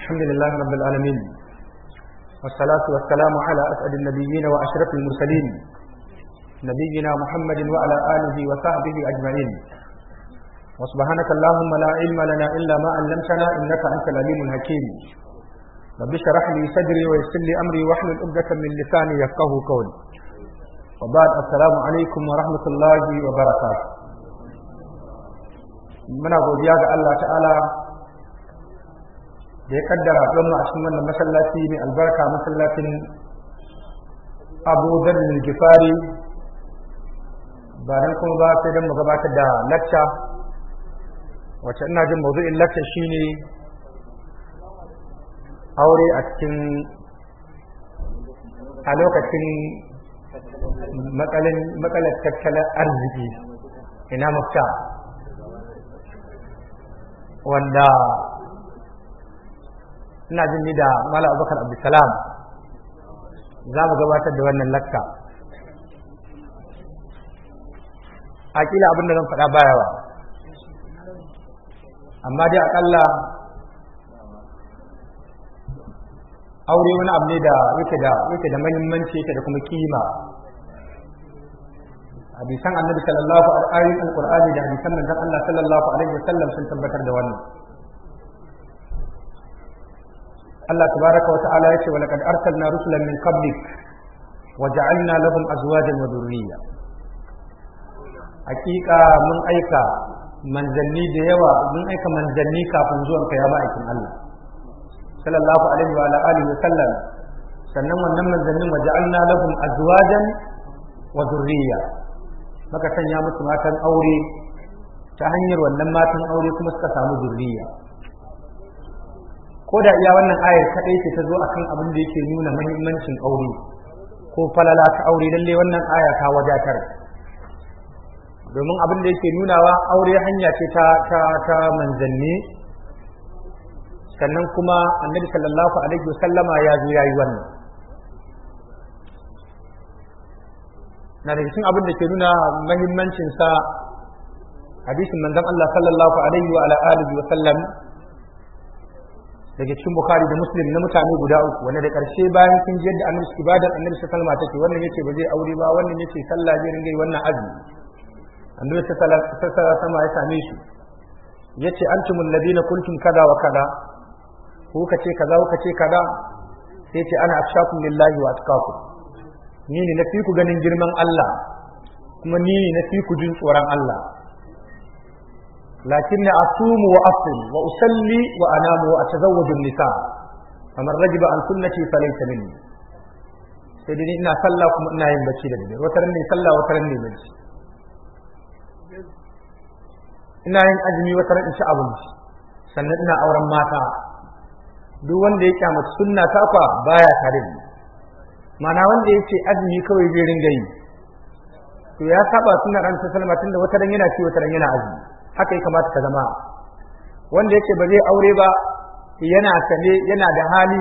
الحمد لله رب العالمين والصلاة والسلام على أسعد النبيين وأشرف المرسلين نبينا محمد وعلى آله وصحبه أجمعين وسبحانك اللهم لا علم لنا إلا ما علمتنا إنك أنت العليم الحكيم رب اشرح لي صدري ويسر لي أمري واحلل عقدة من لساني يفقهوا قولي وبعد السلام عليكم ورحمة الله وبركاته muna godiya ga Allah ta'ala da ya kaddara don mu a cikin wannan masallaci mai albarka masallacin Abu Dharr Gifari ba nan kuma ba sai don mu gabatar da lacca wacce ina jin mawdu'in lacca ne aure a cikin a lokacin matsalar tattalin arziki ina mafita wanda ina jin ni da Malam Abubakar Abdulsalam za mu gabatar da wannan lakka hakila abin da zan faɗa bayawa amma dai akalla aure wani abu ne da yake da yake da muhimmanci yake da kuma kima hadisan annabi sallallahu alaihi wa alqur'ani da hadisan manzon Allah sallallahu alaihi wa sallam sun tabbatar da wannan Allah tabaraka wa ta'ala yace wa laqad arsalna rusulan min qablik wa ja'alna lahum azwajan wa dhurriyya hakika mun aika manzanni da yawa mun aika manzanni kafin zuwan ka ba ma'aikin Allah sallallahu alaihi wa alihi wa sallam sannan wannan manzannin wa ja'alna lahum azwajan wa dhurriyya maka sanya musu matan aure ta hanyar wannan matan aure kuma suka samu zurriya ko da iya wannan ayar kaɗai ce ta zo akan abin da yake nuna mahimmancin aure ko falala ta aure lalle wannan aya ta wajatar domin abin da yake nunawa aure hanya ce ta ta ta manzanni sannan kuma annabi sallallahu alaihi wasallama ya zo yayi wannan na daga cikin abin da ke nuna mahimmancin sa hadisin manzon Allah sallallahu alaihi wa alihi wa sallam daga cikin bukhari da muslim na mutane guda uku wanda da karshe bayan kin yadda annabi ibadar annabi sallallahu alaihi take wannan yake ba zai aure ba wannan yake sallah zai ringa wannan azumi annabi sallallahu alaihi sama ya same shi yace antumul ladina kuntum kada wa kada ko kace kaza ko kace kada. sai ce ana afshakum lillahi wa atqakum ni ne na fi ku ganin girman Allah kuma ni ne na fi ku jin tsoron Allah lakin na asumu wa afin wa usalli wa anamu wa atazawwaju nisa kamar rajiba an sunnati falaysa minni sai dai ina sallah kuma ina yin bacci da dare wata ne sallah wata ne bacci ina yin azumi wata in ci abinci sannan ina auren mata duk wanda ya kyamata sunna ta kwa baya tare da ni mana wanda ya ce azumi kawai zai ringa yi to ya saba sunan an sallama tunda wata ran yana ci wata ran yana azumi haka ya kamata ka zama wanda yake ba zai aure ba yana sane yana da hali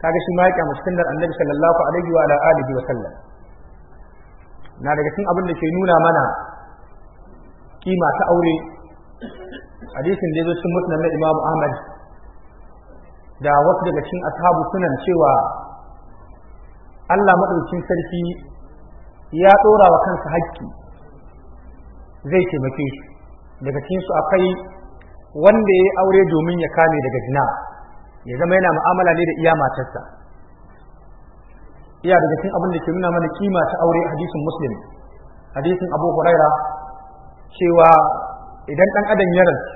kaga shi ma yake kyamu da annabi sallallahu alaihi wa alihi wa sallam na daga cikin abin da ke nuna mana kima ta aure hadisin da ya zo cikin musnad na Imam Ahmad da wasu daga cikin ashabu sunan cewa Allah maɗaukin sarki ya ɗora wa kansa hakki zai taimake shi daga cikin su akwai wanda ya aure domin ya kame daga zina ya zama yana mu'amala ne da iya matarsa iya daga cikin abin da ke nuna mana kima ta aure hadisin muslim hadisin abu huraira cewa idan ɗan adam ya rasu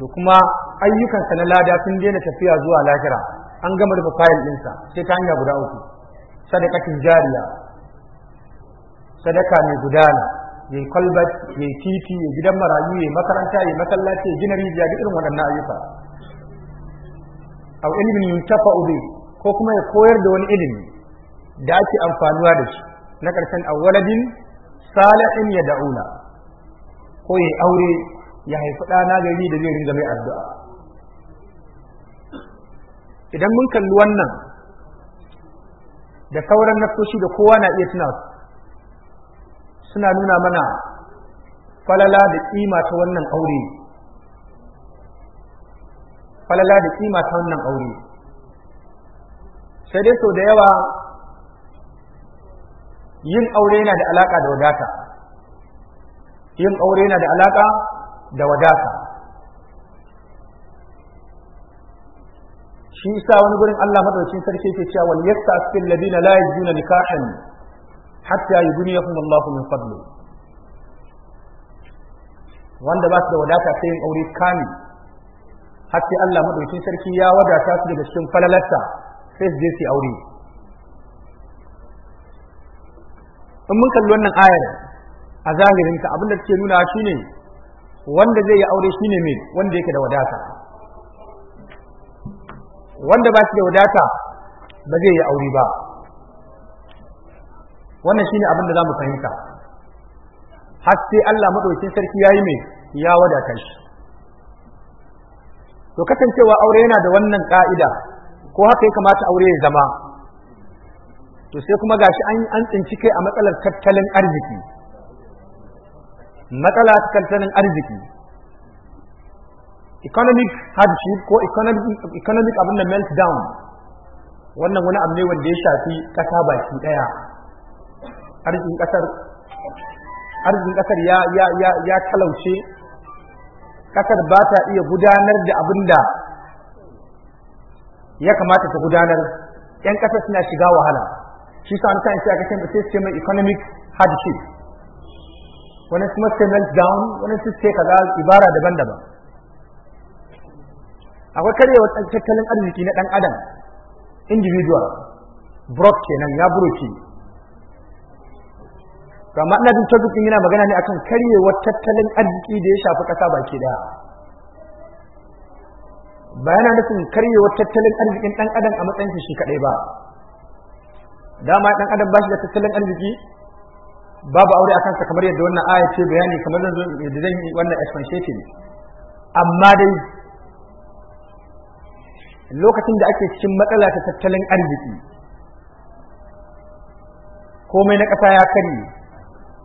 to kuma ayyukansa na lada sun daina tafiya zuwa lahira an gama rufe fayil ɗinsa sai ta hanya guda uku sadakatin jariya sadaka mai gudana ya yi kwalbat ya yi titi ya gidan marayu ya makaranta ya masallaci ya gina rijiya da irin waɗannan ayyuka ilimin ilmin yuntafa ubi ko kuma ya koyar da wani ilimi da ake amfanuwa da shi na ƙarshen awwaladin salihin ya da'una ko ya aure ya haifi ɗana gari da zai ringa mai addu'a idan mun kalli wannan da sauran nafsoshi da kowa na iya tuna suna nuna mana falala da kima ta wannan aure falala da kima ta wannan aure sai dai sau da yawa yin aure yana da alaka da wadata yin aure yana da alaka da wadata shi sa wani gurin Allah madaukakin sarki yake cewa wal yasta'fil ladina la yajiduna nikahan hatta yughniyahum Allahu min fadli wanda ba su da wadata sai yin aure kani hatta Allah madaukakin sarki ya wadata su daga cikin falalarsa sai su je su aure in mun kalli wannan ayar a zahirinta abin da take nuna shine wanda zai yi aure shine me wanda yake da wadata wanda ba shi da wadata ba zai yi aure ba wannan shine abin da za mu fahimta har sai Allah madaukin sarki ya yi mai ya wadata shi to kasancewa aure yana da wannan ka'ida ko haka ya kamata aure ya zama to sai kuma gashi an an tsinci kai a matsalar tattalin arziki matsala tattalin arziki economic hardship ko economic abin da meltdown wannan wani abu ne wanda ya shafi kasa baki daya arzikin kasar arzikin kasar ya ya talauce kasar ba ta iya gudanar da abin da ya kamata ta gudanar yan kasar suna shiga wahala shi sa an shi aka ce mai economic hardship wani su must meltdown wani su ce kaza ibara daban-daban akwai karyewar tattalin arziki na ɗan adam individual broad kenan ya buroke to amma ina jin yana magana ne akan karyewar tattalin arziki da ya shafi ƙasa baki daya ba yana nufin karyewar tattalin arzikin ɗan adam a matsayin shi kaɗai ba dama ɗan adam ba shi da tattalin arziki babu aure a kansa kamar yadda wannan aya bayani kamar da zan yi wannan expansion amma dai lokacin da ake cikin matsala ta tattalin arziki komai na ƙasa ya karye,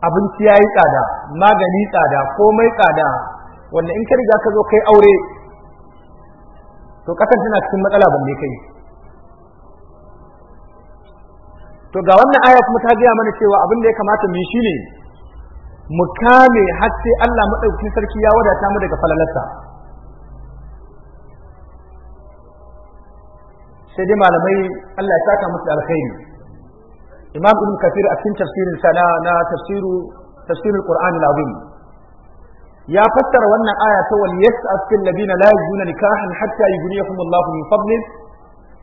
abinci ya yi tsada magani tsada komai tsada wanda in kari riga ka zo kai aure to ƙasar tana cikin matsala banne kai to ga wannan aya kuma ta gaya mana cewa abin da ya kamata mu shi ne mu kame har sai Allah maɗauki sarki ya wadata mu daga falalarsa sai dai malamai Allah ya saka musu alkhairi imam ibn Kathir a cikin tafsirin sa na tafsiru tafsirul qur'an al-azim ya fassara wannan aya ta wal yas'al ladina la yajuna nikahan hatta yughniyahum Allah min fadli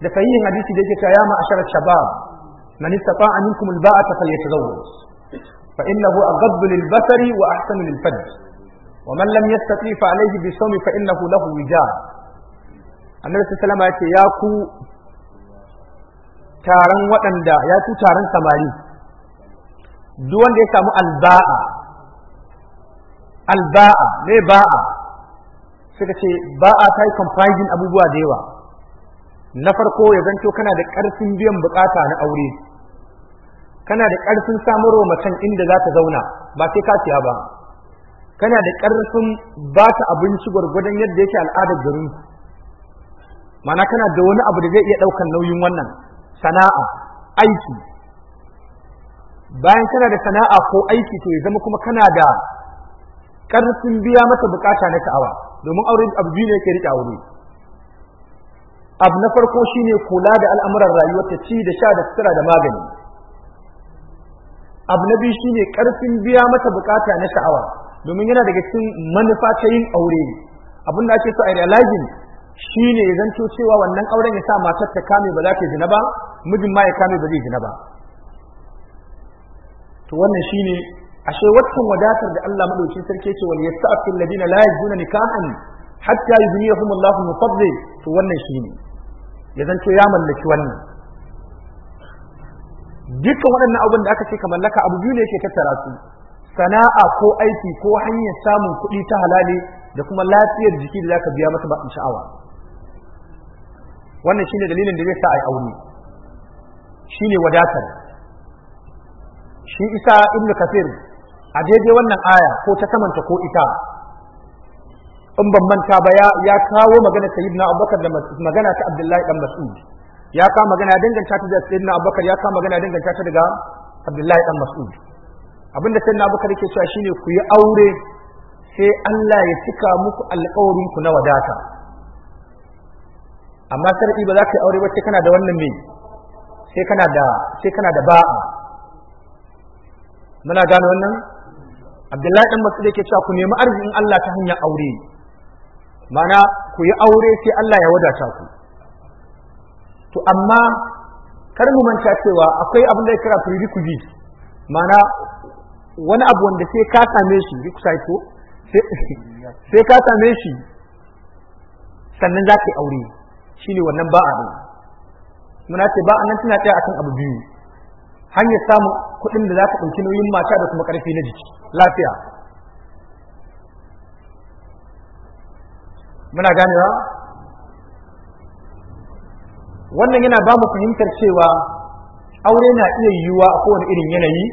da sahihin hadisi da yake cewa ya ma'ashara shabab man istata'a minkum al-ba'ata falyatazawwaj fa innahu aghaddu lil-basari wa ahsanu lil yastati fa alayhi يستطيع فعليه بالصوم فإنه له وجاء annabi sallama ya ce ya ku taron waɗanda ya ku taron samari duk wanda ya samu alba'a alba'a ne ba'a suka ce ba'a ta yi comprising abubuwa da yawa na farko ya zanto kana da ƙarfin biyan bukata na aure kana da ƙarfin samarwa macen inda za ta zauna ba sai ka siya ba kana da ƙarfin ba ta abinci gwargwadon yadda yake al'adar garin mana kana da wani abu da zai iya ɗaukan nauyin wannan sana'a aiki bayan kana da sana'a ko aiki to ya zama kuma kana da ƙarfin biya mata bukata na sha'awa domin aure abu biyu ne yake rike aure abu na farko shine kula da al'amuran rayuwar ta ci da sha da sutura da magani abu na biyu shine ƙarfin biya masa bukata na sha'awa domin yana daga cikin manufa ta yin aure abin da ake so a realizing shi ne ya zanto cewa wannan auren ya sa matar ta kame ba za ta zina ba mijin ma ya kame ba zai zina ba to wannan shi ne ashe waccan wadatar da Allah madaukin sarki ce wal yasta'fil ladina la yajuna nikahan hatta yughniyahum Allahu min fadli to wannan shi ne ya zanto ya mallaki wannan dukkan waɗannan abin da aka ce ka mallaka abu biyu ne yake tattara su sana'a ko aiki ko hanyar samun kuɗi ta halali da kuma lafiyar jiki da zaka biya mata ba sha'awa wannan shine dalilin da zai sa ai aure shine wadatar shi isa ibnu kafir a daidai wannan aya ko ta samanta ko ita in ban manta ba ya kawo magana sayyidina abubakar da magana ta abdullahi dan mas'ud ya kawo magana ya danganta ta da sayyidina abubakar ya kawo magana ya danganta ta daga abdullahi dan mas'ud abinda sayyidina abubakar yake cewa shine ku yi aure sai Allah ya cika muku alƙawarin ku na wadata amma shar'i ba za ka yi aure ba sai kana da wannan me sai kana da sai kana da ba'a muna gano wannan Abdullahi dan Mas'ud yake cewa ku nemi arzikin Allah ta hanyar aure mana ku yi aure sai Allah ya wadata ku to amma kar mu manta cewa akwai abin da ya kira prerequisite mana wani abu wanda sai ka same shi requisite ko sai ka same shi sannan za ka yi aure shine wannan ba'a ne? muna ce ba'a nan tana tsaya akan abu biyu hanyar samun kuɗin da za ka ɗauki nauyin mata da kuma ƙarfi na jiki lafiya muna ganewa wannan yana ba mu fahimtar cewa aure na iya yiwuwa a kowane irin yanayi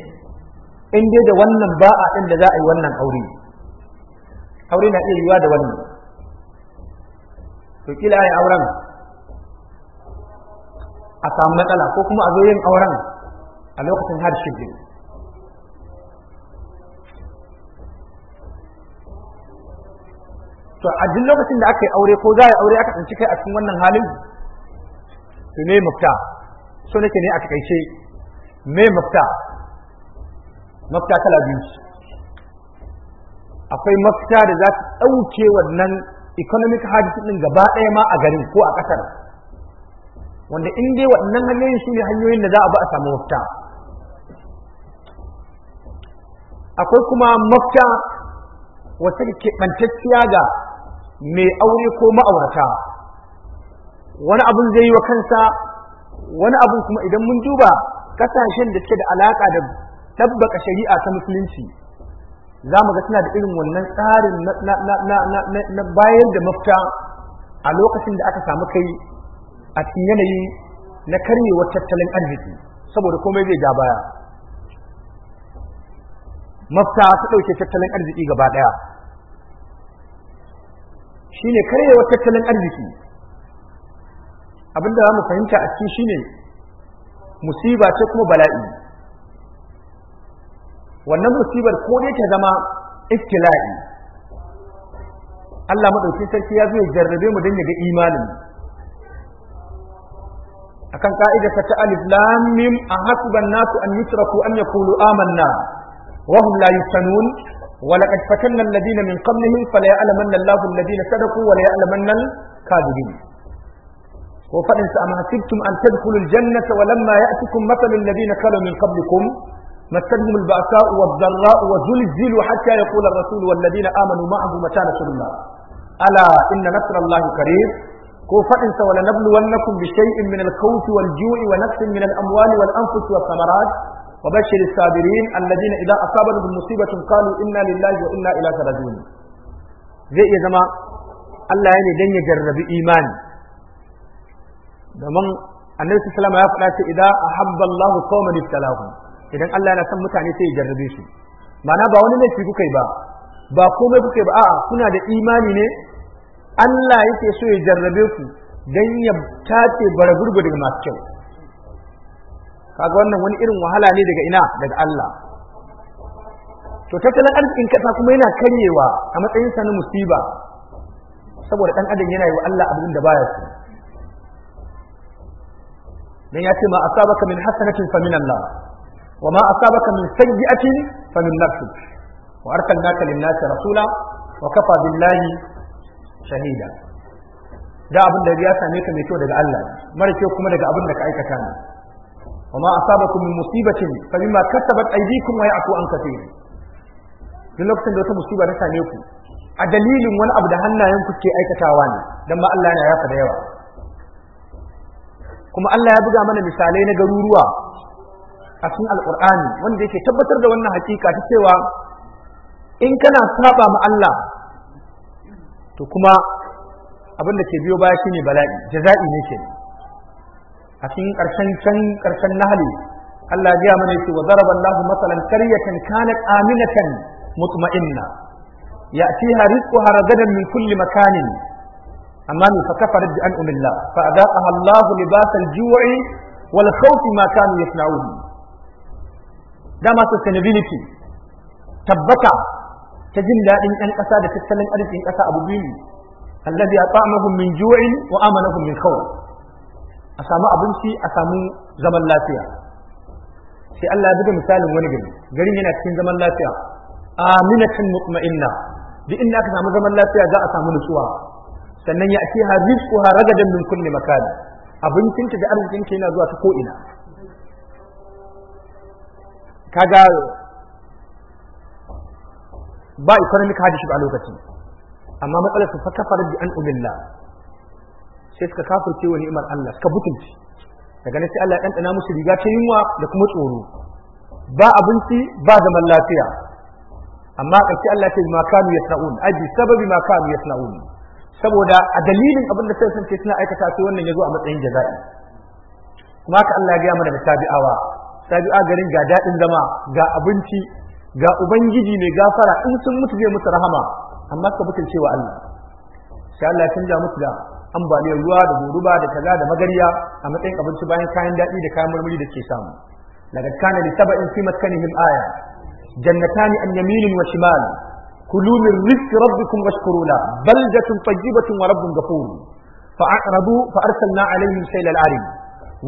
in dai da wannan ba'a ɗin da za a yi wannan aure aure na iya yiwuwa da wannan to kila ai auren a samu matsala ko kuma a zo yin auren a lokacin harshe din to a duk lokacin da aka yi aure ko za a yi aure aka tsinci kai a cikin wannan halin to ne mafita so nake ne a takaice me mafita mafita kala biyu akwai mafita da za ta ɗauke wannan economic hardship ɗin gaba ɗaya ma a garin ko a ƙasar wanda in dai waɗannan hanyoyin su ne hanyoyin da za a ba a samu mafita akwai kuma mafita wata keɓantacciya ga mai aure ko ma'aurata wani abun zai yi wa kansa wani abun kuma idan mun duba kasashen da suke da alaƙa da tabbaka shari'a ta musulunci za mu ga suna da irin wannan tsarin na bayar da mafita a lokacin da aka samu kai a cikin yanayi na karyewar tattalin arziki saboda komai zai ja baya mafta ta ɗauke tattalin arziki gaba ɗaya shine karyewar tattalin arziki abinda za mu fahimta a cikin ne musiba ce kuma bala'i wannan musibar ko ne ta zama ibtila'i Allah maɗauki sarki ya zo ya jarrabe mu don ya ga imanin akan ka'ida ka ta alif lam mim ahasiban nasu an yusraku an yaqulu amanna wa hum la yuftanun ولقد فتنا الذين من قبلهم فليعلمن الله الذين صدقوا وليعلمن الكاذبين وفإن أما حسبتم أن تدخلوا الجنة ولما يأتكم مثل الذين كانوا من قبلكم مستهم البأساء والضراء وزلزلوا حتى يقول الرسول والذين آمنوا معه متى نصر الله ألا إن نصر الله قريب ko faɗin sa wala nabluwannakum bi shay'in min al-khawfi wal-ju'i wa nafsin min al-amwali wal-anfusi was-samarat wa bashshir as-sabirin alladhina idza asabatuhum musibatun qalu inna lillahi wa inna ilaihi raji'un zai iya zama Allah ya ne dan ya jarrabi imani domin annabi sallallahu ya faɗa ce idza ahabba Allahu qauman ibtalahum idan Allah yana son mutane sai ya jarrabe su ma'ana ba wani laifi kuka yi ba ba komai kuka ba a'a kuna da imani ne Allah yake so ya jarrabe ku dan ya tace baragurgu daga masu kyau kaga wannan wani irin wahala ne daga ina daga Allah to tattalin arzikin kasa kuma yana karyewa a matsayin sa na musiba saboda dan adam yana yi wa Allah abin da baya so dan ya ce ma asabaka min hasanatin fa min Allah wa ma asabaka min sayyi'atin fa min nafsik wa arsalnaka lin-nasi rasula wa kafa billahi shahida da abin da ya same ka mai kyau daga Allah mara kyau kuma daga abin da ka aikata ne wa ma asabakum min musibatin fa bima kasabat aydikum wa ya'fu an kathir duk lokacin da wata musiba ta same ku a dalilin wani abu da hannayen ku ke aikatawa ne dan ma Allah yana yafa da yawa kuma Allah ya buga mana misalai na garuruwa a cikin alqur'ani wanda yake tabbatar da wannan hakika ta cewa in kana saba ma Allah to kuma abin da ke biyo baya shine bala'i jaza'i ne ke a cikin karshen can karshen nahali. Allah ya mana yace wa daraba Allahu masalan qaryatan kanat aminatan mutma'inna ya'tiha rizquha ragadan min kulli makanin amma min fakafarat bi an'am Allah fa adaqaha Allahu libas al-ju'i wal khawf ma kanu yasna'un dama sustainability tabbata ta jin daɗin ƴan ƙasa da tattalin arzikin ƙasa abu biyu ne allazi at'amahum min ju'in wa amanahum min khawf a samu abinci a samu zaman lafiya sai Allah ya buga misalin wani gari garin yana cikin zaman lafiya aminatan mutma'inna duk inda aka samu zaman lafiya za a samu nutsuwa sannan ya ake ha dan ragadan min kulli makan ki da ki yana zuwa ta ko ina kaga ba economic hardship a lokaci amma matsalar su fa kafarar bi an umilla sai suka kafirce wa ni'imar Allah suka butulci daga nan sai Allah ya ɗanɗana musu riga ta yunwa da kuma tsoro ba abinci ba zaman lafiya amma ƙarshe Allah ce ma kanu yasna'un aji sababi ma kanu yasna'un saboda a dalilin abin da sai sun ce suna aikata sai wannan ya zo a matsayin jaza'i kuma ka Allah ya ga mana da tabi'awa tabi'a garin ga daɗin zama ga abinci ga ubangiji mai gafara in sun mutu zai musu rahama amma ka mutu cewa Allah sai Allah ya canja mutu da ambaliyar ruwa da guruba da kaza da magariya a matsayin abinci bayan kayan daɗi da kayan marmari da ke samu daga kana fi لقد كان لسبع في مسكنهم آية جنتان عن يمين وشمال كلوا من رزق ربكم واشكروا له بلدة طيبة ورب غفور فأعرضوا فأرسلنا عليهم سيل العرم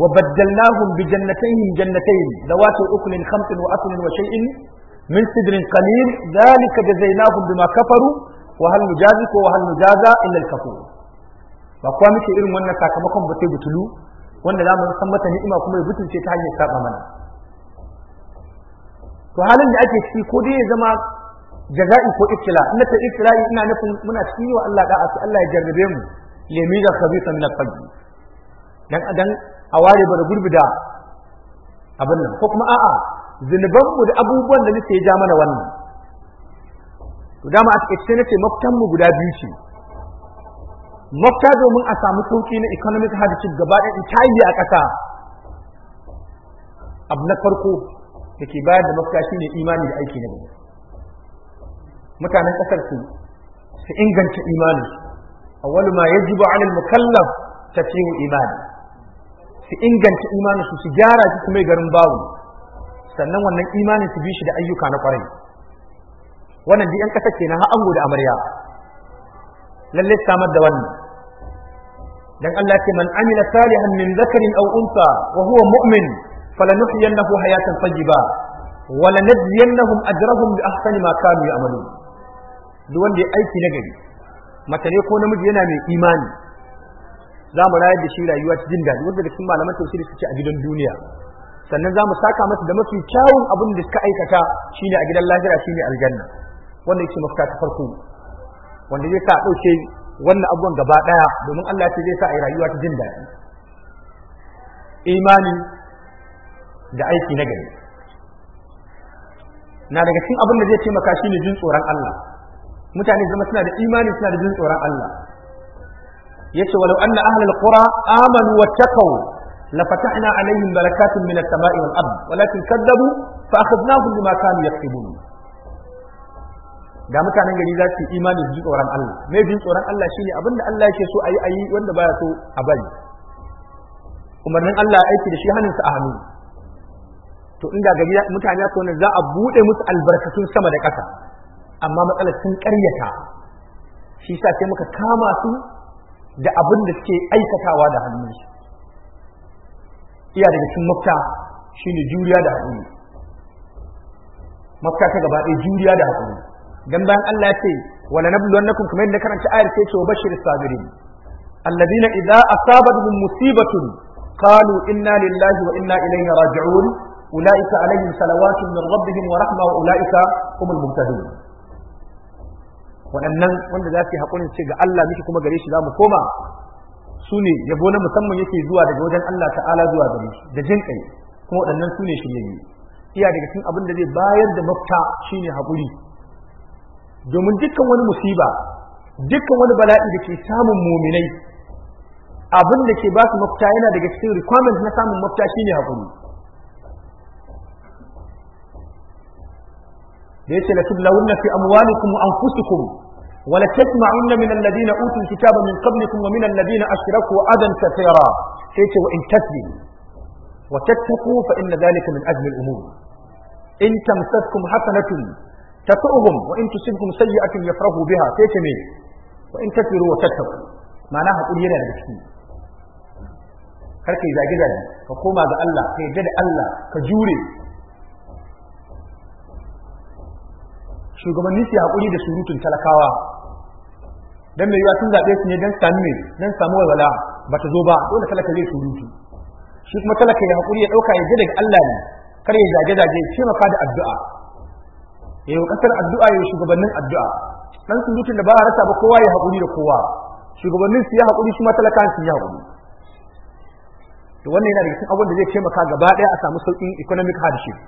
وبدلناهم بجنتيهم جنتين ذوات أكل خمس وأكل وشيء min sidrin qalil zalika jazainahum bima kafaru wa hal nujazi ko wa hal nujaza illa ba muke irin wannan sakamakon ba sai butulu wanda za mu san mata ni'ima kuma ya butulce ta hanyar saba mana to halin da ake ciki ko dai ya zama jaza'i ko ibtila inda ta ibtila'i ina nufin muna cikin wa Allah da sai Allah ya jarrabe mu lemi da khabithan min al-fajr dan adan a ware bara gurbi da abin nan ko kuma a'a zunubanmu da abubuwan da ya ja mana wannan to dama a cikin nace maftan mu guda biyu ce mafta domin a samu sauki na economic hardship gaba ɗaya tayi a ƙasa abu na farko da ke bayar da mafita ne imani da aiki na gaba mutanen ƙasar su su inganta imani wani ma ya 'ala al-mukallaf tasihu imani su inganta imani su su gyara su kuma garin bawo. sannan wannan imanin su bi shi da ayyuka na kwarai wannan duk yan kasar kenan har ango da amarya Lallai samar da wannan dan Allah ce man amila salihan min zakarin aw unsa wa huwa mu'min falanuhyiyannahu hayatan tayyiba wa lanajziyannahum ajrahum bi ahsani ma kanu ya'malun duk wanda ya aiki na gari mace ne ko namiji yana mai imani za mu rayar da shi rayuwa cikin daɗi wanda da cikin malaman tafsiri suke a gidan duniya sannan za mu saka masa da mafi kyawun abin da suka aikata shine a gidan lahira shine aljanna wanda yake mafita ta farko wanda zai sa a ɗauke wannan abubuwan gaba ɗaya domin Allah ce zai sa a yi rayuwa ta jin daɗi imani da aiki na gari na daga cikin abin da zai taimaka shine jin tsoron Allah mutane zama suna da imani suna da jin tsoron Allah yace walau anna ahlul qura amanu wattaqu لفتحنا عليهم بركات من السماء والأرض ولكن كذبوا فأخذناهم بما كانوا يكسبون da mutanen gari za su imani su ji tsoron Allah me jin tsoron Allah shine abin da Allah yake so ayi ayi wanda baya so a bari umarnin Allah aiki da shi hannun sa a hannu to inda gari mutane ko ne za a bude musu albarkatun sama da ƙasa amma matsalar sun ƙaryata shi sa sai muka kama su da abin da suke aikatawa da hannun iya daga cikin mafita shine juriya da haƙuri mafita ta gaba ɗaya juriya da haƙuri dan bayan Allah ya ce wala nabluwannakum kamar yadda karanta ayar sai ce bashir sabirin alladhina idza asabatuhum musibatun qalu inna lillahi wa inna ilayhi raji'un ulaika alaihim salawatun min rabbihim wa rahma wa ulaika humul muhtadun waɗannan wanda za su yi haƙurin ce ga Allah miki kuma gare shi za mu koma su ne yabo na musamman yake zuwa daga wajen Allah ta'ala zuwa gare shi da jin kai kuma waɗannan su ne shiryayyu iya daga cikin abin da zai bayar da mafita shine hakuri. domin dukkan wani musiba dukkan wani bala'i da ke samun muminai abin da ke ba su mafita yana daga cikin requirement na samun mafita shine haƙuri da yace la tublawunna fi amwalikum wa anfusikum ولتسمعن من الذين أوتوا الكتاب من قبلكم ومن الذين أشركوا أذى كثيرا ايش وإن تسلموا وتتقوا فإن ذلك من أجل الأمور إن تمسكم حسنة تسؤهم وإن تصبكم سيئة يفرحوا بها سيتي وإن تكفروا وتتقوا معناها قل يلا بكتير كركي اذا جدا zage ka koma ga الله كجوري shugabanni sai hakuri da surutun talakawa dan mai yiwa sun zaɓe su ne dan sami mai dan samu walwala ba ta zo ba dole talaka zai surutu shi kuma talaka ya hakuri ya ɗauka ya je daga Allah ne kar ya zage zage ce maka da addu'a yayi kasar addu'a ya shugabannin addu'a dan surutun da ba a rasa ba kowa ya hakuri da kowa shugabannin su ya hakuri shi ma talaka su ya hakuri to wannan yana daga cikin abin da zai taimaka gaba ɗaya a samu sauƙin economic hardship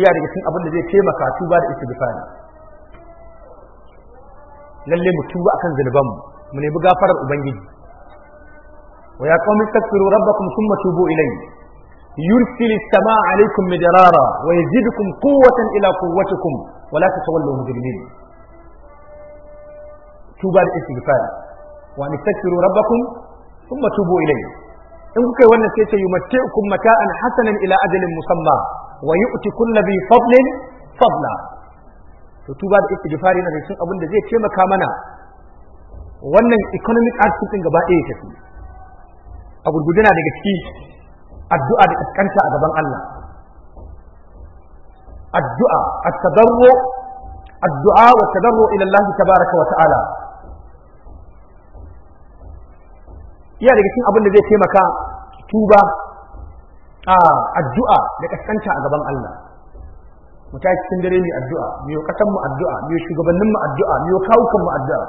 iya daga cikin abin da zai taimaka tuba da istighfari lalle mu tuba akan zunuban mu mu nemi gafarar ubangiji wa ya qawmi tastaghfiru rabbakum thumma tubu ilayhi yursil as-samaa 'alaykum midrara wa yazidukum quwwatan ila quwwatikum wa la tatawallu mujrimin tuba da istighfar wa an tastaghfiru rabbakum thumma tubu ilayhi in kuka yi wannan sai ce yumatti'ukum mata'an hasanan ila ajalin musamma wa yu'ti kullu bi fadlin fadla to tuba da istighfar yana da cikin abin da zai taimaka mana wannan economic arts din gaba ɗaya tafi a gurguduna daga ciki addu'a da kaskanta a gaban Allah addu'a at-tadarru addu'a wa tadarru ila Allah tabaaraka wa ta'ala iya daga cikin abin da zai taimaka tuba a addu'a da kaskanta a gaban Allah mu ta cikin dare mu addu'a mu kasan mu addu'a mu shugabannin mu addu'a mu kawukan mu addu'a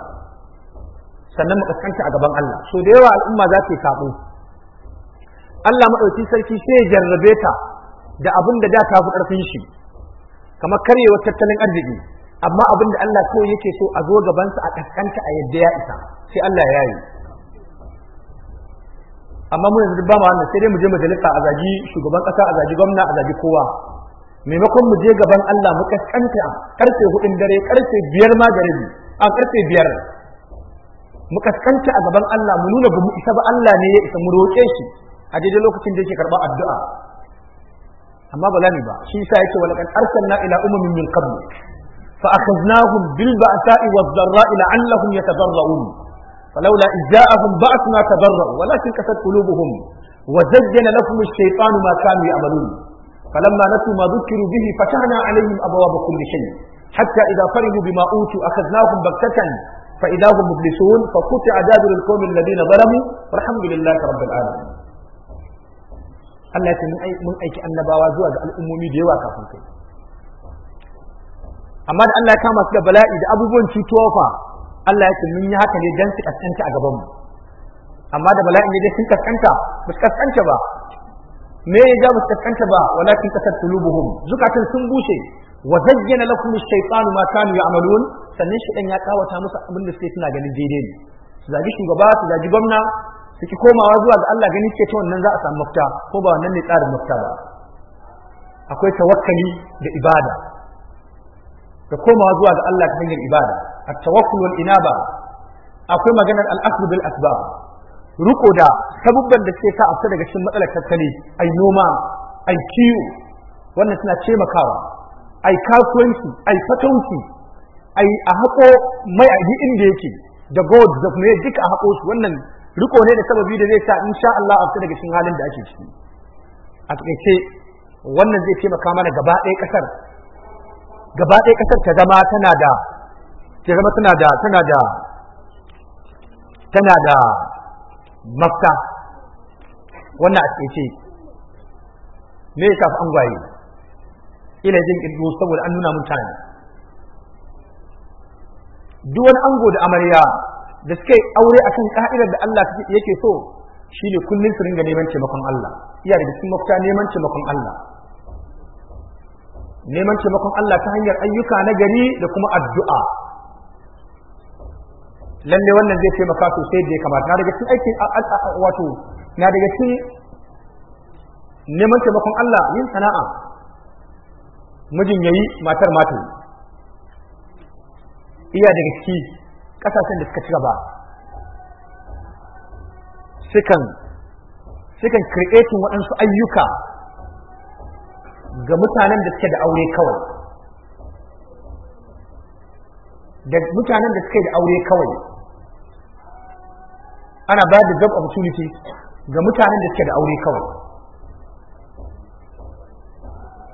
sannan mu kaskanta a gaban Allah so da yawa al'umma za ta yi sabo Allah madauki sarki sai ya jarrabe ta da abin da da ta fi karfin shi kamar karyewar tattalin arziki amma abin da Allah kawai yake so a zo gabansa a kaskanta a yadda ya isa sai Allah ya yi amma mun yanzu ba mu wannan sai dai mu je majalisa a zagi shugaban kasa a zagi gwamna a zagi kowa maimakon mu je gaban Allah mu kaskanta karfe hudun dare karfe biyar ma a karfe biyar mu kaskanta a gaban Allah mu nuna bamu isa ba Allah ne ya isa mu roƙe shi a daidai lokacin da yake karɓar addu'a amma ba lami ba shi yasa yake walaqad arsalna ila umamin min qabl fa akhadnahum bil ba'sa'i wad dharra'i la'allahum yatadarra'un فلولا إذ جاءهم بأسنا تضرعوا ولكن كست قلوبهم وزين لهم الشيطان ما كانوا يعملون فلما نسوا ما ذكروا به فتحنا عليهم أبواب كل شيء حتى إذا فرحوا بما أوتوا أخذناهم بكتة فإذا هم مبلسون فقطع دابر القوم الذين ظلموا والحمد لله رب العالمين Allah ya mun aiki annabawa zuwa ga al'ummomi da yawa kafin kai amma da Allah ya kama su da bala'i da abubuwan cutuwa fa Allah ya ce mun yi haka ne dan su kaskanta a gaban mu amma da bala'in ne dai sun kaskanta ba su kaskanta ba me ya ja musu kaskanta ba walakin kasar tulubuhum zukatan sun bushe wa zayyana lakum ash-shaytanu ma kanu ya'malun sannan dan ya kawata musu abin da suke suna ganin daidai ne su zagi shugaba su zagi gwamna su ki komawa zuwa ga Allah ganin ce ta wannan za a samu mafita ko ba wannan ne tsarin mafita ba akwai tawakkali da ibada da komawa zuwa ga Allah ta hanyar ibada at-tawakkul wal inaba akwai maganar al akhd bil asbab riko da sabubban da suke sa a fita daga cikin matsalar tattali ai noma ai kiwo wannan suna taimakawa ai kasuwanci ai fatonci ai a haƙo mai a yi inda yake da god, da kuma duka a haƙo su wannan riko ne da sababi da zai sa insha Allah a fita daga cikin halin da ake ciki a takaice wannan zai taimaka mana gaba ɗaya ƙasar gaba ɗaya ƙasar ta zama tana da makka wannan a ce me ya an angwaye ila jin kirgo saboda an nuna mutane duk wani ango da amarya da suka aure a kan ka'idar da Allah yake so shi ne kullum su ringa neman taimakon Allah iya da cikin mafita neman taimakon Allah neman taimakon Allah ta hanyar ayyuka na gari da kuma addu'a lalle wannan zai maka sosai da ya kamata na daga cikin aikin wato na daga cikin neman taimakon Allah yin sana'a mijin yayi matar mata iya daga ciki kasashen da suka ci gaba sukan sukan creating waɗansu ayyuka ga mutanen da suke da aure kawai da mutanen da suke da aure kawai ana ba da job opportunity ga mutanen da suke da aure kawai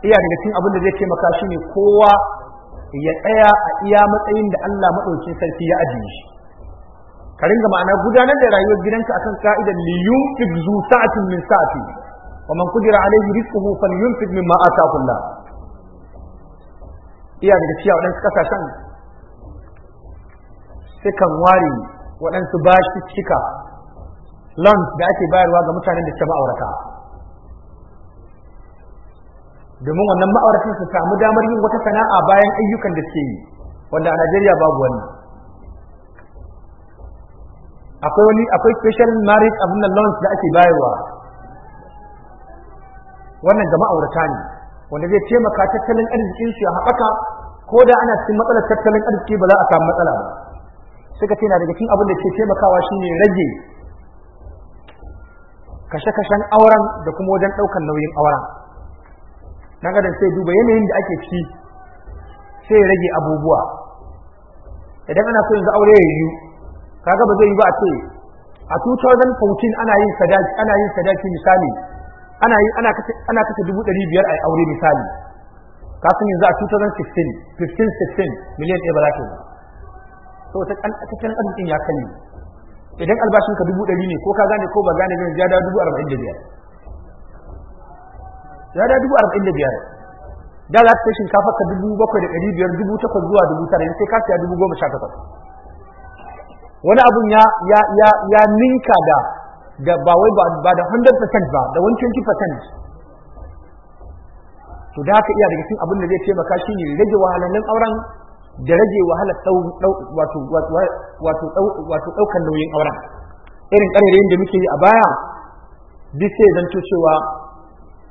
iya daga cikin abin da zai taimaka shi ne kowa ya tsaya a iya matsayin da Allah maɗaukin sarki ya ajiye shi ka ringa ma'ana gudanar da rayuwar gidanka akan ka'idar liyun fit zu sa'atin min sa'ati wa man qudira alayhi rizquhu falyunfiq mimma ataahu Allah iya daga cikin waɗansu kasashen sukan ware waɗansu bashi cika lon da ake bayarwa ga mutanen da ke ma'aurata domin wannan ma'auratan su samu damar yin wata sana'a bayan ayyukan da ke yi wanda a Najeriya babu wannan akwai wani akwai special marriage abin nan loans da ake bayarwa wannan ga ma'aurata ne wanda zai taimaka tattalin arzikin su ya haɓaka ko da ana cikin matsalar tattalin arziki ba za a samu matsala ba suka ce na daga cikin abin da ke taimakawa shine rage kashe-kashen auren da kuma wajen ɗaukar nauyin auren dan adam sai duba yanayin da ake ciki sai rage abubuwa idan ana so yanzu aure ya yiwu kaga ba zai yi ba a ce a 2014 ana yin sadaki ana yin sadaki misali ana yi ana kace ana kace 500 a aure misali kafin yanzu a 2016 15 16 miliyan ɗaya ba za ta yi so ta kan tattalin arzikin ya kalli idan albashin ka dubu ɗari ne ko ka gane ko ba gane ne ya dawo dubu arba'in da biyar ya dawo dubu arba'in da biyar da za ka sai shinkafa ka dubu bakwai da ɗari biyar dubu takwas zuwa dubu tara sai ka siya dubu goma sha takwas wani abun ya ya ya ya ninka da da ba wai ba da 100% ba da 120% to da haka iya daga cikin abin da zai taimaka shine rage wahalalun auren da rage wahala wato ɗaukar nauyin auren irin ƙarerayin da muke yi a baya duk sai zan cewa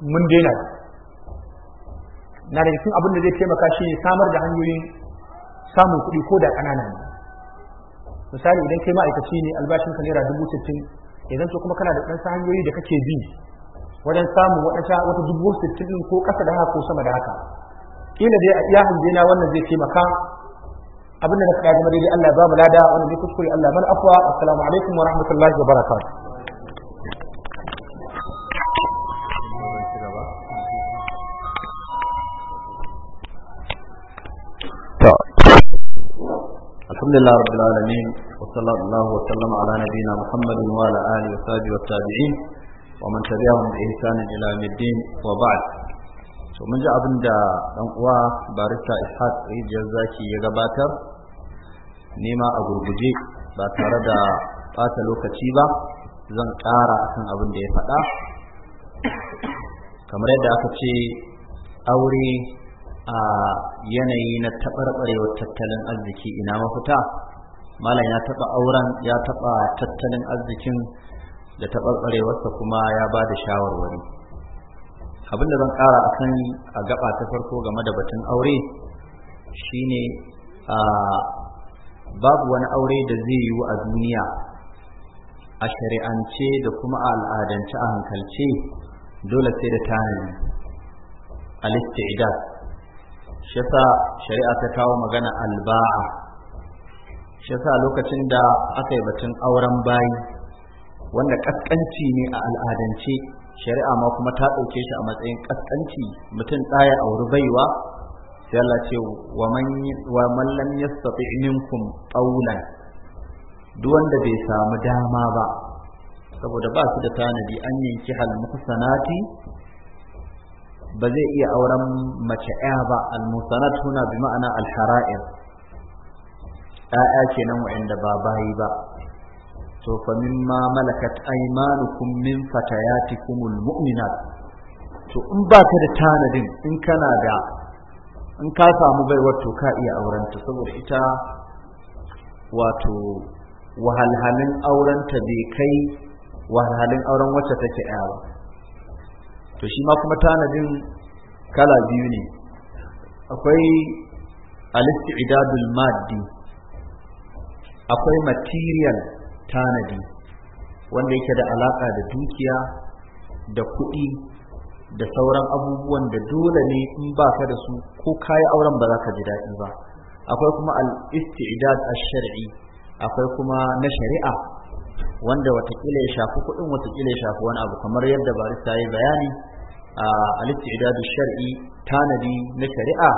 mun daina na da cikin abin da zai taimaka shi ne samar da hanyoyin samun kuɗi ko da ƙanana ne misali idan kai ma'aikaci ne albashin ka naira dubu sittin idan so kuma kana da ɗansa hanyoyi da kake bi wajen samun waɗansa wata dubu sittin ko ƙasa da haka ko sama da haka kila dai a iya hanzina wannan zai taimaka abinda na faɗa game daidai Allah ba mu lada wanda ne kuskure Allah mana afwa assalamu alaikum wa rahmatullahi wa barakatuh الحمد لله رب العالمين وصلى الله وسلم على نبينا محمد وعلى اله وصحبه والتابعين ومن تبعهم بإحسان إلى يوم الدين وبعد to mun ji abin da dan uwa barista Ishaq Rijiyar Zaki ya gabatar nema a gurguje ba tare da ɓata lokaci ba zan ƙara akan abin da ya faɗa kamar yadda aka ce aure a yanayi na taɓarɓarewar tattalin arziki ina mafita malam ya taɓa auren ya taɓa tattalin arzikin da taɓarɓarewarsa kuma ya ba da shawarwari abin da zan ƙara a kan a gaba ta farko game da batun aure shine a babu wani aure da zai yiwu a duniya a shari'ance da kuma a al'adance a hankalce dole sai da tanadi al idan shi shari'a ta kawo magana alba'a Shasa lokacin da aka yi batun auren bayi wanda kaskanci ne a al'adance shari'a ma kuma ta ɗauke shi a matsayin kaskanci mutum tsaya auri baiwa sai Allah ce wa man lam yastati minkum qawlan duk wanda bai samu dama ba saboda ba su da tanadi an yanki hal muhsanati ba zai iya auren mace ya ba al muhsanat huna bi ma'ana al hara'ir ƴaƴa kenan wa'anda ba bayi ba to fa mimma malakat aymanukum min fatayatikumul mu'minat to in ba ka da tanadin in kana da in ka samu baiwar to ka iya aurenta saboda ita wato wahalhalin aurenta bai kai wahalhalin auren wacce take yawa to shi ma kuma tanadin kala biyu ne akwai alisti idadul maddi akwai material tanadi wanda yake da alaka da dukiya da kuɗi da sauran abubuwan da dole ne in ba ka da su ko kayi auren ba za ka ji daɗi ba akwai kuma al-istidad ash-shar'i akwai kuma na shari'a wanda watakila ya shafi kuɗin watakila ya shafi wani abu kamar yadda barista ya bayani al-istidad ash-shar'i tanadi na shari'a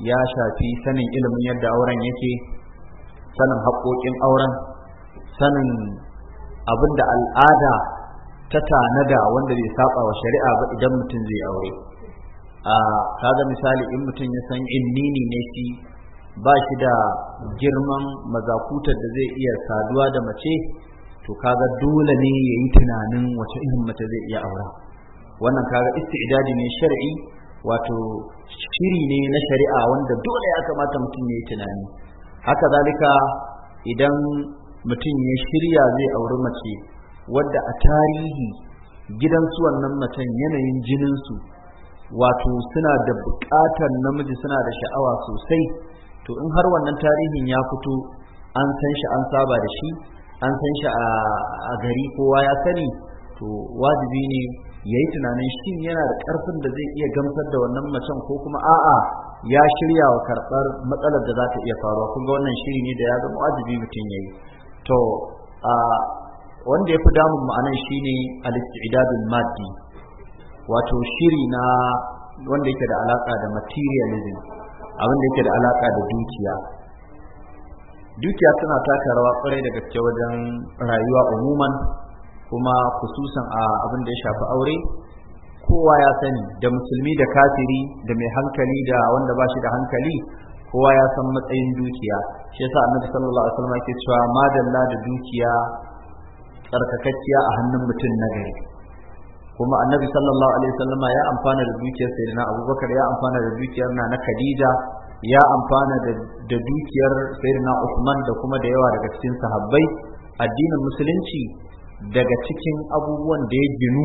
ya shafi sanin ilimin yadda auren yake sanin haƙoƙin auren sanin abin da al'ada ta tanada wanda bai saba wa shari'a ba idan mutum zai aure a kaga misali in mutum ya san innini ne shi ba shi da girman mazakutar da zai iya saduwa da mace to kaga dole ne ya yi tunanin wace irin mace zai iya aura wannan kaga isti'dadi ne shar'i wato shiri ne na shari'a wanda dole ya kamata mutum ya yi tunani haka zalika idan mutum ya shirya zai auri mace wadda a tarihi gidansu wannan macen yanayin jininsu wato suna da buƙatar namiji suna da sha'awa sosai to in har wannan tarihin ya fito an san shi an saba da shi an san shi a gari kowa ya sani to wajibi ne ya yi tunanin shi yana da ƙarfin da zai iya gamsar da wannan macen ko kuma a'a ya shirya wa karɓar matsalar da za ta iya faruwa kun ga wannan shiri ne da ya zama wajibi mutum ya yi to wanda ya fi damun ma'anan shine al-istidadul maddi wato shiri na wanda yake da alaka da materialism abin da yake da alaka da dukiya dukiya tana taka rawa kwarai da gaske wajen rayuwa umuman kuma kususan a abin da ya shafi aure kowa ya sani da musulmi da kafiri da mai hankali da wanda ba shi da hankali kowa ya san matsayin dukiya shi yasa annabi sallallahu alaihi wasallam yake cewa madalla da dukiya tsarkakakkiya a hannun mutum na gari kuma annabi sallallahu alaihi wasallama ya amfana da dukiyar sayyidina abubakar ya amfana da dukiyar na khadija ya amfana da dukiyar sayyidina usman da kuma da yawa daga cikin sahabbai addinin musulunci daga cikin abubuwan da ya ginu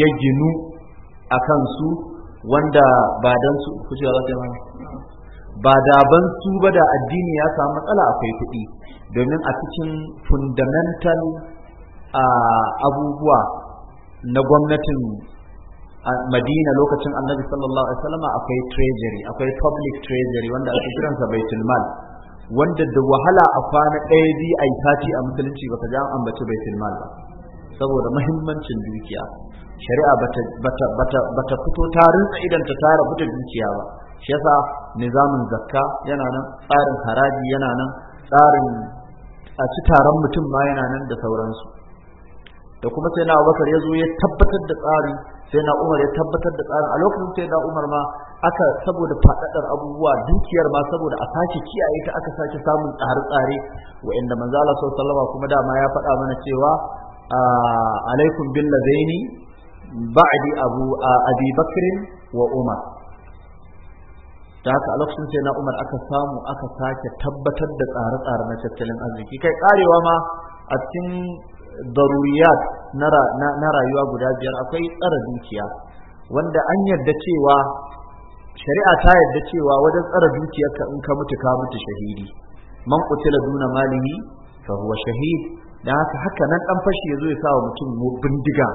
ya ginu a kansu wanda ba dan su ba da ban su ba da addini ya samu matsala akwai kuɗi domin a cikin fundamental abubuwa na gwamnatin madina lokacin annabi sallallahu alaihi wasallama akwai treasury akwai public treasury wanda ake kiransa baitul mal wanda da wahala a kwana ɗaya biyu a yi sati a musulunci ta ji an ambaci baitul mal ba saboda mahimmancin dukiya shari'a bata fito ta rinsa idan ta tara fita dukiya ba shi yasa nizamin zakka yana nan tsarin haraji yana nan tsarin a ci taron mutum ma yana nan da sauransu da kuma sai na abubakar ya zo ya tabbatar da tsari sai na umar ya tabbatar da tsarin a lokacin sai na umar ma aka saboda faɗaɗar abubuwa dukiyar ma saboda a sake kiyaye ta aka sake samun tsare-tsare wa'inda manzo Allah sallallahu kuma dama ya faɗa mana cewa alaikum bil ladaini ba'di abu abi bakr wa umar da haka a lokacin sai na umar aka samu aka sake tabbatar da tsare-tsare na tattalin arziki kai karewa ma a cikin daruriyat na rayuwa guda biyar akwai tsara dukiya wanda an yarda cewa shari'a ta yarda cewa wajen tsara ka in ka mutu ka mutu shahidi man kutila duna malihi fa huwa shahid da haka haka nan dan fashi yazo ya sawa mutum bindiga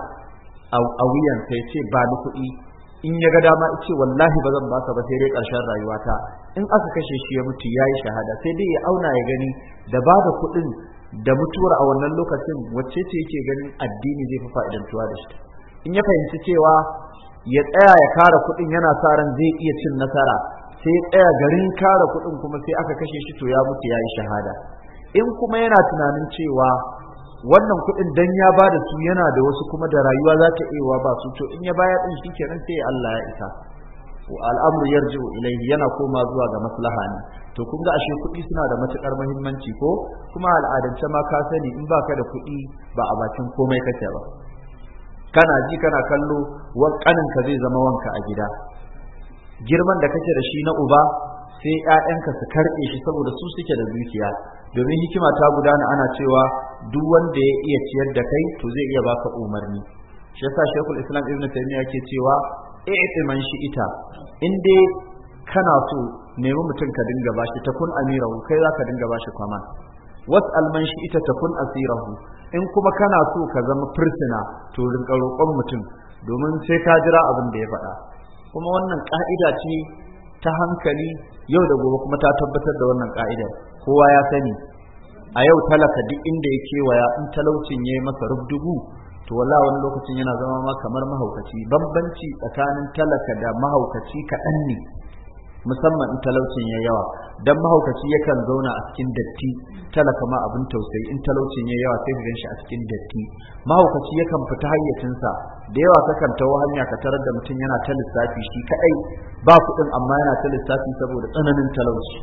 a wuyan sai ce ba ni kuɗi in ya ga dama ce wallahi ba zan baka ba sai dai ƙarshen rayuwata in aka kashe shi ya mutu ya yi shahada sai dai ya auna ya gani da ba da kuɗin da mutuwar a wannan lokacin wacce ce yake ganin addini zai fi fa'idantuwa da shi in ya fahimci cewa ya tsaya ya kara kuɗin yana sa ran zai iya cin nasara sai ya tsaya garin kara kuɗin kuma sai aka kashe shi to ya mutu ya yi shahada in kuma yana tunanin cewa wannan kuɗin dan ya ba da su yana da wasu kuma da rayuwa za ta iya ba su to in ya bayar din shi kenan sai Allah ya isa al'amru yarji'u ilayhi yana koma zuwa ga maslaha ne to kun ga ashe kuɗi suna da matukar muhimmanci ko kuma al'adance ma ka sani in baka da kuɗi ba a bakin komai kake ba kana ji kana kallo kanin ka zai zama wanka a gida girman da kake da shi na uba sai ‘ya'yanka su karɓe shi saboda su suke da dukiya domin hikima ta gudana ana cewa duk wanda ya iya ciyar da kai to zai iya baka umarni shi yasa shekul islam ibn taymiya ke cewa e man shi ita in dai kana so nemi mutum ka dinga bashi ta kun amirahu kai za ka dinga bashi kwaman was'al man shi ita ta kun asirahu in kuma kana so ka zama fursuna to rinka roƙon mutum domin sai ka jira abin da ya faɗa kuma wannan ƙa'ida ce ta hankali yau da gobe kuma ta tabbatar da wannan ka'idar kowa ya sani a yau talaka duk inda ya kewaya in talaucin ya yi masa rubdugu to wala wani lokacin yana zama ma kamar mahaukaci bambanci tsakanin talaka da mahaukaci kaɗan ne musamman in talaucin ya yawa dan mahaukaci yakan zauna a cikin datti talaka ma abin tausayi in talaucin ya yawa sai ka shi a cikin datti mahaukaci yakan fita hayyacinsa da yawa kakan tawo hanya ka tarar da mutum yana ta lissafi shi kaɗai, ba kuɗin amma yana ta lissafi saboda tsananin talauci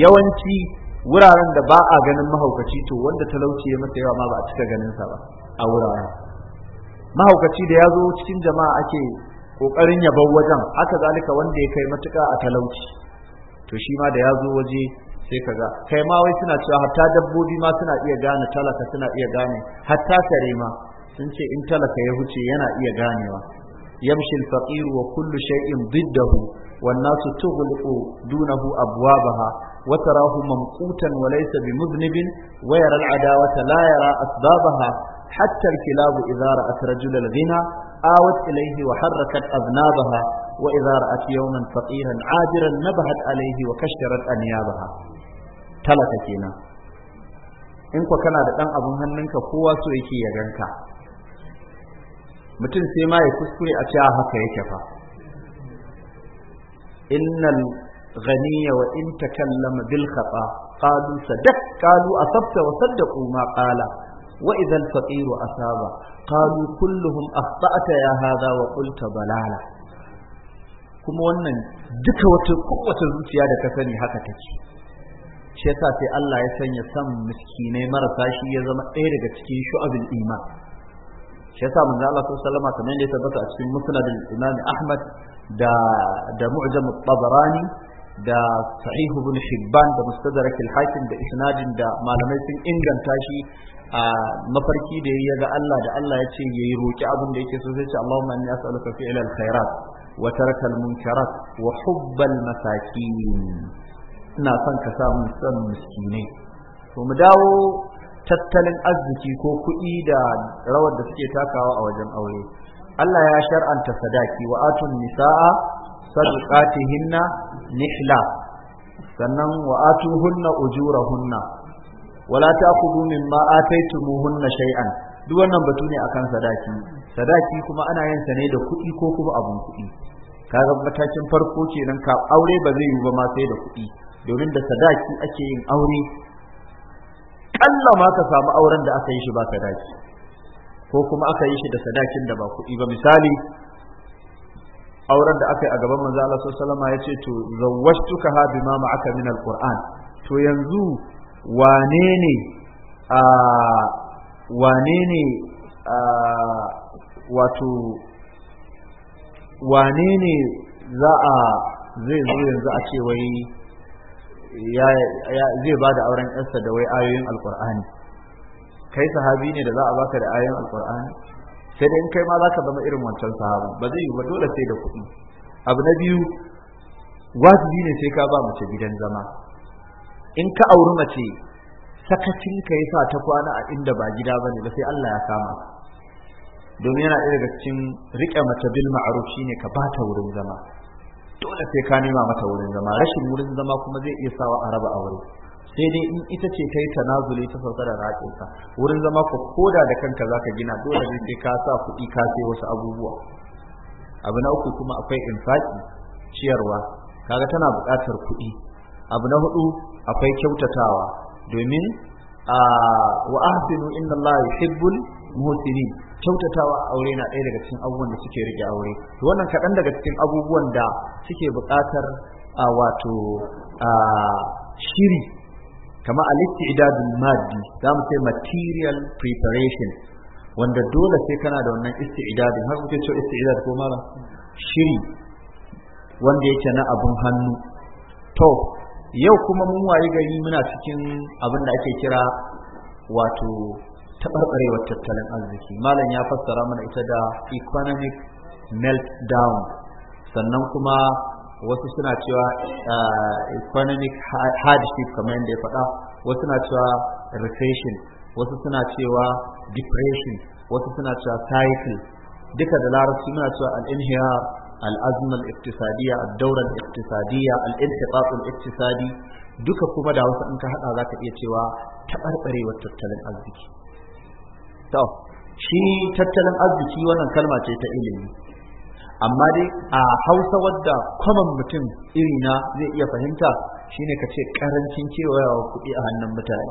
yawanci wuraren da ba a ganin mahaukaci to wanda talauci ya masa yawa ma ba a cika ganin sa ba a wuraren mahaukaci da ya zo cikin jama'a ake kokarin ya bar wajen haka zalika wanda ya kai matuka a talauci to shi ma da ya zo waje sai kaga kai ma wai suna cewa hatta dabbobi ma suna iya gane talaka suna iya gane hatta kare ma sun ce in talaka ya huce yana iya ganewa yamshi al-faqir wa kullu shay'in diddahu wan nasu tughliqu dunahu abwabaha wa tarahu mamqutan wa laysa bimudnibin wa yara al-adawata la yara asbabaha hatta al kilabu idha ra'at rajul ghina آوت إليه وحركت أذنابها وإذا رأت يوما فقيرا عاجرا نبهت عليه وكشرت أنيابها تلك كينا إن كنا لتن أبو هننك هو سويكي يغنك متن سيما يكسكري أشاها كيكفا إن الغني وإن تكلم بالخطا قالوا صدق قالوا أصبت وصدقوا ما قال وإذا الفقير أصابه qalu kulluhum akhta'ta ya hadha wa qulta balala kuma wannan duka wata kowace zuciya da ka sani haka take shi yasa sai Allah ya sanya san miskinai marasa shi ya zama ɗaya daga cikin shu'abul iman shi yasa manzo Allah sallallahu alaihi wasallam ya a cikin musnad al-Imam Ahmad da da mu'jam at-Tabarani da sahih ibn Hibban da mustadrak al-Hakim da isnadin da malamai sun inganta shi a mafarki da ya ga Allah da Allah ya ce yayi roki abin da yake so sai ce Allahumma inni as'aluka ilal khairat wa tarkal munkarat wa hubbal masakin ina son ka samu san son miskinai to mu dawo tattalin arziki ko kuɗi da rawar da suke takawa a wajen aure Allah ya shar'anta sadaki wa atun nisa'a sadaqatihinna nihla sannan wa atuhunna ujurahunna wala ta'khudhu mimma ataytumuhunna shay'an duk wannan batu ne akan sadaki sadaki kuma ana yin sa ne da kuɗi ko kuma abun kuɗi kaga matakin farko kenan ka aure ba zai yi ba ma sai da kuɗi domin da sadaki ake yin aure kalla ma ka samu auren da aka yi shi ba sadaki ko kuma aka yi shi da sadakin da ba kuɗi ba misali auren da aka yi a gaban manzo Allah sallallahu alaihi wasallam ya ce to zawwashtuka ha bima ma'aka min alquran to yanzu wane ne a a wato wane ne za a zai zo yanzu a ce wai zai ba da auren yarsa da wai ayoyin alkur'ani kai sahabi ne da za a baka da ayoyin alkur'ani sai dai in kai ma za ka zama irin wancan sahabi ba zai yi ba dole sai da kuɗi abu na biyu wajibi ne sai ka ba mace gidan zama in ka auri mace sakacin ka sa ta kwana a inda ba gida bane ba sai Allah ya kama domin yana ɗaya daga cikin riƙe mace bil ma'ruf shine ka ba ta wurin zama dole sai ka nema mata wurin zama rashin wurin zama kuma zai iya sawa a raba aure sai dai in ita ce kai nazuli ta sauka da ka, wurin zama ko koda da kanka zaka gina dole ne sai ka sa kuɗi ka sai wasu abubuwa abu na uku kuma akwai infaki ciyarwa kaga tana buƙatar kuɗi abu na hudu akwai kyautatawa domin wa ahsinu inna Allah yuhibbul muhsinin kyautatawa aure na ɗaya daga cikin abubuwan da suke rike aure to wannan kaɗan daga cikin abubuwan da suke buƙatar a wato a shiri kama al idadin maddi zamu sai material preparation wanda dole sai kana da wannan istidadin har kuke cewa istidad ko mara shiri wanda yake na abun hannu to yau kuma mun wayi gari muna cikin abin da ake kira wato taɓarɓarewar tattalin arziki malam ya fassara mana ita da economic meltdown sannan kuma wasu suna cewa eh, economic hardship kamar yadda ya faɗa wasu suna cewa recession wasu suna cewa depression wasu suna cewa cycle duka da larabci muna cewa al-inhiyar al'azma al-iqtisadiyya ad-dawra al al duka kuma da wasu in ka hada zaka iya cewa taɓarɓarewar tattalin arziki to shi tattalin arziki wannan kalma ce ta ilimi amma dai a hausa wadda kwamon mutum irina zai iya fahimta shine ka ce karancin kewayawa kuɗi a hannun mutane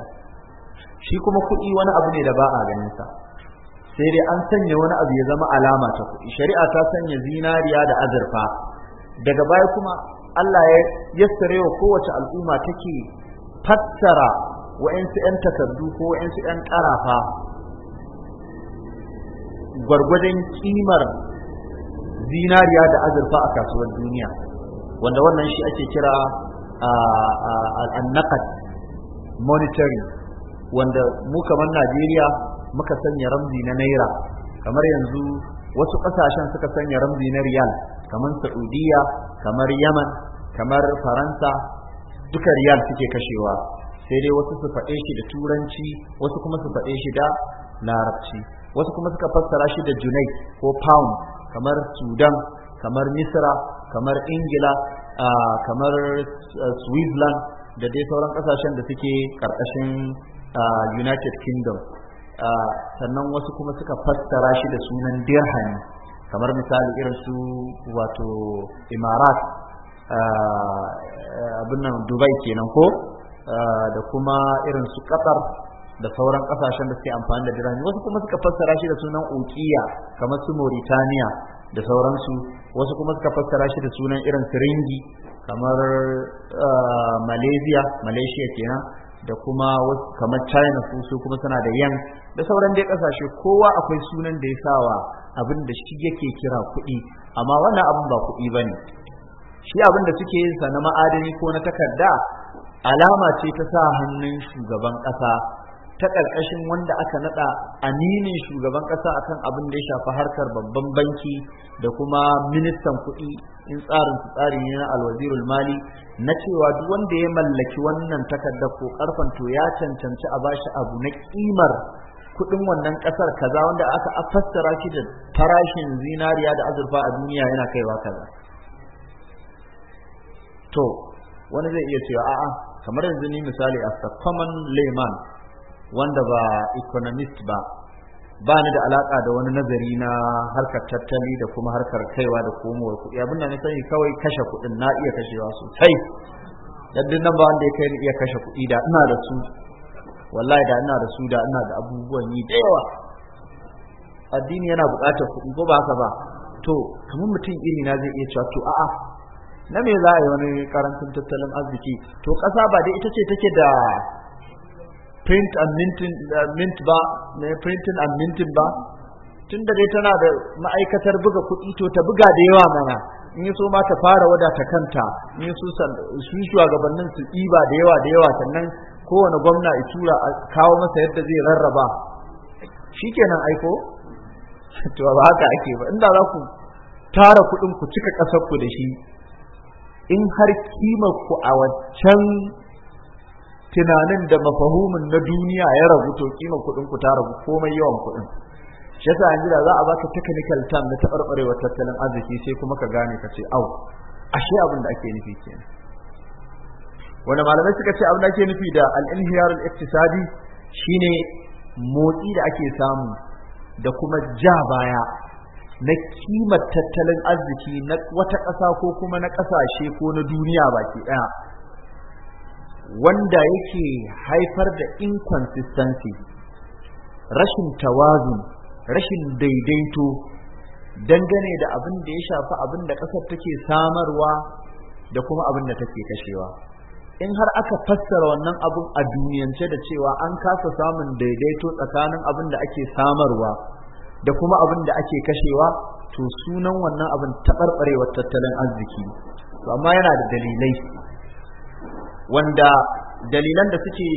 shi kuma kuɗi wani abu ne da ba a ganin sa sai dai an sanya wani abu ya zama alama ta kuɗi shari'a ta sanya zinariya da azurfa daga baya kuma Allah ya yassare wa kowace al'umma take fassara wa'ansu 'yan takardu ko wa'ansu 'yan ƙarafa gwargwadon kimar zinariya da azurfa a kasuwar duniya wanda wannan shi ake kira a monitoring wanda mu kamar najeriya muka sanya ramzi na naira kamar yanzu wasu ƙasashen suka sanya ramzi na riyal kamar saudiya kamar yaman kamar faransa duka riyal suke kashewa sai dai wasu su faɗe shi da turanci wasu kuma su faɗe shi da larabci wasu kuma suka fassara shi da junai ko pound kamar sudan kamar misra kamar ingila kamar switzerland da dai sauran kasashen da suke ƙarƙashin united kingdom Ah, sannan wasu kuma suka fassara shi da sunan dirhami kamar misali irin su wato imarat ah, abin nan dubai kenan ko ah, da kuma irin su qatar da sauran kasashen da suke amfani da dirhami wasu kuma suka fassara shi da sunan ukiya kamar su mauritania da sauransu wasu kuma suka fassara shi da sunan irin siringi kamar malaysia malaysia kenan da kuma kamar china su su kuma suna da yan da sauran dai kasashe kowa akwai sunan da ya sawa abin da shi yake kira kuɗi amma wannan abin ba kuɗi ba ne shi abin da suke yin sa na ma'adani ko na takarda alama ce ta sa hannun shugaban ƙasa ta ƙarƙashin wanda aka naɗa aminin shugaban ƙasa akan abin da ya shafi harkar babban banki da kuma ministan kuɗi in tsarin su tsari ne na alwazirul mali na cewa duk wanda ya mallaki wannan takardar ko karfan to ya cancanci a bashi abu na kimar kudin wannan kasar kaza wanda aka fassara shi da farashin zinariya da azurfa a duniya yana kaiwa kaza to wani zai iya cewa a'a kamar yanzu ni misali as common layman wanda ba economist ba ba ni da alaka da wani nazari na harkar tattali da kuma harkar kaiwa da komowar kuɗi abin da na sani kawai kashe kuɗin na iya kashewa sosai yadda nan ba wanda ya kai ni iya kashe kuɗi da ina da su wallahi da ina da su da ina da abubuwan yi da yawa addini yana buƙatar kuɗi ko ba haka ba to kamar mutum iri na zai iya cewa to a'a na me za a yi wani karancin tattalin arziki to ƙasa ba dai ita ce take da print and minting uh, mint ba mai printing and minting ba tun da dai tana da ma'aikatar buga kuɗi to ta buga da yawa mana in so ma ta fara ta kanta in su su shugabannin su ɗiba da yawa da yawa sannan kowane gwamna ya tura a kawo masa yadda zai rarraba shikenan aiko to ba haka ake ba inda za ku tara kuɗin ku cika ƙasar ku da shi in har kimar ku a waccan. tunanin da mafahumin na duniya ya ragu to kima kuɗin ku ta ragu komai yawan kuɗin shi yasa yanzu da za a baka technical term na taɓarɓarewar tattalin arziki sai kuma ka gane ka ce au ashe abin da ake nufi kenan wanda malamai suka ce abin da ake nufi da al-inhiyar al-iktisadi shine motsi da ake samu da kuma ja baya na kimar tattalin arziki na wata ƙasa ko kuma na ƙasashe ko na duniya baki ɗaya wanda yake haifar da inconsistency rashin tawazun rashin daidaito dangane da abin da ya shafi abin da ƙasar take samarwa da kuma abin da take kashewa in har aka fassara wannan abun a duniyance da cewa an kasa samun daidaito tsakanin abin da ake samarwa da kuma abin da ake kashewa to sunan wannan abin taɓarɓarewar tattalin arziki amma yana da dalilai wanda dalilan da suke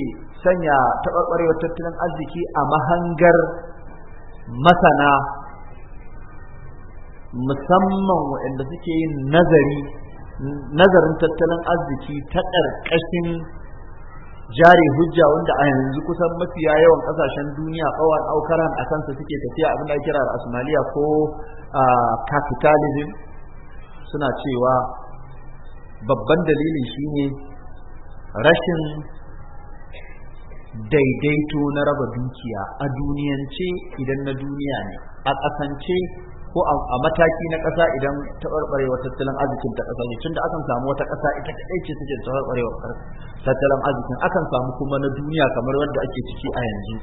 sanya taɓarɓarewar tattalin arziki a mahangar masana musamman waɗanda suke yin nazari nazarin tattalin arziki ta ƙarƙashin jari hujja wanda a yanzu kusan mafiya yawan ƙasashen duniya ƙawar aukaran a kansa suke tafiya abin da kira asmaliya ko capitalism suna cewa babban dalilin shine rashin daidaito na raba dukiya a duniyance idan na duniya ne a kasance ko a mataki na ƙasa idan taɓarɓarewa tattalin arzikin ta ƙasa ne tunda akan samu wata ƙasa ita kaɗai ce take taɓarɓarewa tattalin arzikin akan samu kuma na duniya kamar wanda ake ciki a yanzu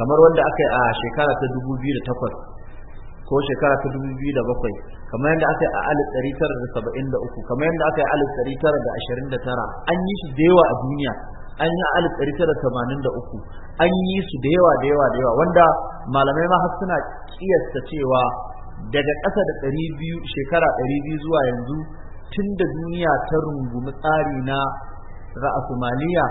kamar wanda aka yi a shekara ta dubu biyu da takwas. ko shekara ta dubu biyu da bakwai kamar yadda aka yi a alif ɗari tara da saba'in da uku kamar yadda aka yi a alif ɗari tara da ashirin da tara an yi su da yawa a duniya an yi a alif ɗari tara da tamanin da uku an yi su da yawa da yawa da yawa wanda malamai ma har suna kiyasta cewa daga ƙasa da ɗari biyu shekara ɗari biyu zuwa yanzu tun da duniya ta rungumi tsari na ra'asumaliya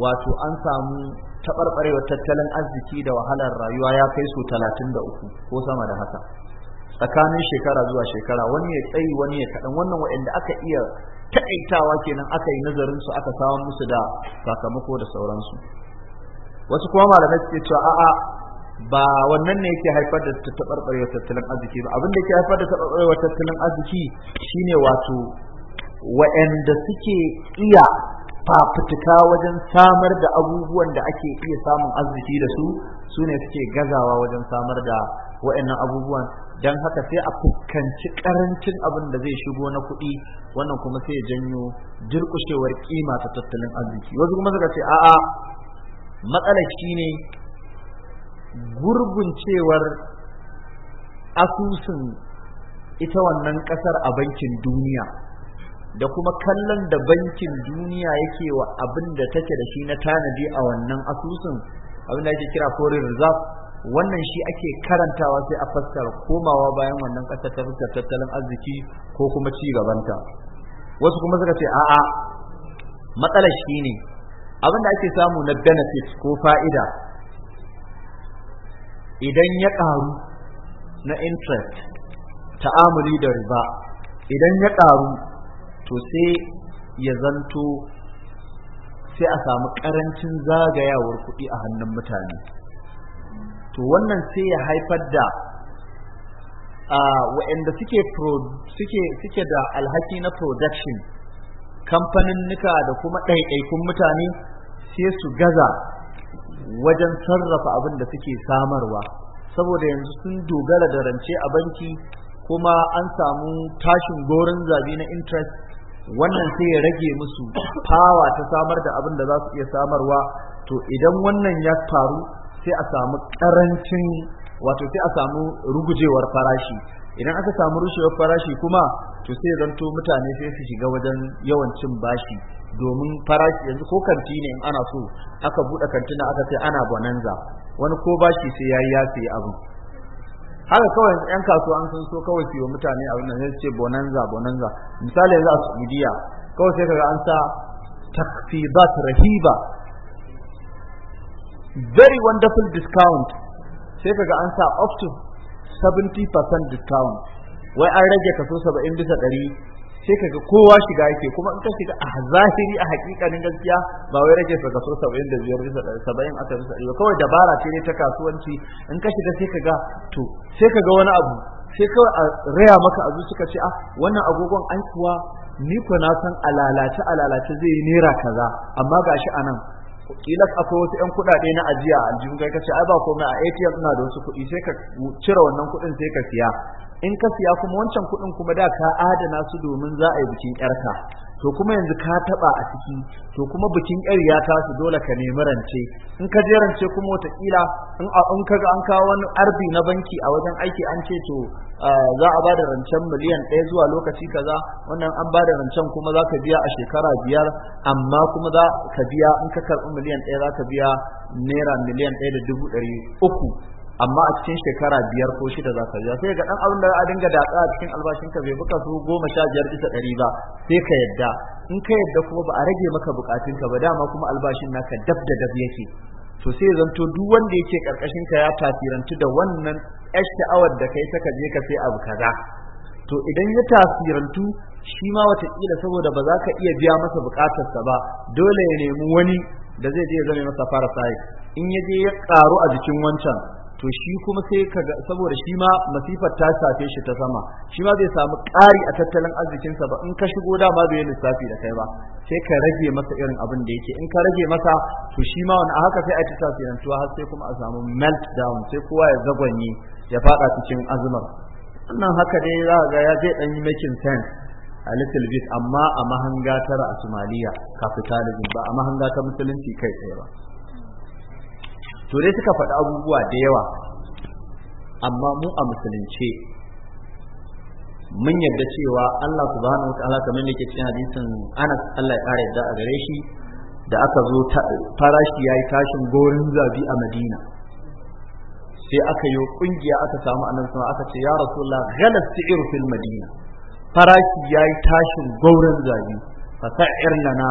wato an samu taɓarɓarewar tattalin arziki da wahalar rayuwa ya kai su talatin da uku ko sama da haka tsakanin shekara zuwa shekara wani ya tsayi wani ya kaɗan wannan wanda aka iya taƙaitawa kenan aka yi nazarin su aka samu musu da sakamako da sauransu wasu kuma malamai suke cewa a'a ba wannan ne yake haifar da taɓarɓarewar tattalin arziki ba abin da yake haifar da taɓarɓarewar tattalin arziki shine wato wa'anda suke iya fafutuka wajen samar da abubuwan da ake iya samun arziki da su su ne suke gazawa wajen samar da wa'annan abubuwan don haka sai a fuskanci karancin abin da zai shigo na kuɗi wannan kuma sai janyo jirkushewar kima ta tattalin arziki wasu kuma suka ce a'a matsalar ne gurguncewar asusun ita wannan ƙasar a bankin duniya da kuma kallon da bankin duniya yake wa abin da take da shi na tanadi a wannan asusun abin da ake kira foreign reserve wannan shi ake karantawa sai a fassara komawa bayan wannan ƙasa ta fuskar tattalin arziki ko kuma ci gabanta wasu kuma suka ce a'a matsalar shi ne abin da ake samu na benefit ko fa'ida idan ya ƙaru na interest ta'amuli da riba idan ya ƙaru to sai ya zanto sai a samu karancin zagayawar kuɗi a hannun mutane to wannan sai ya haifar da waɗanda suke suke da alhaki na production kamfanin nika da kuma ɗaiɗaikun mutane sai su gaza wajen sarrafa abin da suke samarwa saboda yanzu sun dogara da rance a banki kuma an samu tashin gorin zabi na interest wannan sai ya rage musu fawa ta samar da abin da za su iya samarwa to idan wannan ya faru sai a samu karancin wato sai a samu rugujewar farashi idan aka samu rushewar farashi kuma to sai zanto mutane sai su shiga wajen yawan cin bashi domin farashi yanzu ko kanti ne in ana so aka buɗe kantina aka sai ana bonanza wani ko bashi sai yayi ya sayi abu haka kawai yan kasuwa an sun so kawai fiye mutane a wannan sai ce bonanza bonanza misali yanzu a Saudiya kawai sai kaga an sa takfidat rahiba very wonderful discount sai kaga an sa up to 70% discount wai an rage kaso 70 bisa 100 sai kaga kowa shiga yake kuma in ka shiga a zahiri a hakikanin gaskiya ba wai rage ka kaso 75 bisa 70 aka bisa ba kawai dabara ce ne ta kasuwanci in ka shiga sai kaga to sai kaga wani abu sai kawai a raya maka a suka ce a ah, wannan agogon an kuwa ni ko na san alalace alalace zai yi naira kaza amma ga gashi anan kila akwai wasu yan kuɗaɗe na ajiya a aljihun kai kace ai ba komai a ATM ina da wasu kuɗi sai ka cire wannan kuɗin sai ka siya in ka siya kuma wancan kuɗin kuma da ka adana su domin za a yi bikin ƴarka to kuma yanzu ka taɓa a ciki to kuma bikin ƴar ya tasu dole ka nemi rance in ka je rance kuma wataƙila in in ka ga an kawo wani arbi na banki a wajen aiki an ce to za a bada rancen miliyan ɗaya zuwa lokaci kaza wannan an bada rancen kuma za ka biya a shekara biyar amma kuma za ka biya in ka karɓi miliyan ɗaya za ka biya naira miliyan ɗaya da dubu ɗari uku amma a cikin shekara biyar ko shida za ka biya sai ga dan abin da a dinga datsa a cikin albashin ka bai buka su goma sha biyar bisa ɗari ba sai ka yadda in ka yadda kuma ba a rage maka bukatun ka ba dama kuma albashin naka dab da dab yake to sai zanto duk wanda yake karkashin ka ya tasirantu da wannan yar sha'awar da kai saka je ka sai abu kaza to idan ya tasirantu shi ma watakila saboda ba za ka iya biya masa bukatarsa ba dole ya nemi wani da zai je ya zame masa fara sai in ya je ya karu a jikin wancan to shi kuma sai kaga saboda shi ma masifar ta safe shi ta sama shi ma zai samu ƙari a tattalin arzikin sa ba in ka shigo dama bai lissafi da kai ba sai ka rage masa irin abin da yake in ka rage masa to shi ma wani a haka sai a ci tafiyantuwa har sai kuma a samu meltdown sai kowa ya zagwanye ya faɗa cikin azumar wannan haka dai za ga ya zai ɗan yi making sense a little bit amma a mahanga ta ra'asumaliya capitalism ba a mahanga ta musulunci kai tsaye ba to dai suka faɗi abubuwa da yawa amma mu a musulunce mun yarda cewa Allah subhanahu wa ta'ala kamar yake cikin hadisin Anas Allah ya kare yadda a gare shi da aka zo farashi yayi tashin gorin zabi a Madina sai aka yi kungiya aka samu annabi aka ce ya rasulullah ghala si'r fil madina farashi yayi tashin gorin zabi fa sa'ir lana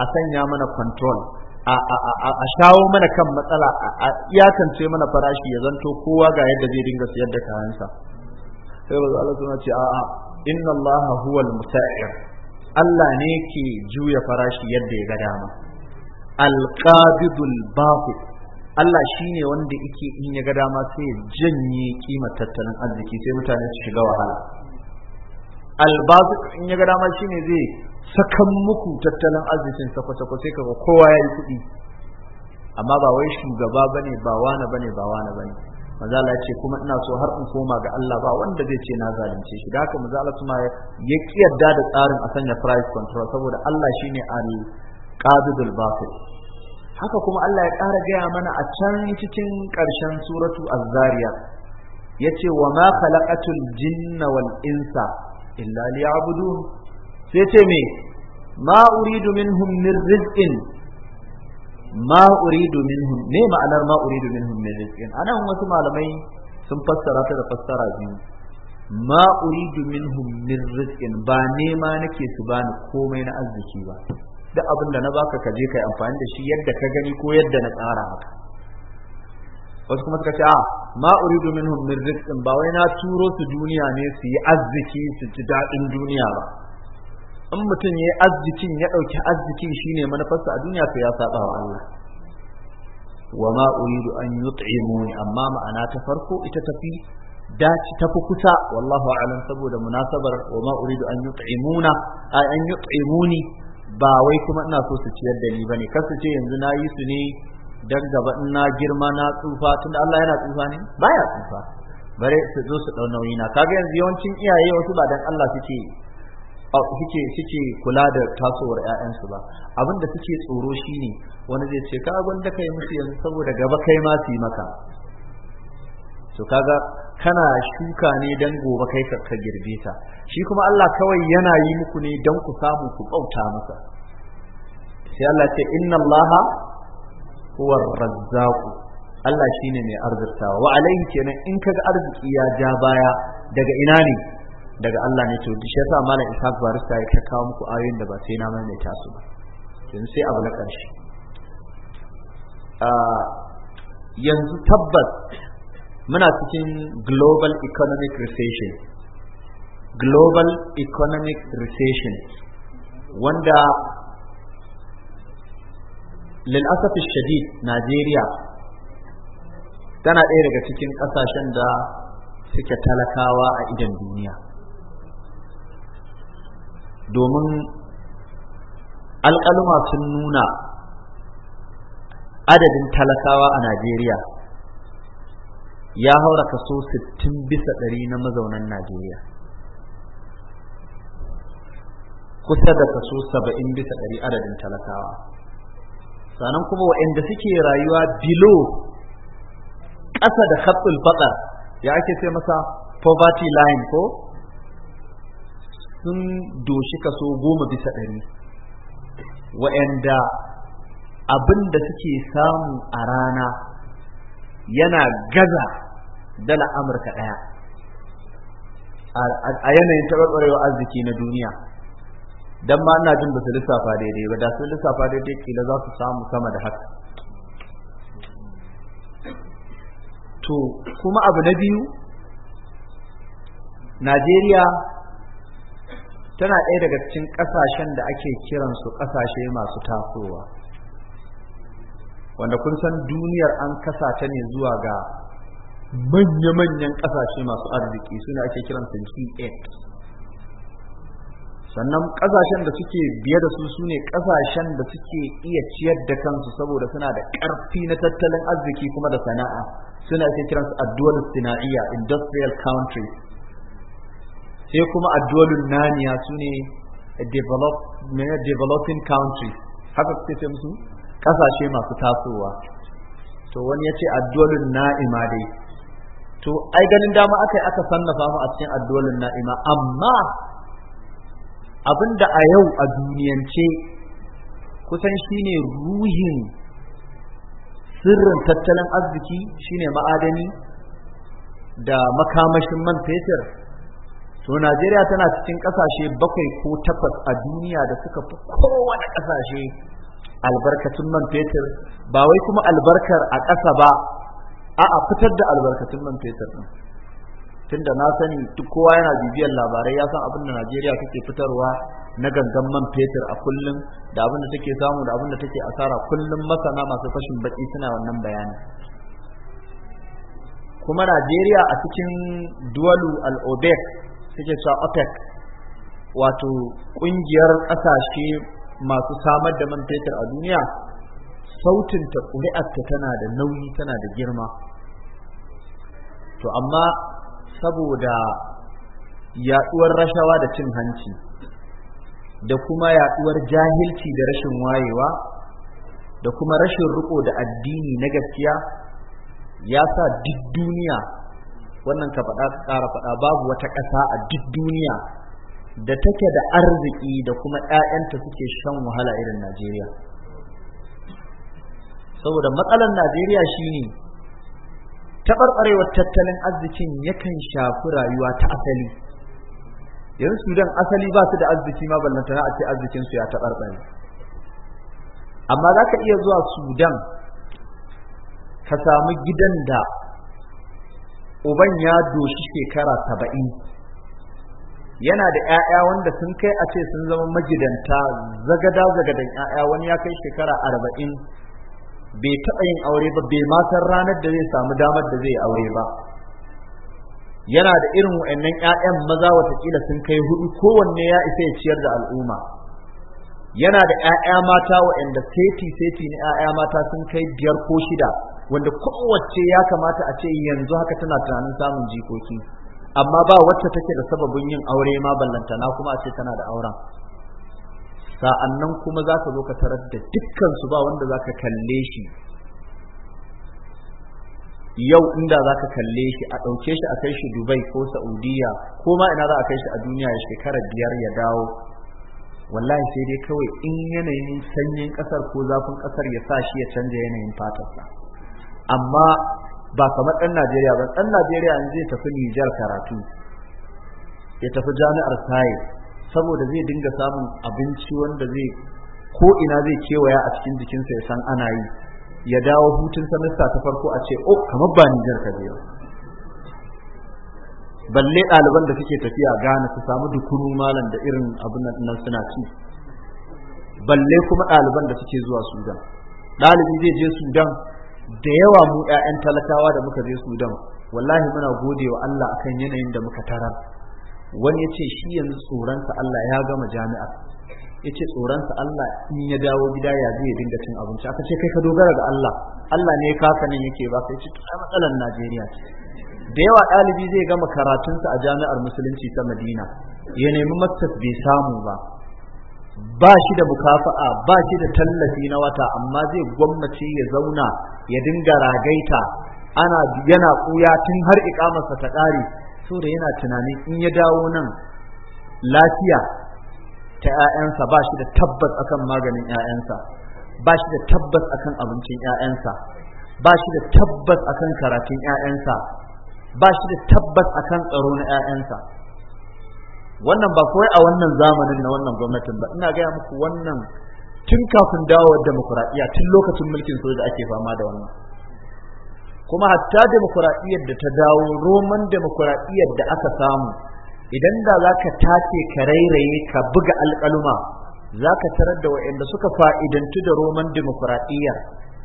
a sanya mana control a shawo mana kan matsala a iyakance mana farashi ya zanto kowa ga yadda zai dinga siyar da kayansa sai ba Allah suna ce a'a inna Allah huwa al-musa'ir Allah ne ke juya farashi yadda ya ga dama al-qabidul basit Allah shine wanda yake in ya ga dama sai ya janye kimar tattalin arziki sai mutane su shiga wahala al-basit in ya ga dama shine zai sakan muku tattalin arzikin sakwasakwa sai kaga kowa ya yi kuɗi amma ba wai shugaba ne, ba wani ne, ba wani bane mazala ce kuma ina so har in koma ga Allah ba wanda zai ce na zalunce shi da haka mazala kuma ya yadda da tsarin a sanya price control saboda Allah ne al qadidul batil haka kuma Allah ya ƙara gaya mana a can cikin ƙarshen suratu az-zariyat yace wa ma khalaqatul jinna wal insa illa liya'budun sai ce me ma uridu minhum min rizqin ma uridu minhum ne ma'anar ma uridu minhum min rizqin anan wasu malamai sun fassara ta da fassara biyu ma uridu minhum min rizqin ba nema nake su bani komai na arziki ba duk abin da na baka ka je kai amfani da shi yadda ka gani ko yadda na tsara maka wasu kuma suka ce a ah, ma uridu minhum min rizqin ba wai na turo su duniya ne su yi arziki su ji daɗin duniya ba in mutum ya yi arzikin ya ɗauki arzikin shine manufarsa a duniya sai ya saba wa Allah wa ma uridu an yut'imuni amma ma'ana ta farko ita tafi dace tafi kusa wallahu a'lam saboda munasabar wa ma uridu an yut'imuna ay an yut'imuni ba wai kuma ina so su ciyar da ni bane kar su ce yanzu na yi su ne dan gaba ina girma na tsufa tunda Allah yana tsufa ne baya tsufa bare su zo su dau nauyi na kaga yanzu yawancin iyaye wasu ba dan Allah suke suke suke kula da tasowar ƴaƴansu ba abin da suke tsoro shine wani zai ce ka gwanda kai musu yanzu saboda gaba kai ma su yi maka to kaga kana shuka ne dan gobe kai ka girbe ta shi kuma Allah kawai yana yi muku ne dan ku samu ku bauta masa sai Allah ce inna Allah huwa razzaq Allah shine mai arzikawa wa alaihi kenan in kaga arziki ya ja baya daga ina ne daga Allah ne to shi yasa malam Isa barista ya ka kawo muku ayoyin da ba sai na ta su ba yanzu sai abu na ƙarshe ah, yanzu tabbas muna cikin global economic recession global economic recession wanda للأسف الشديد Najeriya tana ɗaya daga cikin ƙasashen da suke talakawa a idan duniya domin alƙaluma sun nuna adadin talakawa a najeriya ya haura kaso 60 bisa ɗari na mazaunan najeriya kusa da kaso 70 bisa ɗari adadin talakawa sannan kuma waɗanda suke rayuwa bilo ƙasa da haɓɓul baƙar ya ake ce masa poverty line ko sun doshi kaso goma bisa ɗari wa'anda abin da suke samu a rana yana gaza dala amurka ɗaya a yanayin taɓarɓarewar arziki na duniya don ma ina jin ba su lissafa daidai ba da su lissafa daidai kila za su samu sama da haka to kuma abu na biyu najeriya tana ɗaya daga cikin ƙasashen da ake kiransu ƙasashe masu tasowa wanda kun san duniyar an kasa ta ne zuwa ga manya-manyan ƙasashe masu arziki suna ake kiransu G8 sannan ƙasashen da suke biye da su su ne ƙasashen da suke iya ciyar da kansu saboda suna da ƙarfi na tattalin arziki kuma da sana'a suna ake kiransu a addu'ar sinaiya industrial countries sai kuma addolin naniya su ne developing countries haka suke ce musu kasashe masu tasowa to wani ya ce addolin na'ima dai to ai ganin dama aka yi aka sannafa mu a cikin addolin na'ima amma abinda a yau a duniyance kusan shine ruhin sirrin tattalin arziki shine ma'adani da makamashin man fetur to Najeriya tana cikin kasashe bakwai ko takwas a duniya da suka fi kowane kasashe albarkatun man fetur ba wai kuma albarkar a ƙasa ba a'a fitar da albarkatun man fetur din tunda na sani duk kowa yana bibiyar labarai ya san abin da Najeriya take fitarwa na gangan man fetur a kullum da abin da take samu da abin da take asara kullum masana masu fashin baki suna wannan bayani kuma Najeriya a cikin duwalu al obek suke cewa OPEC wato kungiyar ƙasashe masu samar da man fetur a duniya sautin sautinta ƙuri'arta tana da nauyi tana da girma to amma saboda yaɗuwar rashawa da cin hanci da kuma yaɗuwar jahilci da rashin wayewa da kuma rashin riko da addini na gaskiya ya sa duk duniya wannan ka faɗa ka ƙara faɗa babu wata ƙasa a duk duniya da take da arziki da kuma 'ya'yanta suke shan wahala irin Najeriya saboda matsalar Najeriya shine taɓarɓarewar tattalin arzikin yakan shafi rayuwa ta asali yanzu Sudan asali ba su da arziki ma ballantana a ce arzikin su ya taɓarɓare amma za ka iya zuwa Sudan ka samu gidan da uban ya doshi shekara saba'in yana da 'ya'ya wanda sun kai a ce sun zama majidanta zagada zagadan 'ya'ya wani ya kai shekara arba'in bai taɓa yin aure ba bai matan ranar da zai samu damar da zai aure ba yana da irin wa'annan 'ya'yan maza watakila sun kai hudu kowanne ya isa ya ciyar da al'umma yana da 'ya'ya mata wa'anda seti seti na 'ya'ya mata sun kai biyar ko shida wanda kowace ya kamata a ce yanzu haka tana tunanin samun jikoki amma ba wacce take da sababin yin aure ma na kuma a ce tana da auren sa'annan kuma za ka zo ka tarar da dukkan su ba wanda za ka kalle shi yau inda za ka kalle shi a ɗauke shi a kai shi dubai ko saudiya ko ma ina za a kai shi a duniya ya shekara biyar ya dawo wallahi sai dai kawai in yanayin sanyin ƙasar ko zafin ƙasar ya sa shi ya canja yanayin fatarsa amma ba kamar ɗan Najeriya ba ɗan Najeriya in zai tafi Nijar karatu ya tafi jami'ar saye saboda zai dinga samun abinci wanda zai ko ina zai kewaya a cikin jikinsa ya san ana yi ya dawo hutun sanarsa ta farko a ce o oh, kamar ba Nijar ka biyo balle ɗaliban da suke tafiya gane su samu dukunu malam da irin abin nan suna ci balle kuma ɗaliban da suke zuwa Sudan ɗalibi zai je Sudan da yawa mu 'ya'yan talakawa da muka je Sudan wallahi muna gode wa Allah akan yanayin da muka tarar wani ya shi yanzu tsoronsa Allah ya gama jami'a ya ce tsoronsa Allah in ya dawo gida ya zai dinga cin abinci aka ce kai ka dogara ga Allah Allah ne kasa nan yake ba sai ce ta matsalar Najeriya da yawa ɗalibi zai gama karatun sa a jami'ar musulunci ta Madina ya nemi maktab bai samu ba ba shi da mukafa'a ba shi da tallafi na wata amma zai gwammace ya zauna ya dinga ragaita ana yana kuya tun har ikamarsa ta ƙare so da yana tunani in ya dawo nan lafiya ta 'ya'yansa ba shi da tabbas akan maganin 'ya'yansa ba shi da tabbas akan abincin 'ya'yansa ba shi da tabbas akan karatun 'ya'yansa ba shi da tabbas akan tsaro na 'ya'yansa wannan ba kawai a wannan zamanin na wannan gwamnatin ba ina gaya muku wannan tun kafin dawowar demokuraɗiyya tun lokacin mulkin soja ake fama da wannan kuma hatta demokuraɗiyyar da ta dawo roman demokuraɗiyyar da aka samu idan da za ka tace ka rairaye ka buga alƙaluma za ka tarar da waɗanda suka fa'idantu da roman demokuraɗiyya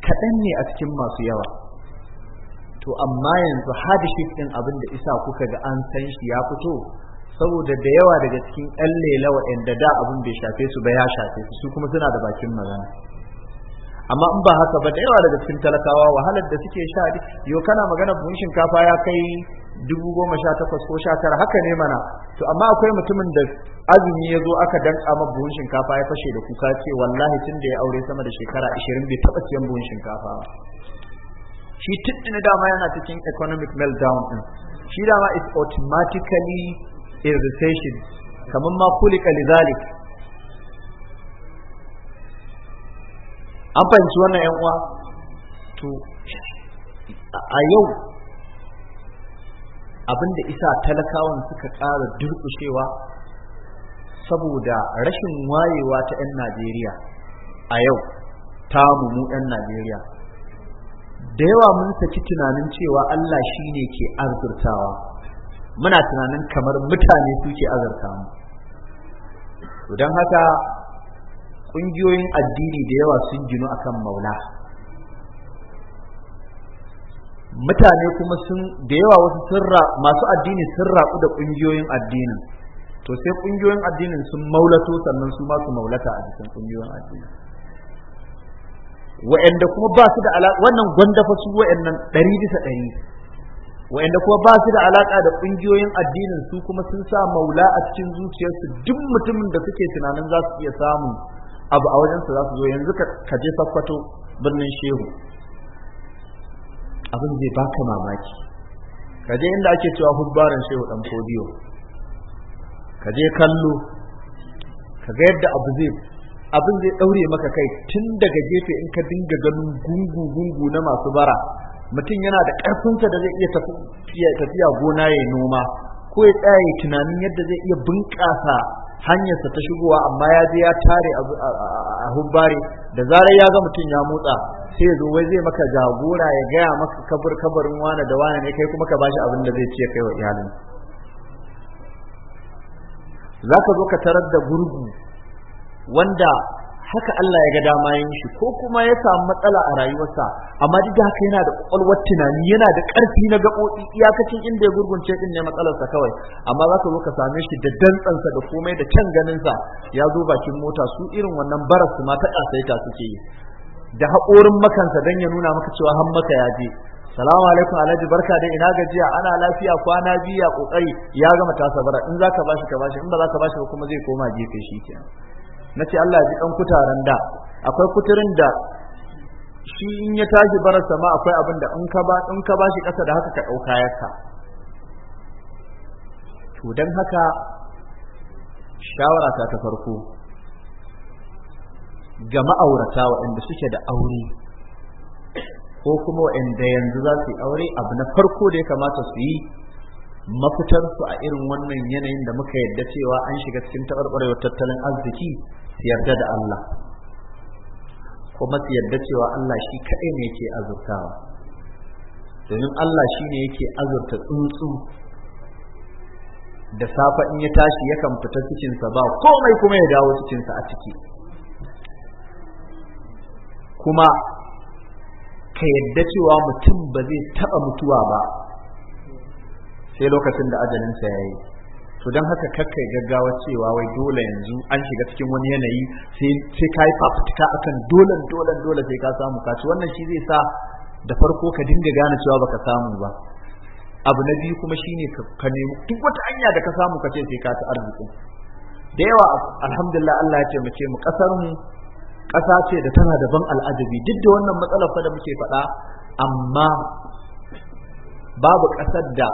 kaɗan ne a cikin masu yawa to amma yanzu hadishif ɗin abin da isa kuka ga an san shi ya fito saboda da yawa daga cikin ƴan lela waɗanda da abin bai shafe su ba ya shafe su su kuma suna da bakin magana amma in ba haka ba da yawa daga cikin talakawa wahalar da suke sha yau kana magana buhun shinkafa ya kai dubu goma sha takwas ko sha tara haka ne mana to amma akwai mutumin da azumi ya zo aka danka ma buhun shinkafa ya fashe da kuka ce wallahi tun da ya aure sama da shekara ashirin bai taɓa siyan buhun shinkafa ba shi na dama yana cikin economic meltdown din shi dama is automatically irritation kamar ma kulika lidhalik an fahimci wannan yan uwa to a yau abinda isa talakawan suka ƙara durƙushewa saboda rashin wayewa ta 'yan najeriya a yau ta mu 'yan najeriya da yawa mun saki tunanin cewa allah shi ne ke arzurtawa muna tunanin kamar mutane su ke azarta mu to don haka ƙungiyoyin addini da yawa sun ginu akan maula mutane kuma sun da yawa wasu sirra masu addini sun raku da ƙungiyoyin addinin to sai ƙungiyoyin addinin sun maulato sannan su ma su maulata a jikin ƙungiyoyin addini wa'anda kuma ba su da ala wannan gwanda fa su wa'annan ɗari bisa ɗari wa'anda kuma ba su da alaka da kungiyoyin addinin su kuma sun sa maula a cikin zuciyarsu duk mutumin da suke tunanin za su iya samu abu a su za su zo yanzu ka je sakwato birnin shehu abin zai baka mamaki ka je inda ake cewa hubbaran shehu dan fodiyo ka je kallo ka ga yadda abu zai abin zai daure maka kai tun daga gefe in ka dinga ganin gungu gungu na masu bara mutum yana da ƙarfinsa da zai iya tafiya gona ya noma ko ya tsaye tunanin yadda zai iya bunƙasa hanyarsa ta shigowa amma ya je ya tare a hubbare da zarar ya ga mutum ya motsa sai ya zo wai zai maka jagora ya gaya maka kabar kabarin wane da wane ne kai kuma ka bashi abin da zai ya kai wa iyalin za ka zo ka tarar da gurgu wanda haka Allah ya ga dama yin shi ko kuma ya samu matsala a rayuwarsa amma duk haka yana da kwakwalwar tunani yana da karfi na gaɓoɓi iyakacin inda ya gurgunce din ne matsalarsa kawai amma za ka zo ka same shi da dantsansa da komai da ganin ganinsa ya zo bakin mota su irin wannan baras su sai ta ƙasaita suke yi da haƙorin makansa don ya nuna maka cewa han maka ya je salamu alaikum alhaji barka dai ina gajiya ana lafiya kwana biya kokari ya gama tasa bara in zaka bashi ka bashi in ba zaka bashi ba kuma zai koma gefe shi kenan na ce Allah ji ɗan kutaren da akwai kuturin da shi in ya tashi bara sama akwai abin da in ka ba in ka ba shi ƙasa da haka ka ɗauka yaka to don haka shawara ta ta farko ga ma'aurata waɗanda suke da aure ko kuma waɗanda yanzu za su yi aure abu na farko da ya kamata su yi mafitarsu a irin wannan yanayin da muka yadda cewa an shiga cikin taɓarɓarewar tattalin arziki su yarda da Allah kuma su yarda cewa Allah shi kaɗai ne yake azurtawa domin Allah shi ne yake azurta tsuntsu da safa in ya tashi yakan fita cikinsa ba komai kuma ya dawo cikinsa a ciki kuma ka yadda cewa mutum ba zai taɓa mutuwa ba sai lokacin da ajalinsa ya yi to don haka kakka ya gaggawa cewa wai dole yanzu an shiga cikin wani yanayi sai ka yi fafutuka akan dolan dolan dole sai ka samu ka wannan shi zai sa da farko ka dinga gane cewa baka samu ba abu na biyu kuma shine ka nemi duk wata hanya da ka samu ka ce sai ka ta arziki da yawa alhamdulillah Allah ya taimake mu kasar mu kasa ce da tana da ban al'ajabi duk da wannan matsalar fa da muke faɗa amma babu ƙasar da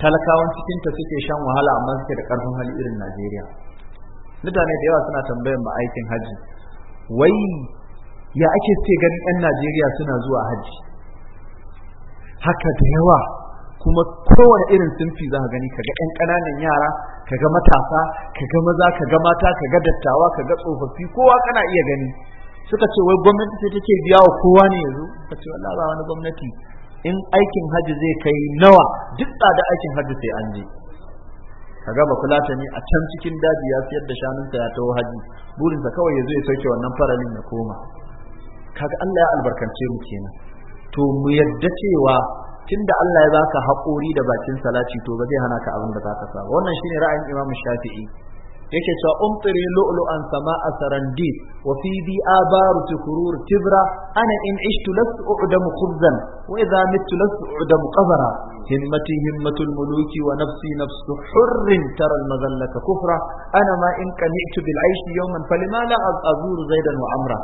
talakawan cikin ta suke shan wahala amma suke da karfin hali irin Najeriya mutane da yawa suna tambayar mu aikin haji wai ya ake ce ganin yan Najeriya suna zuwa haji haka da yawa kuma kowane irin sinfi za ka gani kaga yan kananan yara kaga matasa kaga maza kaga mata kaga dattawa kaga tsofaffi kowa kana iya gani suka ce wai gwamnati ce take biya wa kowa ne yanzu suka ce wallahi ba wani gwamnati in aikin hajji zai kai nawa duk da aikin hajji sai an je kaga ba kulata ne a can cikin daji ya siyar da shanunsa ya taho haji burinsa kawai ya zo ya sauke wannan faralin ya koma kaga Allah ya albarkance mu kenan to mu yadda cewa tunda Allah ya baka haƙuri da bakin salati to ba zai hana ka abin da zaka saba wannan shine ra'ayin Imam Shafi'i yake cewa umtiri sama a sarandid wa fi bi abaru tukurur tibra ana in ishtu lastu u'damu khubzan wa idha mittu lastu u'damu qabara himmati himmatul muluki wa nafsi nafsu hurrin tara al kufra ana ma in qani'tu bil 'ayshi yawman falima la azuru zaidan wa amra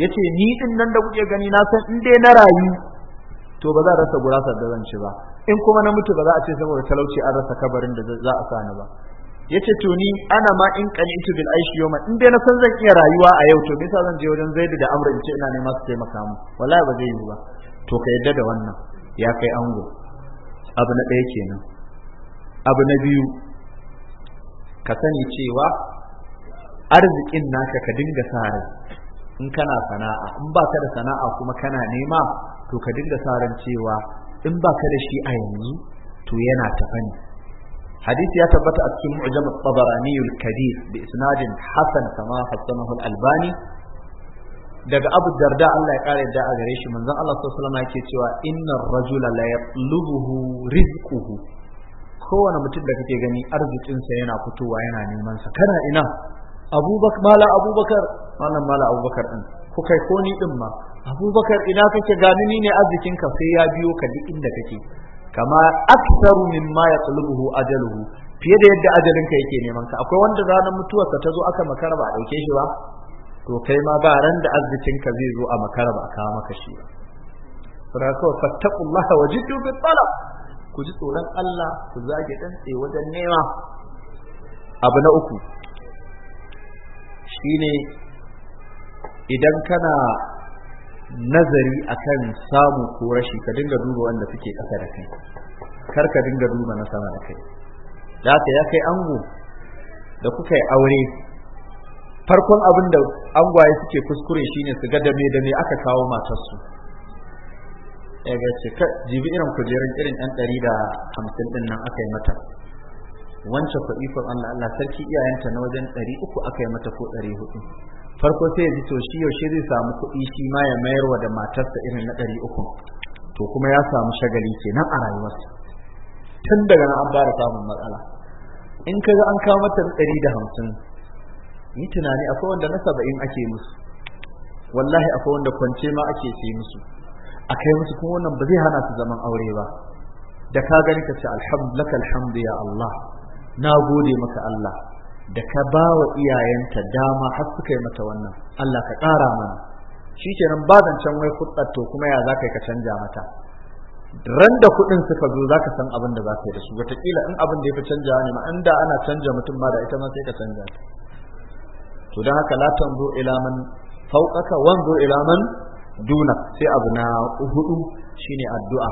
yace ni din nan da kuke gani na san in dai na rayu to ba za a rasa gurasar da zan ci ba in kuma na mutu ba za a ce saboda talauci an rasa kabarin da za a sani ba yace to ni ana ma in qanitu bil aish yawma in dai na san zan iya rayuwa a yau to me yasa zan je wajen Zaid da Amr in ce ina nema su taimaka mu wallahi ba zai yi ba to ka yadda da wannan ya kai ango abu na ɗaya kenan abu na biyu ka sani cewa arzikin naka ka dinga sa in kana sana'a in ba ka da sana'a kuma kana nema to ka dinga sa cewa in ba ka da shi a yanzu to yana tafani. hadisi ya tabbata a cikin mu'jam at-tabarani al-kabir bi isnadin hasan kama albani daga abu darda Allah ya kare da a gare shi manzon Allah sallallahu alaihi wasallam yake cewa innar rajula la yatlubuhu rizquhu kowane mutum da kake gani arzikinsa yana fitowa yana neman sa kana ina abubakar abubakar wannan kai ko ni din ma abubakar ina kake gani ni ne arzikinka sai ya biyo ka duk inda kake kama aktsaru mimma yaqlubuhu ajaluhu fiye da yadda ajalinka yake neman ka akwai wanda ranar mutuwarsa ta zo aka makara ba a dauke shi ba to kai ma ba ran da arzikinka zai zo a makara ba a kawo maka shi ba saboda kawai fattaqullaha wajidu bi talab ku ji tsoron Allah ku zage dan tsaye wajen nema abu na uku shine idan kana nazari akan samu ko rashi ka dinga duba wanda suke ƙasa da kai kar ka dinga duba na sama da kai da ka ya kai ango da kuka yi aure farkon abin da angwaye suke kuskure shine su ga dame dame aka kawo matarsu ya ga ce jibi irin kujerun irin yan ɗari da hamsin ɗin nan aka yi mata wancan kuɗi Allah Allah sarki iyayenta na wajen ɗari uku aka yi mata ko ɗari hudu farko sai ya ji to shi yaushe zai samu kuɗi shi ma ya mayar wa da matarsa irin na ɗari uku to kuma ya samu shagali kenan a rayuwarsa tun daga nan an fara samun matsala in ka ga an kawo mata ɗari da hamsin yi tunani akwai wanda na saba'in ake musu wallahi akwai wanda kwance ma ake sai musu a kai musu kuma wannan ba zai hana su zaman aure ba da ka gani ka ce alhamdulillah ya Allah na gode maka Allah da ka ba wa iyayenta dama har suka yi mata wannan Allah ka ƙara mana shi kenan ba zancen wai kuɗar to kuma ya za ka yi ka canja mata ran da kuɗin suka zo za ka san abin da za ka yi da su wataƙila in abin da ya fi canjawa ne ma inda ana canja mutum ba da ita ma sai ka canja ta to don haka la tanzu ila man fawqaka wanzu ila man duna sai abu na hudu shine addu'a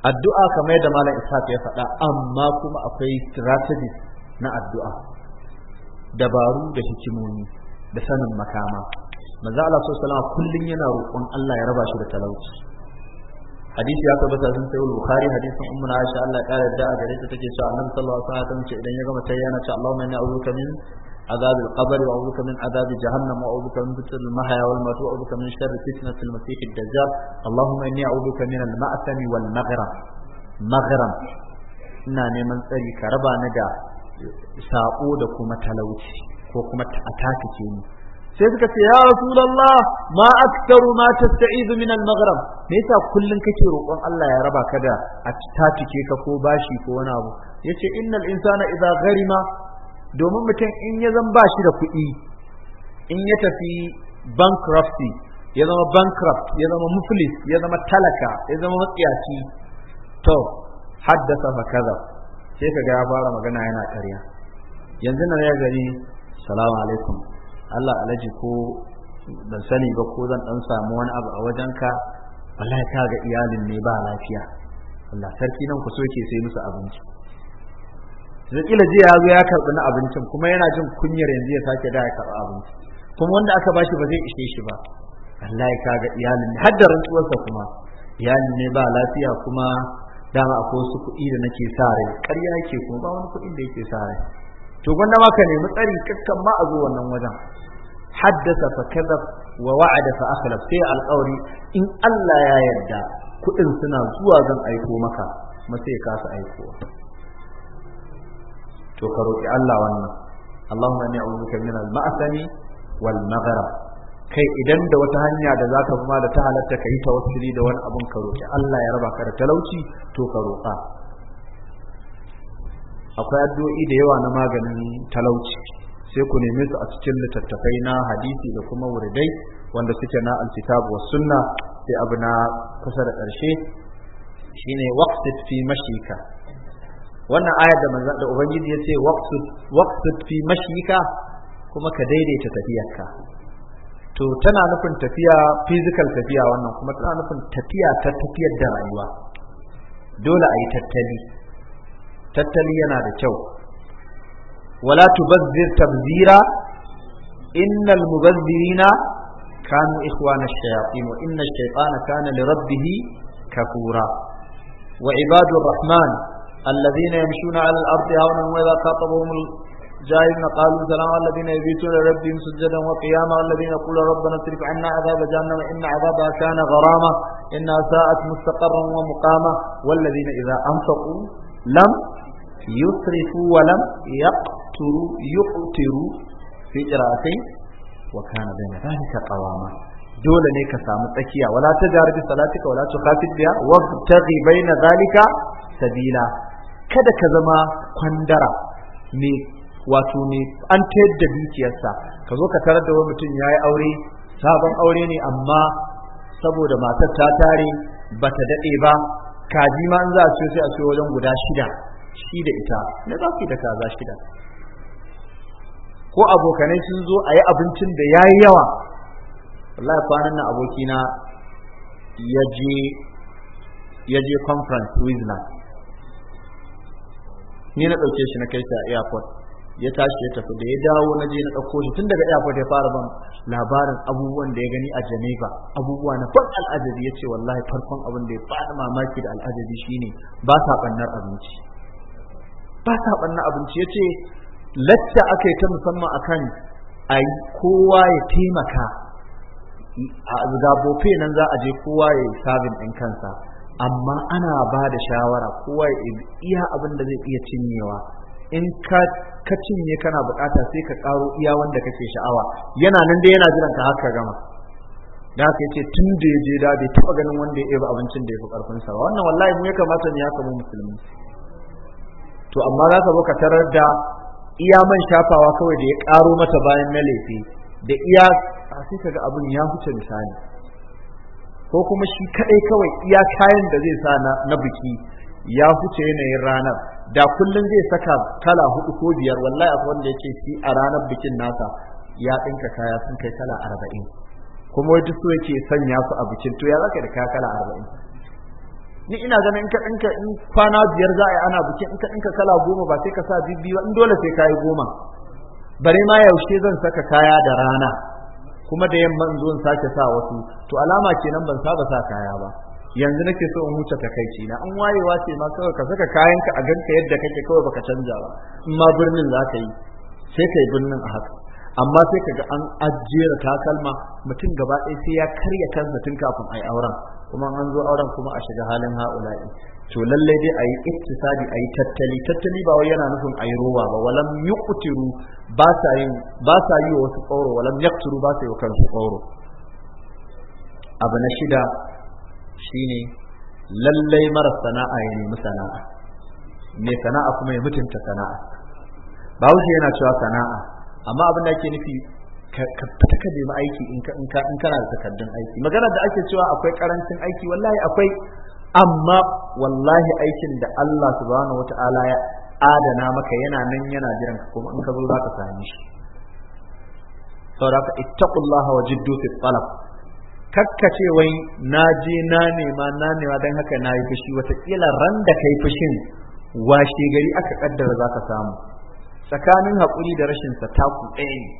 addu'a kamar yadda malam ishaq ya faɗa amma kuma akwai strategy na addu'a dabaru da hikimomi da sanin makama manzo Allah sallallahu alaihi kullun yana roƙon Allah ya raba shi da talauci hadisi ya tabbata sun sai bukhari hadisin ummu aisha Allah ya kare da a gare ta take cewa annabi sallallahu alaihi wasallam idan ya gama tayyana ce Allahumma inna min عذاب القبر وأعوذ بك من عذاب جهنم وأعوذ بك من فتنة المحيا والموت وأعوذ بك من شر فتنة المسيح الدجال اللهم إني أعوذ بك من المأثم والمغرم مغرم ina neman tsari ka raba ni da da kuma talauci ko kuma a takice ni sai suka ce ya rasulullah ma aktaru ma tasta'izu min al-maghrib me yasa kullun kake roƙon Allah ya raba ka da a takice ka ko bashi ko wani abu yace innal insana idza gharima domin mutum in ya zan ba shi da kuɗi in ya tafi bankruptcy ya zama bankrupt ya zama muflis ya zama talaka ya zama matsiyaci to haddasa fa kaza sai kaga ya fara magana yana karya yanzu na ya gani salamu alaikum Allah alaji ko ban sani ba ko zan dan samu wani abu a wajenka wallahi ka ga iyalin ne ba lafiya Allah sarki nan ku soke sai musu abinci zakila jiya ya zo ya karɓi na abincin kuma yana jin kunyar yanzu ya sake da ya karɓi abinci kuma wanda aka bashi ba zai ishe shi ba Allah ya kaga iyalin har da rantsuwarsa kuma iyalin ne ba lafiya kuma dama akwai su kuɗi da nake sa rai ƙarya yake kuma ba wani kuɗin da yake sa rai to gwanda ma ka nemi tsari kakkan ma a zo wannan wajen haddasa fa kaza wa wa'ada fa akhlaf sai alƙawari in Allah ya yarda kuɗin suna zuwa zan aiko maka mace ka kasa aikowa to ka roƙi Allah wannan Allahumma ni a'udhuka min al-ba'sani wal kai idan da wata hanya da zaka kuma da ta halatta kai tawassuli da wani abun ka roƙi Allah ya raba ka da talauci to ka roƙa akwai addu'o'i da yawa na maganin talauci sai ku neme su a cikin littattafai na hadisi da kuma wuridai wanda suke na alkitab wa sunna sai abu na kusa da ƙarshe shine waqtit fi mashika wannan ayar da manzon da ubangiji ya ce waqsud waqsud fi mashyika kuma ka daidaita tafiyarka to tana nufin tafiya physical tafiya wannan kuma tana nufin tafiya ta tafiyar da rayuwa dole a yi tattali tattali yana da kyau wala tubazzir tabzira innal mubazzirina kanu ikhwana ash-shayatin wa inna ash-shaytana kana li rabbih kafura wa ibadu rahman الذين يمشون على الأرض هونا وإذا خاطبهم الجاهلون قالوا سلاما الذين يبيتون لربهم سجدا وقياما الذين يقولون ربنا اترك عنا عذاب جهنم إن عذابها كان غراما إنها ساءت مستقرا ومقاما والذين إذا أنفقوا لم يسرفوا ولم يقتروا يقتروا في قراءتين وكان بين ذلك قواما دول نيكا ka ولا تجارب صلاتك ولا jarabi بها وابتغي بين ذلك سبيلا kada ka zama kwandara ne wato ne an ta da dukiyarsa ka zo ka tarar da wani mutum ya yi aure sabon aure ne amma saboda matar ta tare ba ta daɗe ba kaji ma za a sai a siyo wajen guda shida shi da ita na za su da kaza shida ko abokanai sun zo a yi abincin da ya yi yawa wallahi kwanan na abokina ya je conference Switzerland ni na ɗauke shi na kai shi a airport ya tashi ya tafi da ya dawo na je na ɗauko shi tun daga airport ya fara ban labarin abubuwan da ya gani a Geneva abubuwa na ban al'ajabi ya ce wallahi farkon abin da ya fara mamaki da al'ajabi shine ba sa ɓannar abinci ba sa ɓannar abinci ya ce lacca aka yi ta musamman akan a yi kowa ya taimaka a gabofe nan za a je kowa ya yi sabin ɗin kansa amma ana ba da shawara kowa ya iya abin da zai iya cinyewa in ka cinye kana bukata sai ka karo iya wanda kake sha'awa yana nan dai yana jiran ka haka gama da haka yace tun da yaje da bai taba ganin wanda ya yi abincin da ya fi karfin sa ba wannan wallahi mu ya kamata ne ya kama musulmi to amma za ka zo ka tarar da iya man shafawa kawai da ya karo mata bayan na lefe da iya sai ka ga abin ya huce misali ko kuma shi kadai kawai iya kayan da zai sa na na biki ya huce yanayin ranar da kullum zai saka kala hudu ko biyar wallahi akwai wanda yake shi a ranar bikin nasa ya dinka kaya sun kai kala arba'in kuma wajen so yake sanya su a bikin to ya zaka da kaya kala arba'in ni ina ganin in ka ɗinka in kwana biyar za a yi ana bikin in ka dinka kala goma ba sai ka sa bibbi ba in dole sai kayi goma bare ma yaushe zan saka kaya da rana kuma da yamma in zo in sake sa wasu to alama kenan ban saba sa kaya ba yanzu nake so in huta takaici na an wayewa ce ma kawai ka saka kayanka a ganka yadda kake kawai baka canja ba in ma birnin za ka yi sai ka yi birnin a haka amma sai kaga an ajjera takalma mutum gaba ɗaya sai ya karya kansa tun kafin a auren kuma an zo auren kuma a shiga halin ha'ula'i to lallai dai ayi iktisadi ayi tattali tattali ba wai yana nufin ayi rowa ba walam yuqtiru ba sa ba sa yi wa wasu tsoro walam yaqtiru ba sa yi wa kansu tsoro abu na shida shine lallai mara sana'a ya nemi sana'a mai sana'a kuma ya mutunta sana'a ba wuce yana cewa sana'a amma abin da ake nufi ka fita ka nemi aiki in kana da takardun aiki magana da ake cewa akwai karancin aiki wallahi akwai amma wallahi aikin da Allah subhanahu wata'ala ya adana maka yana nan yana jiran ka kuma in ka zo zaka same shi saboda ittaqullaha wa jiddu fi talab kakkace wai na je na nema na nema dan haka na yi fushi watakila ran da kai fushin washe gari aka kaddara zaka samu tsakanin haƙuri da rashin sa taku ɗaya ne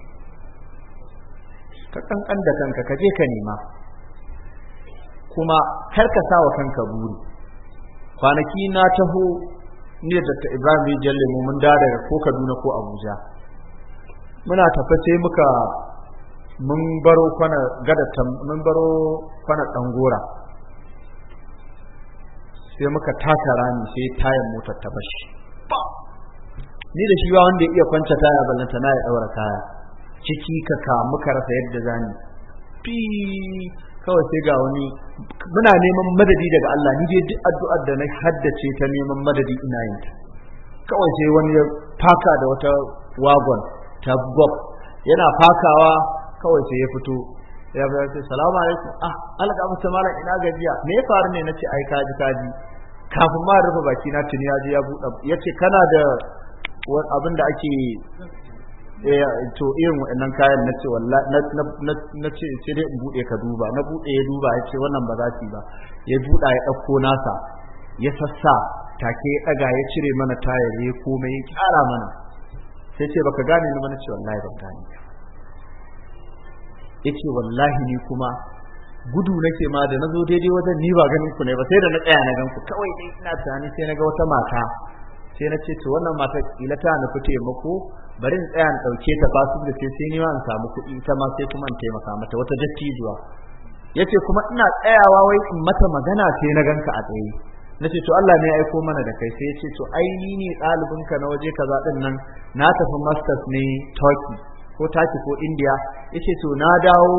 ka kankan da kanka ka je ka nema kuma kar ka sa wa kanka buri kwanaki na taho ni da Dr. Ibrahim Jalle mu mun da daga ko Kaduna ko Abuja muna tafe sai muka mun baro kwana gada mun baro kwana dangora sai muka taka rami sai tayar motar ta bashi ni da shi ba wanda ya iya kwanta taya ballanta na ya daura kaya ciki ka ka muka rasa yadda zani fi kawai sai ga wani muna neman madadi daga Allah ni dai duk addu'ar da na haddace ta neman madadi ina yin ta kawai sai wani ya faka da wata wagon ta bob yana fakawa kawai sai ya fito ya bayar sai salamu alaikum ah alaka musu malam ina gajiya me ya faru ne nace ai kaji kaji kafin ma rufe baki na tuni ya je ya buɗe yace kana da abin da ake Eh, to irin waɗannan kayan na ce na ce sai dai in buɗe ka duba na buɗe ya duba ya ce wannan ba za su ba ya buɗa ya ɗauko nasa ya sassa take ya ɗaga ya cire mana tayar ya komai ya ƙara mana sai ce baka gane ni mana ce wallahi ban gane ya ce wallahi ni kuma gudu nake ma da na zo daidai wajen ni ba ganin ku ne ba sai da na tsaya na gan ku kawai dai ina tunani sai na ga wata mata sai na ce to wannan mata kila ta nufi taimako bari in tsaya in ɗauke ta su da sai nima in samu kuɗi ita ma sai kuma in taimaka mata wata dattijuwa ya ce kuma ina tsayawa wai in mata magana sai na ganka a tsaye na ce to Allah ne ya aiko mana da kai sai ya ce to ai ni ne ɗalibinka na waje kaza ɗin nan na tafi masters ne Turkey ko taki ko India ya ce to na dawo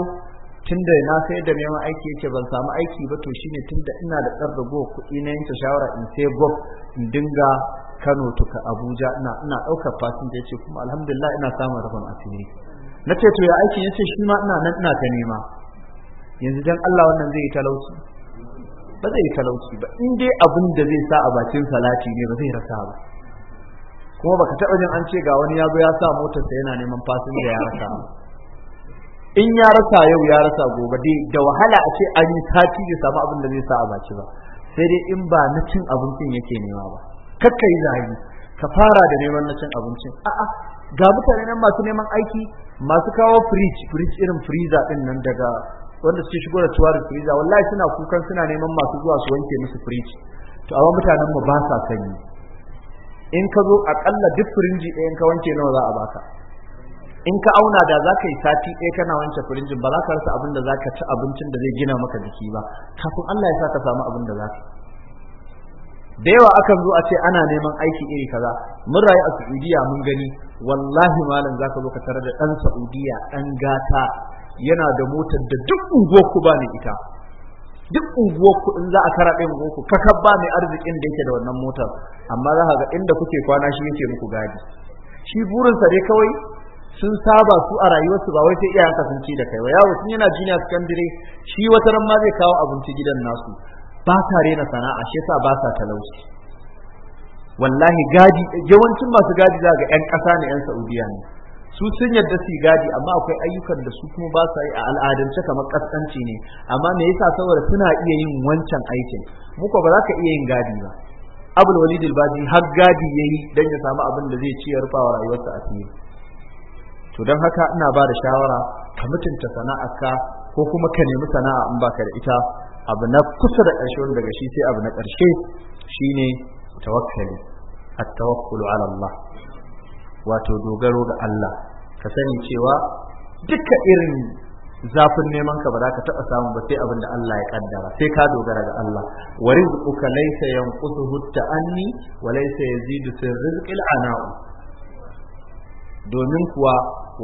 tunda na sayar da neman aiki yake ban samu aiki ba to shine tunda ina da ɗan ragowar kuɗi na yanke shawara in sai gwab in dinga Kano to ka Abuja ina ina daukar fasinja yace kuma alhamdulillah ina samun rabon asiri na ce to ya aikin yace shi ma ina nan ina ta nema yanzu dan Allah wannan zai yi talauci ba zai yi talauci ba in dai abin da zai sa a bakin salati ne ba zai rasa ba kuma baka taba jin an ce ga wani ya sa ya sa motarsa yana neman fasinja ya rasa in ya rasa yau ya rasa gobe dai da wahala a ce an yi sati ya samu abin da zai sa a baki ba sai dai in ba na cin abincin yake nema ba kakka yi zahiri ka fara da neman na cin abincin a'a ga mutane nan masu neman aiki masu kawo fridge fridge irin freezer din nan daga wanda suke shigo da tuwarin freezer wallahi suna kukan suna neman masu zuwa su wanke musu fridge to amma mutanen mu ba sa sanyi in ka zo akalla duk firinji ɗaya in ka wanke nawa za a baka in ka auna da za ka yi sati ɗaya kana wanke firinjin ba za ka rasa abin da za ka ci abincin da zai gina maka jiki ba kafin Allah ya sa ka samu abin da za ka da yawa akan zo a ce ana neman aiki iri kaza mun rayu a Saudiya mun gani wallahi malam zaka zo ka tarar da dan Saudiya dan gata yana da motar da duk unguwar ku ba ne ita duk unguwar ku in za a karaɗe unguwar ku kakab ba mai arzikin da yake da wannan motar amma za ka ga inda kuke kwana shi yake muku gadi shi burinsa dai kawai sun saba su a rayuwarsu ba wai sai iyayenka sun ci da kai ba yawo sun yana kan dire shi wata ran ma zai kawo abinci gidan nasu ba ta rena sana'a shi yasa ba sa talauci wallahi gadi yawancin masu gadi za ga yan ƙasa ne yan Saudiya ne su sun yarda su gadi amma akwai ayyukan da su kuma ba sa yi a al'adance kamar kaskanci ne amma me yasa saboda suna iya yin wancan aikin Muka ba za ka iya yin gadi ba abul walid al-baji har gadi yayi dan ya samu abin da zai ci ya rufa wa rayuwarsa asiri to dan haka ina ba da shawara ka mutunta sana'arka ko kuma ka nemi sana'a in baka da ita abu na kusa da ƙarshe wanda daga shi sai abu na ƙarshe shine tawakkali at-tawakkulu ala Allah wato dogaro ga Allah ka sani cewa duka irin zafin neman ka ba za ka taɓa samu ba sai abin da Allah ya kaddara sai ka dogara ga Allah wa rizquka laysa yanqusuhu ta'anni wa laysa yazidu fi rizqil ana'u domin kuwa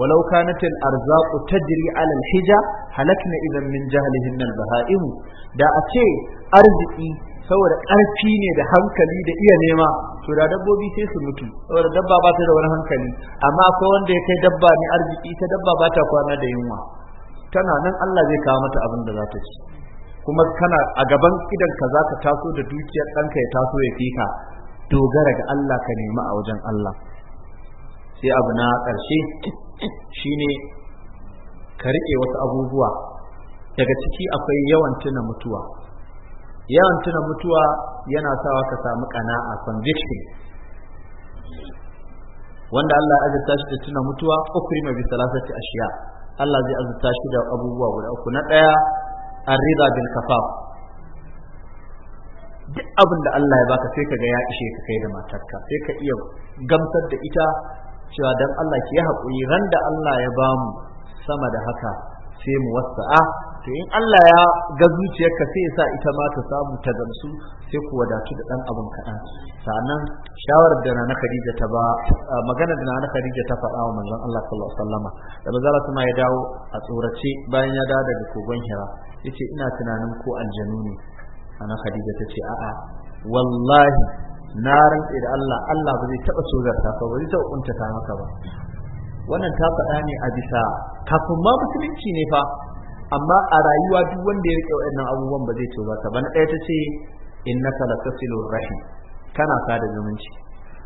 ولو كانت الأرزاق تجري على الحجة هلكنا إذا من جهلهن البهائم دا أتي أرزقي saboda ƙarfi ne da hankali da iya nema to da dabbobi sai su mutu saboda dabba ba ta da wani hankali amma akwai wanda ya kai dabba ne arziki ta dabba ba ta kwana da yunwa tana nan Allah zai kawo mata abin da za ta ci kuma kana a gaban idan ka za ka taso da dukiyar ɗanka ya taso ya fika dogara ga Allah ka nema a wajen Allah sai abu na ƙarshe shine ka riƙe wasu abubuwa daga ciki akwai yawan tuna mutuwa yawan tuna mutuwa yana sawa ka samu a conviction wanda Allah ya azurta shi da tuna mutuwa ukrima bi a ashiya Allah zai azurta shi da abubuwa guda uku na ɗaya arrida bil kafaf duk abin da Allah ya baka sai ka ga ya ishe ka kai da matarka sai ka iya gamsar da ita cewa dan Allah ke hakuri ran da Allah ya ba mu sama da haka sai mu wasa'a to in Allah ya ga zuciyarka sai ya sa ita ma ta samu ta gamsu sai ku wadatu da dan abun kaɗan sannan shawarar da na Khadija ta ba magana da na Khadija ta faɗa wa manzon Allah sallallahu alaihi wasallama da bazara kuma ya dawo a tsorace bayan ya dawo daga kogon Hira yace ina tunanin ko aljanu ne ana Khadija ta ce a'a wallahi na rantse da Allah Allah ba zai taba sozarta ba zai taba kuntata maka ba wannan ta faɗa ne a bisa kafin ma musulunci ne fa amma a rayuwa duk wanda ya rike waɗannan abubuwan ba zai tozarta ba na ɗaya ta ce innaka latasilur rahim kana sada zumunci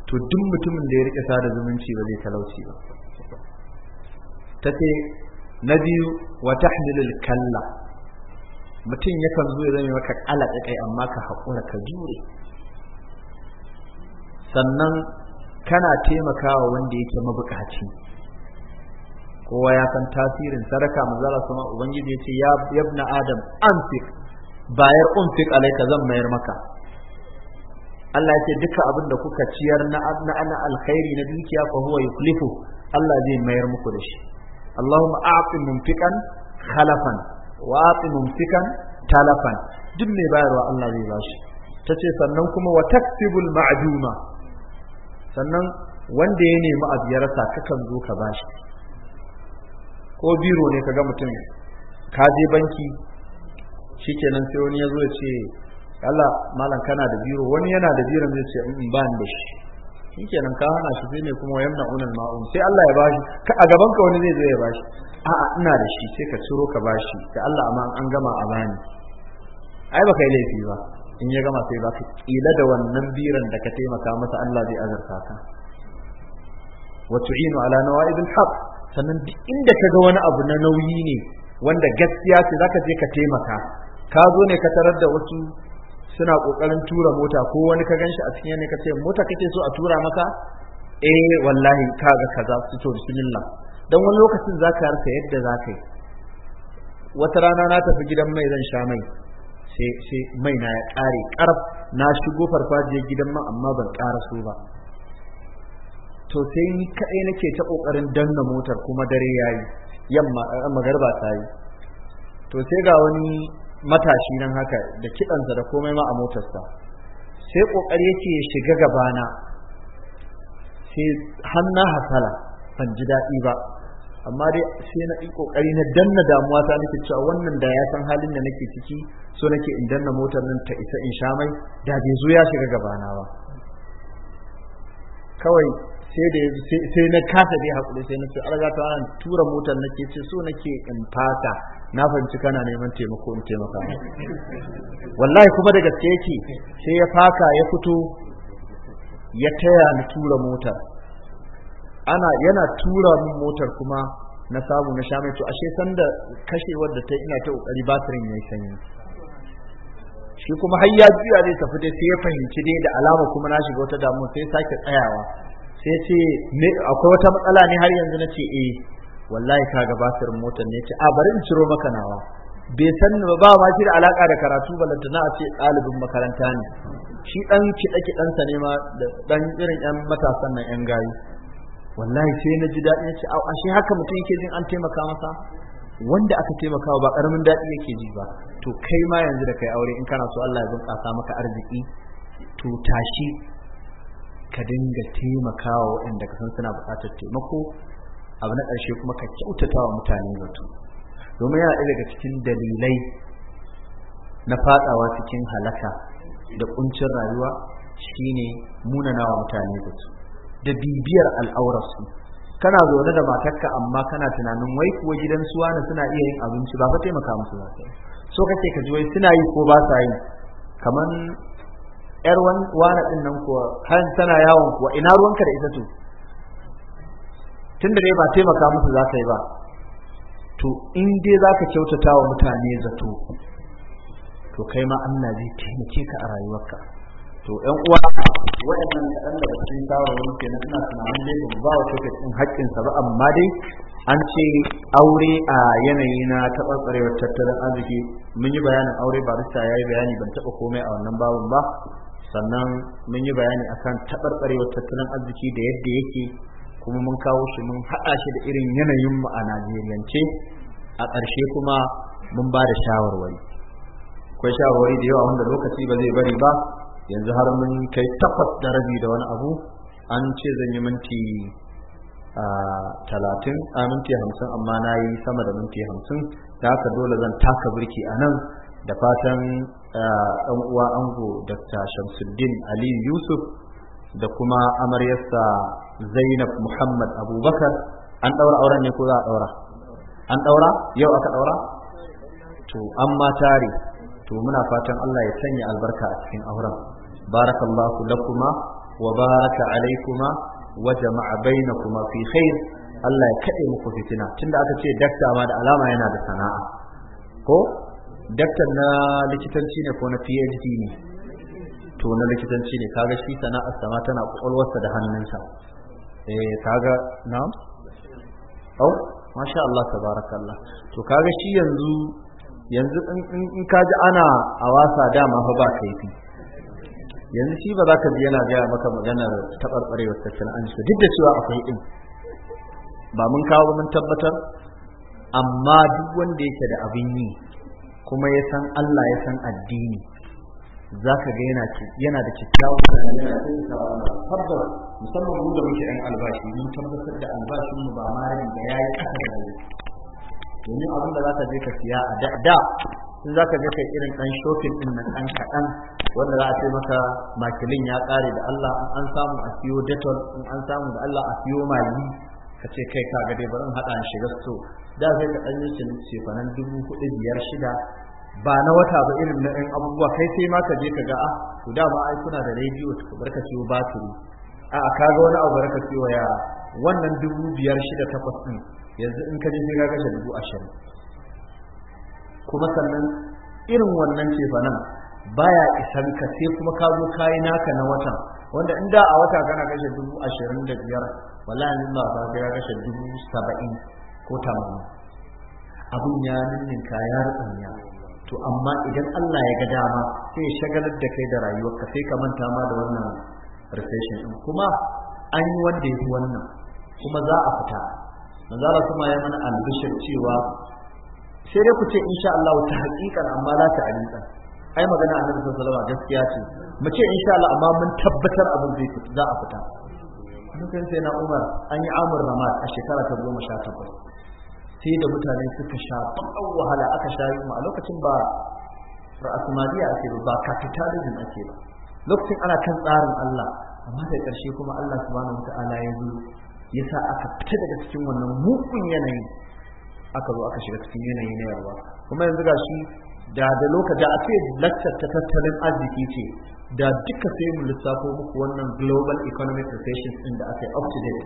to duk mutumin da ya rike sada zumunci ba zai talauci ba ta ce na biyu wa tahmilul kalla mutum yakan zo ya zama maka kalaka kai amma ka hakura ka jure sannan kana taimakawa wanda yake mabukaci kowa ya san tasirin sadaka manzala sama ubangiji yace ya yabna adam anfiq bayar unfiq alaika zan mayar maka Allah ce duka abin da kuka ciyar na na alkhairi na dukiya fa huwa yuklifu Allah zai mayar muku da shi Allahumma a'ti mumtikan khalafan wa a'ti mumtikan talafan duk mai bayarwa Allah zai bashi tace sannan kuma wa taktibul ma'duma sannan wanda ya nemi a ya kakan zo ka bashi ko biro ne ka ga mutum ka je banki Shi kenan sai wani ya zo ya ce Allah malam kana da biro wani yana da biro zai ce in ba da shi kenan ka hana shi sai ne kuma yamna unan ma'un sai Allah ya bashi ka a gaban ka wani zai zo ya bashi a'a ina da shi sai ka ciro ka bashi da Allah amma an gama a bani ai baka yi laifi ba in ya gama sai baka kila da wannan biran da ka taimaka masa Allah zai azarta ka wa tu'inu ala nawaidil haqq sannan duk inda ka ga wani abu na nauyi ne wanda gaskiya ce zaka je ka taimaka ka zo ne ka tarar da wasu suna kokarin tura mota ko wani ka ganshi a cikin ne ka ce mota kake so a tura maka eh wallahi ka ga kaza su to bismillah dan wani lokacin zaka harka yadda zaka yi wata rana na tafi gidan mai zan sha mai sai mai na ya ƙare ƙarf na shigo farfaje gidan ma amma ban ƙara so ba to sai ni kaɗai nake ta ƙoƙarin danna motar kuma dare ya yi yamma eh, magarba ta yi to sai ga wani matashi nan haka da kiɗansa da komai ma a motarsa sai ƙoƙari yake ya shiga gabana sai hanna hasala ban ji daɗi ba amma dai sai na yi kokari na danna damuwa ta nake cewa wannan da ya san halin da nake ciki so nake in danna motar nan ta isa in sha mai da bai zo ya shiga gabana ba kawai sai da sai na kasa dai hakuri sai na ce arga ta wannan tura motar nake ce so nake in fata na fahimci kana neman taimako in taimaka wallahi kuma da gaske yake sai ya faka ya fito ya taya na tura motar ana yana tura min motar kuma na samu na sha mai to ashe sanda kashewar da ta ina ta kokari batirin yayi sanyi shi kuma har ya juya zai tafi dai sai ya fahimci dai da alama kuma na shiga wata damuwa sai sake tsayawa sai ce akwai wata matsala ne har yanzu nace ce eh wallahi ka ga basirin motar ne ce a bari in ciro maka nawa bai san ba ma shi da alaka da karatu balanta na a ce ɗalibin makaranta ne shi ɗan kiɗa kiɗansa ne ma da ɗan irin 'yan matasan nan 'yan gayi wallahi sai na ji daɗi ce ce ashe haka mutum yake jin an taimaka masa wanda aka taimakawa ba karamin daɗi yake ji ba to kai ma yanzu da kai aure in kana so Allah ya bunƙasa maka arziki to tashi ka dinga taimakawa waɗanda ka san suna buƙatar taimako abu na ƙarshe kuma ka kyautata wa mutane zato domin yana ɗaya daga cikin dalilai na fadawa cikin halaka da ƙuncin rayuwa shine munana wa mutane zato da bibiyar al'aurarsu kana zaune da matarka amma kana tunanin wai kuwa gidan suwa na suna iya yin abinci ba fa taimaka musu ba yi. so kake ka ji wai suna yi ko ba sa yi kaman yar wani din nan kuwa tana yawon kuwa ina ruwanka da ita to tunda dai ba taimaka musu za ka yi ba to in dai za ka kyautata wa mutane zato to kai ma Allah zai taimake ka a rayuwarka to yan uwa waɗannan kaɗan daga cikin shawarwarin ke ina tunanin dai ba wa kake cikin haƙƙinsa ba amma dai an ce aure a yanayi na taɓarɓarewar tattalin arziki mun yi bayanin aure ba barista ya yi bayani ban taɓa komai a wannan babun ba sannan mun yi bayani kan taɓarɓarewar tattalin arziki da yadda yake kuma mun kawo shi mun haɗa shi da irin yanayin mu a Najeriyance a ƙarshe kuma mun ba da shawarwari akwai shawarwari da yawa wanda lokaci ba zai bari ba yanzu har mun kai takwas da rabi da wani abu an ce zan yi minti talatin a minti hamsin amma na yi sama da minti hamsin da haka dole zan taka birki a nan da fatan ɗan uwa ango dr shamsuddin aliyu yusuf da kuma amaryarsa zainab muhammad abubakar an ɗaura auren ne ko za a ɗaura an ɗaura yau aka ɗaura to an ma tare to muna fatan allah ya sanya albarka a cikin auren barakallahu lakuma wa baraka alaikuma wa jama'a bainakuma fi khair Allah ya kaɗe muku fitina tunda aka ce dakta ma da alama yana da sana'a ko daktar na likitanci ne ko na PhD ne to na likitanci ne kaga shi sana'ar sama tana kwakwalwarsa da hannunsa eh kaga na au masha Allah tabarakallah to kaga shi yanzu yanzu in kaji ana a wasa dama fa ba fi? yanzu shi ba za ka yana gaya maka maganar taɓarɓarewar tattalin arziki duk da cewa akwai ɗin ba mun kawo mun tabbatar amma duk wanda yake da abin yi kuma ya san Allah ya san addini za ka ga yana yana da kyakkyawan yana tabbata musamman mu da muke ɗan albashi mun tabbatar da albashin mu ba ma da yayi ƙasa da domin abin da za ka je ka siya a da sun za ka je kai irin ɗan shofin ɗin na ɗan kaɗan wanda za a ce maka makilin ya ƙare da Allah in an samu a siyo detol in an samu da Allah a siyo magi ka ce kai ka ga dai in haɗa shiga so da zai ka ɗan yi cefanen dubu kuɗi biyar shida ba na wata ba irin na ɗan abubuwa kai sai ma ka je ka ga ah to dama ai kuna da rediyo ka bar ka siyo batiri a'a ka ga wani abu bar ka siyo yara wannan dubu biyar shida takwas ɗin yanzu in ka je sai ka ga dubu ashirin kuma sannan irin wannan cefanan baya isan ka sai kuma ka zo kayi naka na watan wanda in da a wata kana kashe dubu ashirin da biyar wala yanzu ba ba ya kashe dubu saba'in ko tamanin abin ya ka ya rubanya to amma idan Allah ya ga dama sai ya shagalar da kai da rayuwarka sai ka manta ma da wannan recession din kuma an yi wanda ya fi wannan kuma za a fita manzara kuma ya mana albishir cewa sai dai ku ce insha Allah ta hakikan amma za ta alika ai magana a nan alaihi gaskiya ce mu ce insha Allah amma mun tabbatar abin zai za a fita mukan sai na Umar an yi amur Ramadan a shekara ta goma sha takwas sai da mutane suka sha ban wahala aka sha yi a lokacin ba ra'asmaliya ake ba ba capitalism ake ba lokacin ana kan tsarin Allah amma sai karshe kuma Allah subhanahu wataala ya zo ya sa aka fita daga cikin wannan mugun yanayi aka zo aka shiga cikin yanayi na yarwa kuma yanzu ga shi da da lokaci a ce laccar ta tattalin arziki ce da duka sai mu lissafo muku wannan global economic recession din da aka yi up to date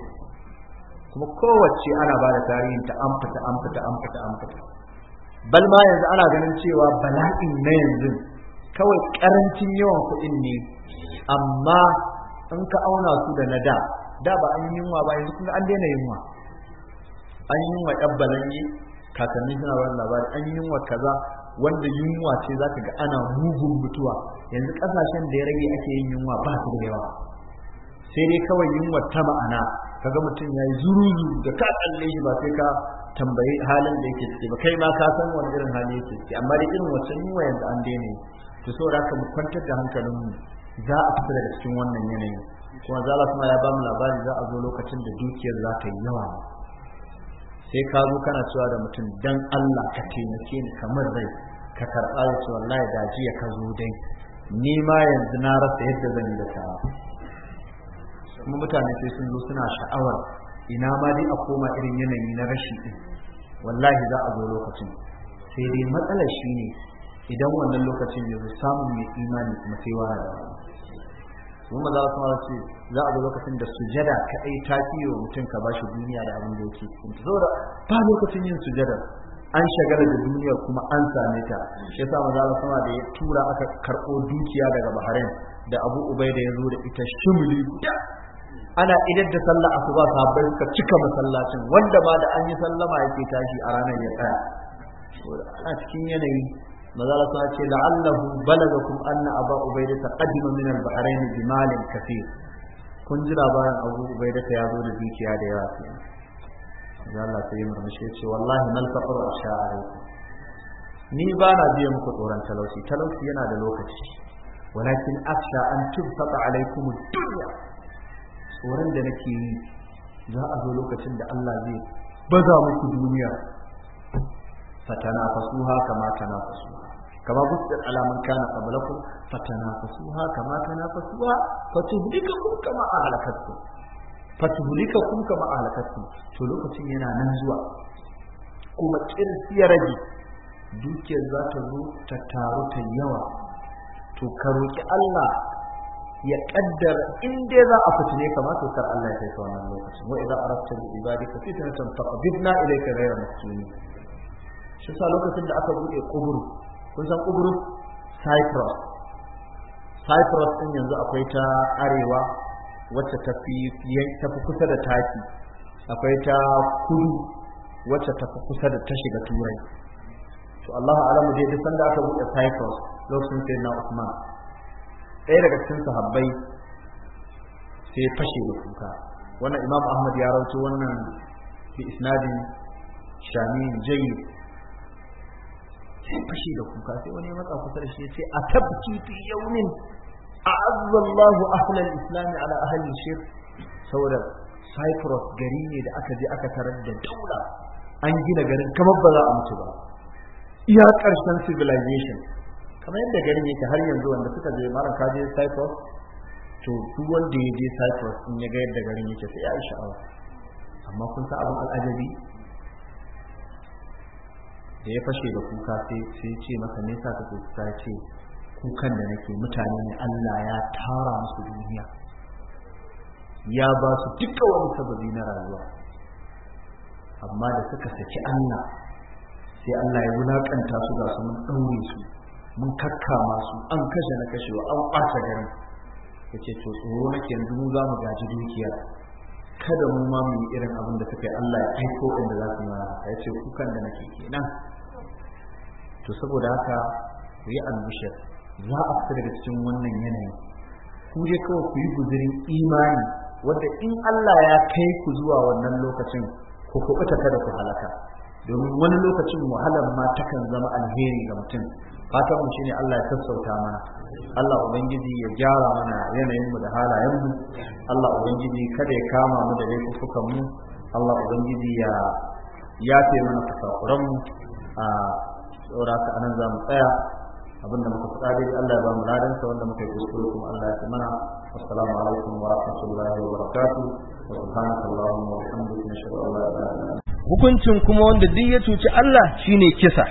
kuma kowace ana ba da tarihin ta amfata, amfata, amfata, amfata. bal ma yanzu ana ganin cewa bala'in na yanzu kawai karancin yawan kuɗin ne amma in ka auna su da na da da ba an yi yunwa ba yanzu kuma an daina yunwa an yi wa yi kakanni suna wani labari an yi wa kaza wanda yunwa ce za ka ga ana mugun mutuwa yanzu ƙasashen da ya rage ake yin yunwa ba su da yawa sai dai kawai yunwa ta ma'ana kaga mutum ya yi zuruzu da ka tsalle shi ba sai ka tambayi halin da yake ciki ba kai ma ka san wani irin hali yake ciki amma dai irin wacce yunwa yanzu an daina yi to saboda mu kwantar da hankalinmu za a fita daga cikin wannan yanayin kuma zala kuma ya ba mu labari za a zo lokacin da dukiyar za ta yi yawa sai ka zo kana cewa da mutum dan Allah ka taimake ni kamar rai ka karɓa da ce wallahi da jiya ka zo dai ni ma yanzu na rasa yadda zan yi da ta kuma mutane sai sun zo suna sha'awar ina ma dai a koma irin yanayi na rashi din wallahi za a zo lokacin sai dai matsalar shi ne idan wannan lokacin ya zo samun mai imani kuma sai wahala mun maza su mara ce za a zo lokacin da sujada kaɗai ta fiye wa mutum ka bashi duniya da abin da yake cikin ta saboda ba lokacin yin sujada an shagala da duniya kuma an same ta shi yasa maza Allah sama da ya tura aka karɓo dukiya daga Bahrain da Abu Ubaida ya zo da ita shimuli ana idan da sallah asuba sabai ka cika masallacin wanda ma da an yi sallama yake tashi a ranar ya tsaya ana cikin yanayi Maza mazala sa ce la'allahu balagakum anna aba ubayda taqaddama min al-bahrain bi malin kathir kun ji labarin abu ubaidata ya zo da dukiya da yawa kenan Allah sai ya murmushi ce wallahi mal faqru asha ni ba na biya muku tsoron talauci talauci yana da lokaci walakin afsha an tunfaqa alaikum dunya tsoron da nake yi za a zo lokacin da Allah zai baza muku duniya fatana fasuha kama tana fasu kama gustar alaman kana qablakum fatanafasuha kama tanafasuha fatuhlikakum kama ahlakatkum fatuhlikakum kama ahlakatkum to lokacin yana nan zuwa kuma kirsi ya rage dukiyar za ta zo ta taru ta yawa to ka Allah ya kaddara in dai za a fita ne kamar to kar Allah ya kai wannan lokacin wa idza aradta bi ibadika fitnatan faqbidna ilayka ghayra maftuni shi sa lokacin da aka bude kuburu kun san Ubruk Cyprus Cyprus din yanzu akwai ta arewa wacce ta fi kusa da taki akwai ta kudu wacce ta fi kusa da ta shiga turai to Allah alamu dai duk sanda aka buɗe Cyprus lokacin sai na Usman ɗaya daga cikin sahabbai sai fashe da kuka wannan Imam Ahmad ya rawaito wannan bi isnadin shamin jayyid sai da kuka sai wani ya matsa kusa da shi ce a tabki fi yaumin a'azza Allahu ahlal islam ala ahli shirk saboda Cyprus gari ne da aka je aka tarar da daula an gina garin kamar ba za a mutu ba iya karshen civilization kamar yadda garin yake har yanzu wanda suka je mara kaje Cyprus to duk wanda ya je Cyprus in ya ga yadda garin yake sai ya sha'awa amma kun sa abin al'ajabi da ya fashe da kuka sai ce masa nesa yasa kake kuka ce kukan da nake mutane ne Allah ya tara musu duniya ya ba su duka wani sababi na rayuwa amma da suka saki Allah sai Allah ya wulakanta su ga su mun daure su mun kakkama su an kashe na kashewa an ɓata gari ya ce to tsoro nake yanzu mu za mu gaji dukiya kada mu ma mu yi irin abin da suka yi Allah ya aiko inda za su yi mana ya ce kukan da nake kenan to saboda haka ku yi albishir za a fita daga cikin wannan yanayi ku je kawai ku yi guzurin imani wanda in Allah ya kai ku zuwa wannan lokacin ku kuɓuta kada ku halaka domin wani lokacin wahalar ma takan zama alheri ga mutum fatan mu shine Allah ya sassauta mana Allah ubangiji ya gyara mana yanayin mu da halayen mu Allah ubangiji kada ya kama mu da laifukan mu Allah ubangiji ya yafe mana kusakuran mu ah, saboda haka anan za mu tsaya abinda muka faɗa da Allah ya ba mu ladansa wanda muka yi kuskure kuma Allah ya mana assalamu alaikum wa rahmatullahi wa barakatuh wa subhanaka wa bihamdika wa an la ilaha hukuncin kuma wanda duk ya cuci Allah shine kisa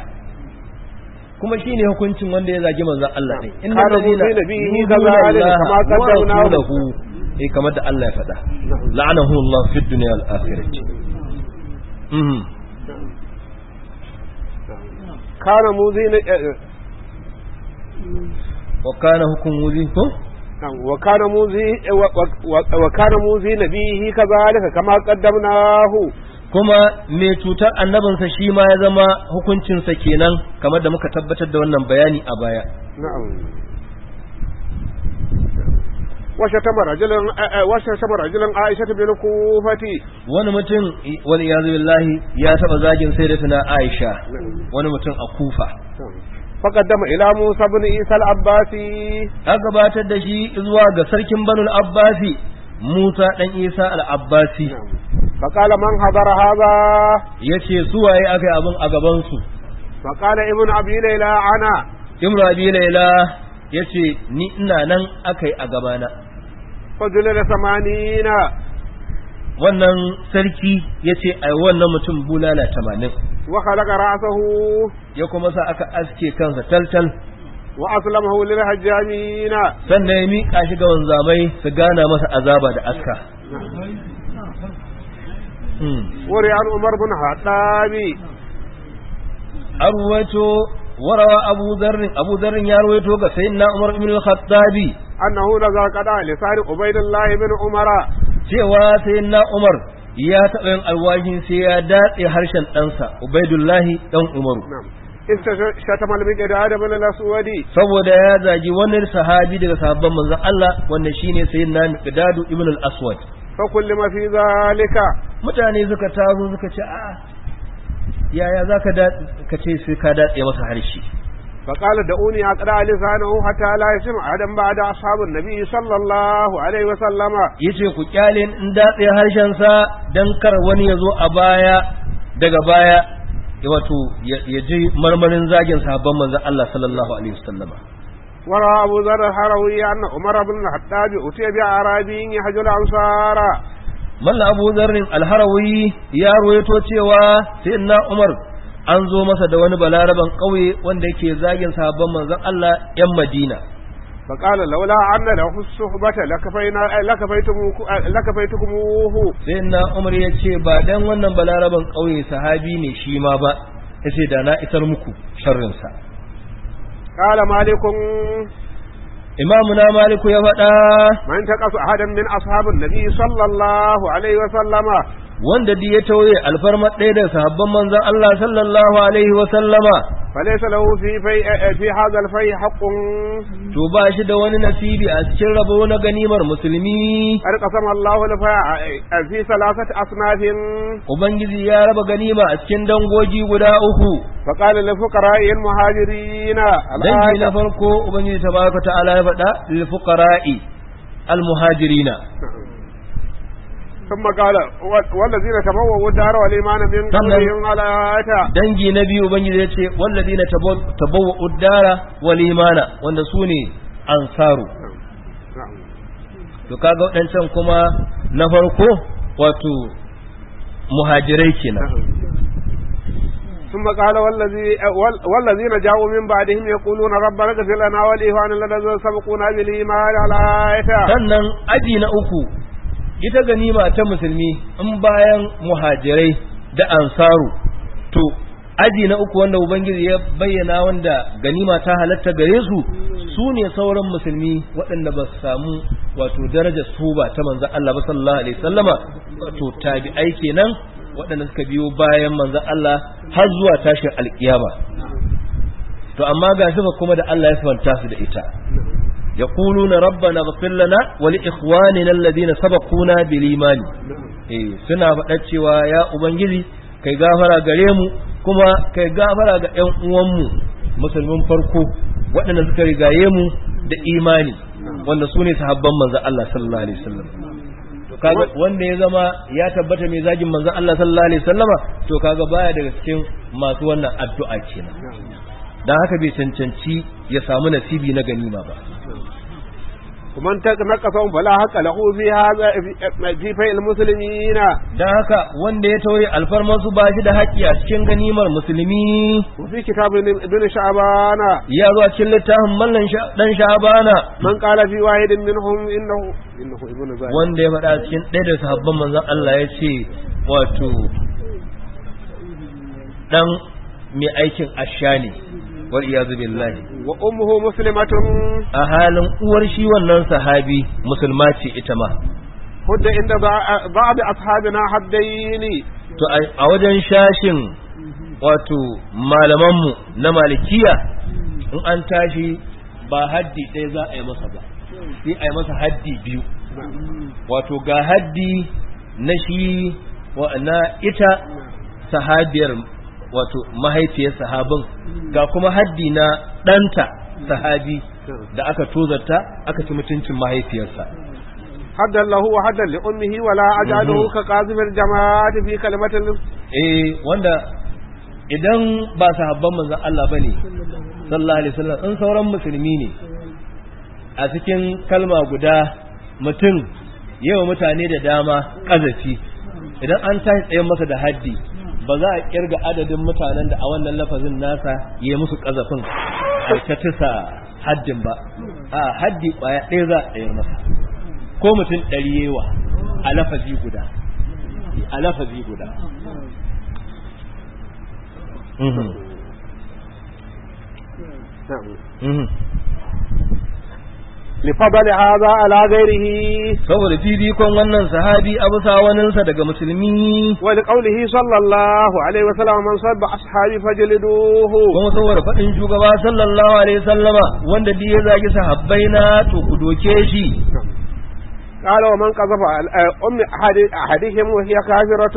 kuma shi ne hukuncin wanda ya zagi manzan Allah ne in da zina yi zuna Allah lahu eh kamar da Allah ya faɗa la'anahu Allah fi dunya al-akhirah hmm. kana na wa kana hukum muzin ko wa kana muzi wa kana muzi nabihi kazalika kama qaddamnahu kuma mai cutar annabinsa shi ma ya zama hukuncinsa kenan kamar da muka tabbatar da wannan bayani a baya وشتم رجلا eh, eh, aisha ta عائشة kufati wani mutum wani iyaz billahi ya taba zagin sayyidatuna Aisha wani mutum a Kufa faqaddama ila Musa bin Isa al-Abbasi an gabatar da shi zuwa ga sarkin Banu al'abbasi Musa dan Isa al hazara haza man ce hadha ya aka yi abin a gabansu faƙala faqala ibn Abi laila ana ibn Abi laila yace ni ina nan aka yi a gabana fajila da samanina wannan sarki yace ai wannan mutum bulala tamanin wa khalaqa ra'sahu ya kuma sa aka aske kansa taltal wa aslamahu lil hajjamina sannan ya mika shi ga wanzamai su gana masa azaba da aska hmm. wari an umar bin hadabi arwato وروى أبو ذر أبو ذر يروي توقع سيدنا عمر بن الخطاب أنه نزل قضاء Cewa عبيد الله بن عمر سوى سيدنا عمر يا تقين الواجين سيادات هرشا أنسى عبيد الله دون عمر نعم istatatama da da adam na suwadi saboda ya zagi wani sahabi daga sahabban manzon Allah wanda shine sayyidina Miqdadu ibn al-Aswad fa kullu ma zalika mutane suka tazo suka ce a yaya za ka ce sai ka datse masa harshe فقال دعوني أقرأ لسانه حتى لا يسمع أحدا بعد أصحاب النبي صلى الله عليه وسلم يجي كتال إن داتي هرشنسا دنكر a baya daga baya wato ya marmarin zagin sahabban manzon Allah sallallahu alaihi wasallam wara Abu zar harawi anna Umar ibn hattab utiya bi arabiyin yahjul ansara malla abu zarrin alharawi ya ruwaito cewa sai na umar an zo masa da wani balaraban ƙauye wanda yake zagin sabon manzon Allah yan madina فقال لولا أن له الصحبة لكفينا لكفيتكموه سيدنا عمر yace ba dan wannan balaraban ƙauye sahabi ne shi ma ba yace da na isar muku sharrin sa قال imamuna maliku ya faɗa man ta taqasu ahadan min ashabin nabi sallallahu alaihi wa sallama wanda duk ya tauye alfarma ɗaya da sahabban manzon Allah sallallahu alaihi wa sallama falaysa lahu fi eh, eh, fi hadha haqqun to ba shi da wani nasibi a cikin rabo na ganimar musulmi ar qasama Allahu alfa eh, fi salasat asnafin ubangiji ya raba ganima a cikin dangoji guda uku فقال للفقراء المهاجرين الآية دنجي نفرقو وبنجي faɗa وتعالى يفدا al المهاجرين ثم قال والذين تبوؤوا الدار والايمان من قبلهم على اتا دنجي نبي وبنجي يتي والذين تبوؤوا الدار والايمان وند سوني انصار to kaga wadancan kuma na farko wato muhajirai kenan ثم قال والذي والذين جاءوا من بعدهم يقولون ربنا اغفر لنا ولاخواننا الذين سبقونا بالإيمان على آية sannan aji na uku ita ganima ta musulmi in bayan muhajirai da ansaru to aji na uku wanda ubangiji ya bayyana wanda ganima ta halatta gare su su ne sauran musulmi waɗanda ba su samu wato daraja su ba ta manzan Allah ba sallallahu alaihi sallama wato tabi'ai kenan waɗanda suka biyo bayan manzan Allah har zuwa tashin alkiyama to amma ga kuma da Allah ya sifanta su da ita yaquluna rabbana ighfir lana wa li ikhwanina alladhina sabaquna bil iman eh suna faɗa cewa ya ubangiji kai gafara gare mu kuma kai gafara ga ƴan uwanmu musulmin farko waɗanda suka rigaye mu da imani wanda su ne sahabban manzon Allah sallallahu alaihi wasallam to kaga wanda ya zama ya tabbata mai zagin manzon Allah sallallahu alaihi wasallama to kaga baya daga cikin masu wannan addu'a kenan don haka bai cancanci ya samu nasibi na ganima ba kuma ta naqasan bala haka lahu fi haza fi eh, al muslimina dan haka wanda ya tauri alfarman su ba shi da haƙi a cikin ganimar musulmi fi kitabin ibn sha'bana ya zuwa cikin littafin mallan dan sha'bana man qala fi wahidin minhum innahu innahu ibn zaid wanda ya faɗa cikin ɗaya da sahabban manzon Allah ya ce wato dan mai aikin ashani wal iyazu billahi wa ummuhu muslimatun a halin uwar shi wannan sahabi musulma ce ita ma hudda inda ba'd ashabina haddaini to a wajen shashin wato mu na malikiya in an tashi ba haddi ɗaya za a yi masa ba sai a yi masa haddi biyu wato ga haddi na shi wa na ita sahabiyar wato mahaifiyar sahabin ga kuma haddi na ɗanta sahabi da aka tozarta aka ci mutuncin mahaifiyarsa haddallahu wa haddan li ummihi wala ajalu mhm. ka qazimir jama'ati fi kalimatin eh wanda idan ba sahabban manzon Allah bane sallallahu alaihi wasallam in sauran musulmi ne a cikin kalma guda mutum yawa mutane da dama kazafi idan an tashi tsayen masa da haddi ba za a kirga adadin mutanen da a wannan lafazin nasa ya yi musu kazafin aikatisa haddin ba a haddi ɓaya ɗaya za a tsayar masa ko mutum ɗari yawa a lafazi guda a lafazi guda mhm. lifadali za ala gairihi saboda fifikon wannan sahabi abu sawaninsa daga musulmi wa da qaulihi sallallahu alaihi wasallam man sabba ashabi fajliduhu kuma saboda fadin shugaba sallallahu alaihi wasallama wanda duk ya zagi sahabbaina to ku doke shi قال ومن قذف أم أحدهم وهي كافرة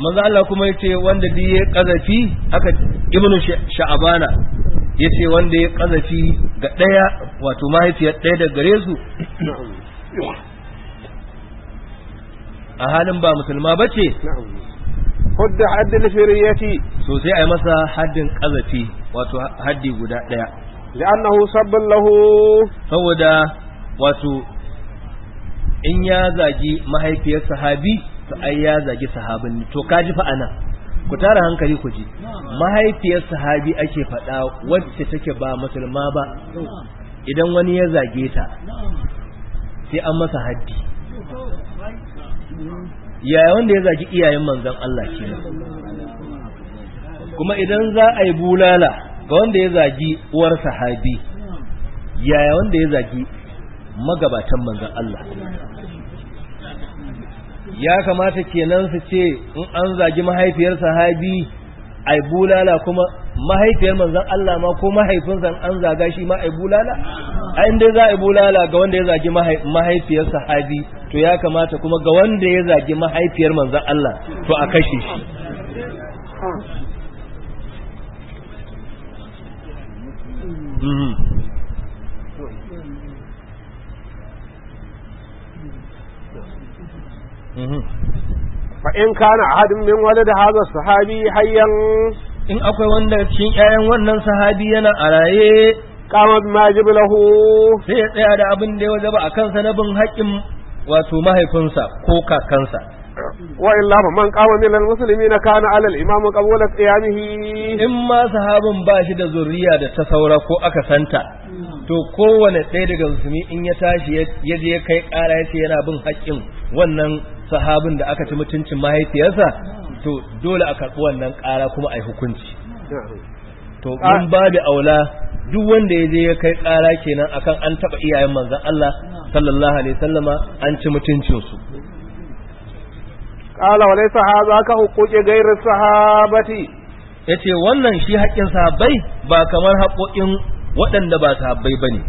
manzo Allah kuma ce wanda duk ya kazafi aka ibnu sha'abana yace wanda ya kazafi ga daya wato mahaifiyar ɗaya da gare su a halin ba musulma ba ce hudda haddin shiriyyati so sai a yi masa haddin ƙazafi wato haddi guda ɗaya li'annahu sabbin lahu saboda wato in ya zagi mahaifiyar sahabi to ai ya zagi sahabin to kaji fa anan ku tara hankali ku ji mahaifiyar sahabi ake faɗa wacce take ba musulma ba idan wani ya zage ta sai an masa haddi yaya wanda ya zagi iyayen manzon Allah kenan kuma idan za a yi bulala ga wanda ya zagi uwar sahabi yaya wanda ya zagi magabatan manzon Allah ya kamata kenan su ce in an zage mahaifiyar sahabi ai bulala kuma mahaifiyar manzan Allah ma ko mahaifinsa an zaga shi ma a yi bulala A dai za a yi bulala ga wanda ya zagi mahaifiyar sahabi to ya kamata kuma ga wanda ya zagi mahaifiyar manzan Allah to a kashe shi فإن كان أحد من ولد هذا الصحابي حيا in akwai wanda cikin ƴaƴan wannan sahabi yana a raye qamat ma jiblahu sai ya tsaya da abin da ya wajaba a kansa na bin haƙƙin wato mahaifinsa ko kakansa wa illa man qama min almuslimin kana ala al-imam qabla qiyamihi in ma sahabin ba shi da zuriya da ta saura ko aka santa to kowane ɗaya daga musulmi in ya tashi ya je kai ƙara ya ce yana bin haƙƙin wannan sahabin da aka ci mutuncin mahaifiyarsa to dole a karɓi wannan ƙara kuma a yi hukunci to ah. mun da aula duk wanda ya je ya kai ƙara kenan akan an taɓa iyayen manzan Allah sallallahu alaihi sallama an ci mutuncinsu ƙala wa laisa ka hukuki gairar sahabati yace wannan shi haƙƙin sahabbai ba kamar haƙoƙin waɗanda ba sahabbai bane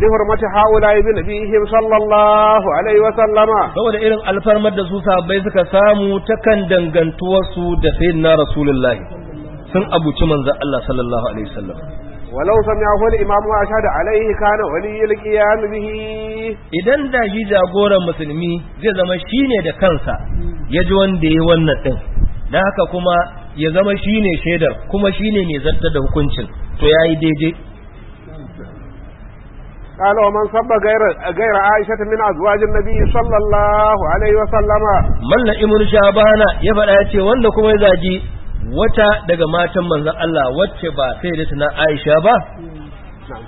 li hurmati haula ibn nabihim sallallahu alaihi wa sallama saboda irin alfarmar da su sahabbai suka samu ta kan dangantuwar su da sayyidina rasulullahi sun abuci manza Allah sallallahu alaihi wasallam walau sami'ahu al-imam wa ashhadu alaihi kana waliyul qiyam bihi idan da shi jagoran musulmi zai zama shine da kansa ya ji wanda yayi wannan din na haka kuma ya zama shine shaidar kuma shine mai zarta da hukuncin to yayi daidai قال ومن سب غير غير عائشة من أزواج النبي صلى الله عليه وسلم ملا ابن شابانا يفعل يتي wanda kuma ya zaji wata daga matan manzon Allah wacce ba sai da tana Aisha ba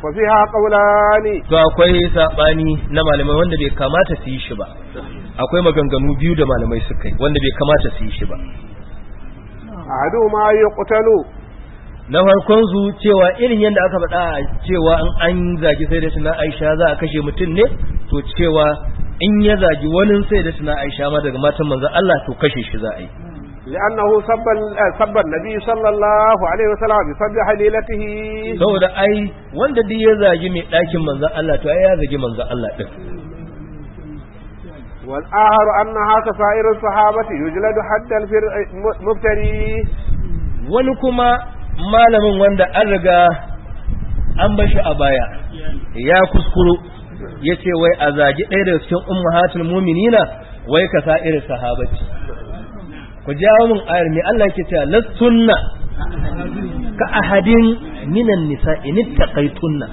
fa fiha qawlani to akwai saɓani na malamai wanda bai kamata su yi shi ba akwai maganganu biyu da malamai suka yi wanda bai kamata su yi shi ba ahadu ma yuqtalu na farkon su cewa irin yadda aka faɗa cewa in an zagi sai da suna aisha za a kashe mutum ne to cewa in ya zagi wani sai da suna aisha ma daga matan manzo Allah to kashe shi za a yi لأنه سب سب النبي صلى الله عليه وسلم بسبب حليلته saboda ai wanda duk ya zagi mai ɗakin manzon Allah to ai ya zagi manzon Allah din wal ahar annaha kasairus sahabati yujladu hatta al ولكما malamin wanda an riga an bashi a baya ya kuskuru ya ce wai a zagi ɗaya daga cikin ummahatul muminina wai ka sa irin sahabaci ku jawo min ayar mai Allah ke cewa lastunna ka ahadin minan nisa in taqaytunna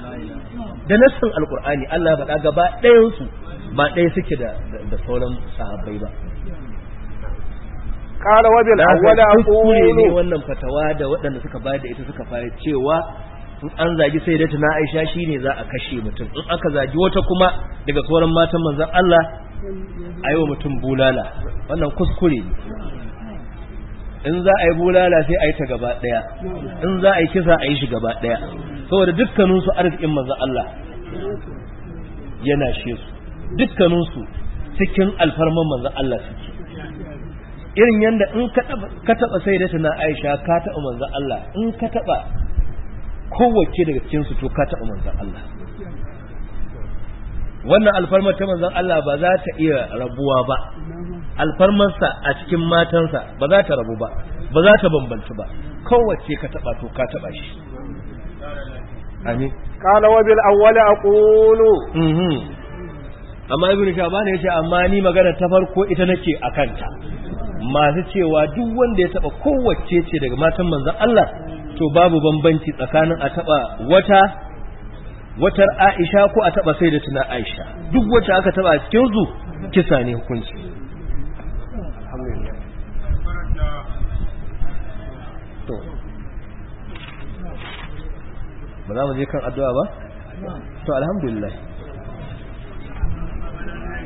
da nassin alqur'ani Allah faɗa gaba ɗayan su ba ɗaya suke da sauran sahabbai ba qala wa bil awwala aqulu ne wannan fatawa da waɗanda suka bayar da ita suka fara cewa in an zagi sai na Aisha shine za a kashe mutum in aka zagi wata kuma daga sauran matan manzon Allah ayo mutum bulala wannan kuskure ne in za a yi bulala sai a yi ta gaba daya in za a yi kisa a yi shi gaba daya saboda dukkanin su arzikin manzon Allah yana shi su dukkanin su cikin alfarman manzon Allah suke irin yadda in ka taɓa sai da na aisha ka taɓa manzo Allah in ka taɓa kowace daga cikinsu to ka taɓa manzo Allah wannan alfarmar ta manzan Allah ba za ta iya rabuwa ba alfarmarsa a cikin matansa ba za ta rabu ba ba za ta bambanci ba kowace ka taɓa to ka taɓa shi amin qala wa bil awwal aqulu mhm. amma ibnu shaban yace amma ni magana ta farko ita nake akanta masu cewa duk wanda ya taba kowace ce daga matan manzon Allah to babu bambanci tsakanin a taba wata watar Aisha ko a taba sai da tuna Aisha duk wacce aka taba a cikin su kisa ne hukunci ba za mu je kan addu'a ba to alhamdulillah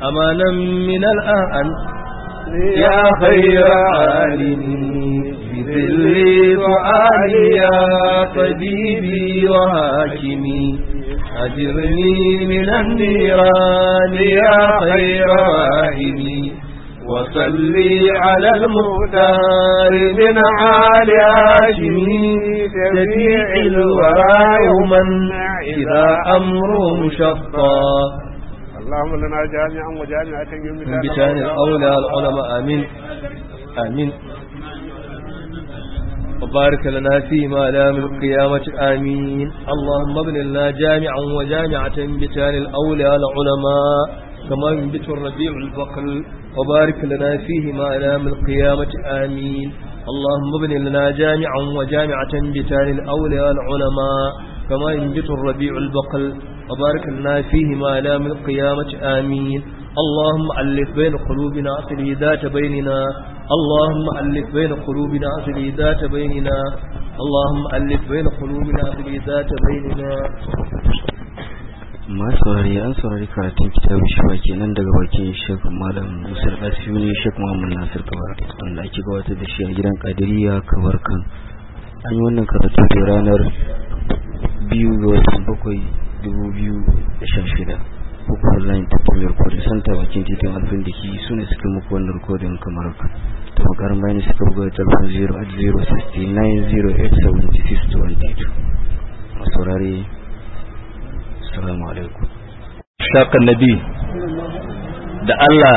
amanan min al'an يا خير عالم بذل دعائي يا طبيبي وهاشمي أجرني من النيران يا خير واهمي وصلي على المختار من عال هاشمي جميع الورى يوما إذا أمره شطا اللهم لنا جامعا وجامعة من بشان الأولى العلماء آمين آمين وبارك لنا فيما لا من القيامة آمين اللهم ابن لنا جامعا وجامعة بتان الأولى العلماء كما ينبت الربيع البقل وبارك لنا ما لا من القيامة آمين اللهم ابن لنا جامعا وجامعة بتان الأولى العلماء كما ينبت الربيع البقل وبارك لنا فيهما لا من القيامة آمين اللهم ألف بين قلوبنا أصلي ذات بيننا اللهم ألف بين قلوبنا أصلي ذات بيننا اللهم ألف بين قلوبنا أصلي ذات بيننا masu saurari an saurari karatun kitabun shiwa kenan daga bakin shek malam musul asibi ne shek muhammad nasir kawar wanda ake gabatar da shi a gidan kadiriya kawar kan an yi wannan karatu ranar biyu ga watan bakwai 2016 hukumar line ta kuma rikodin santa bakin titin alfin da ke su ne suka muku wannan rikodin kamar ka ta bakarin bayan suka buga telefon 0-0-69-08-76-22 a saurari salamu alaikum shakan nabi da allah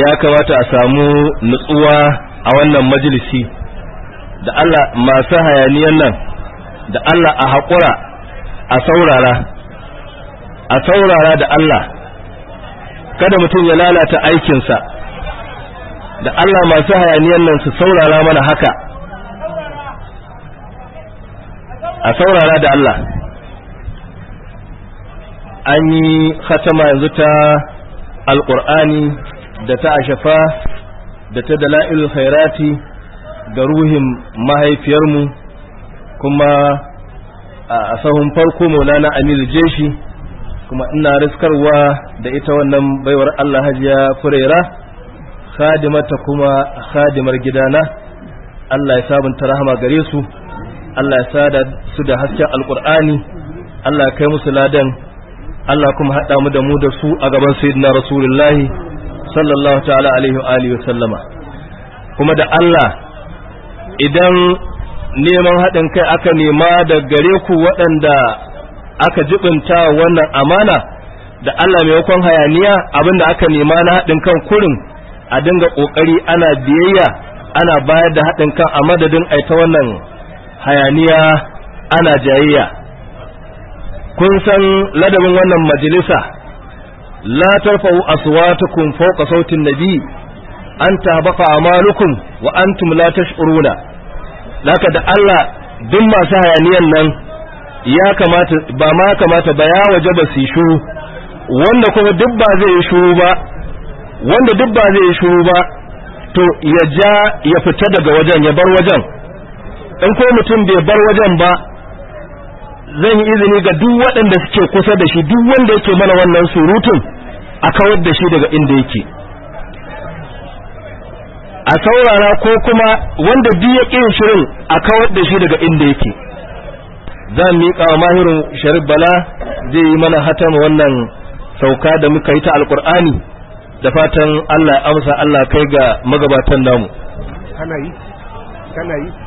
ya kamata a samu nutsuwa a wannan majalisi da allah masu hayaniyan nan da allah a haƙura a saurara a saurara da Allah kada mutum ya lalata aikinsa da Allah masu hayaniyan nan su saurara mana haka a saurara da Allah an yi khatama yanzu ta alƙur'ani da ta ashafa da ta dala'il khairati da ruhin mahaifiyarmu kuma a sahun farko maulana aminu jeshi kuma ina riskarwa da ita wannan baiwar allah hajiya furera khadimata kuma khadimar gidana allah ya sabunta rahama gare su allah ya sada su da hasken alkur'ani allah kai musu ladan allah kuma haɗa mu da mu da su a gaban sayyidina rasulullahi sallallahu ta'ala alaihi wa alihi wa sallama kuma da allah idan neman haɗin kai aka nema da gare ku waɗanda aka jibinta wannan amana da Allah maimakon hayaniya abinda aka nema na haɗin kan kurin a dinga ƙoƙari ana biyayya ana bayar da haɗin kan a madadin aita wannan hayaniya ana jayayya kun san ladabin wannan majalisa la tarfa'u aswatukum fawqa sautin nabi an tabaka amalukum wa antum la tash'uruna haka da Allah duk masu hayaniyan nan ya kamata ba ma kamata ba ya waje ba su shuru wanda kuma duk ba zai yi shuru ba wanda duk ba zai yi shuru ba to ya ja ya fita daga wajen ya bar wajen in ko mutum bai bar wajen ba zan yi izini ga duk waɗanda suke kusa da shi duk wanda yake mana wannan surutun a kawar da shi daga inda yake a saurara ko kuma wanda duk ya ƙin shirin a kawar da shi daga inda yake zan miƙa wa mahirin sharif bala zai yi mana hatama wannan sauka da muka yi ta alƙur'ani da fatan allah amsa allah kai ga magabatan namu kana yi kana yi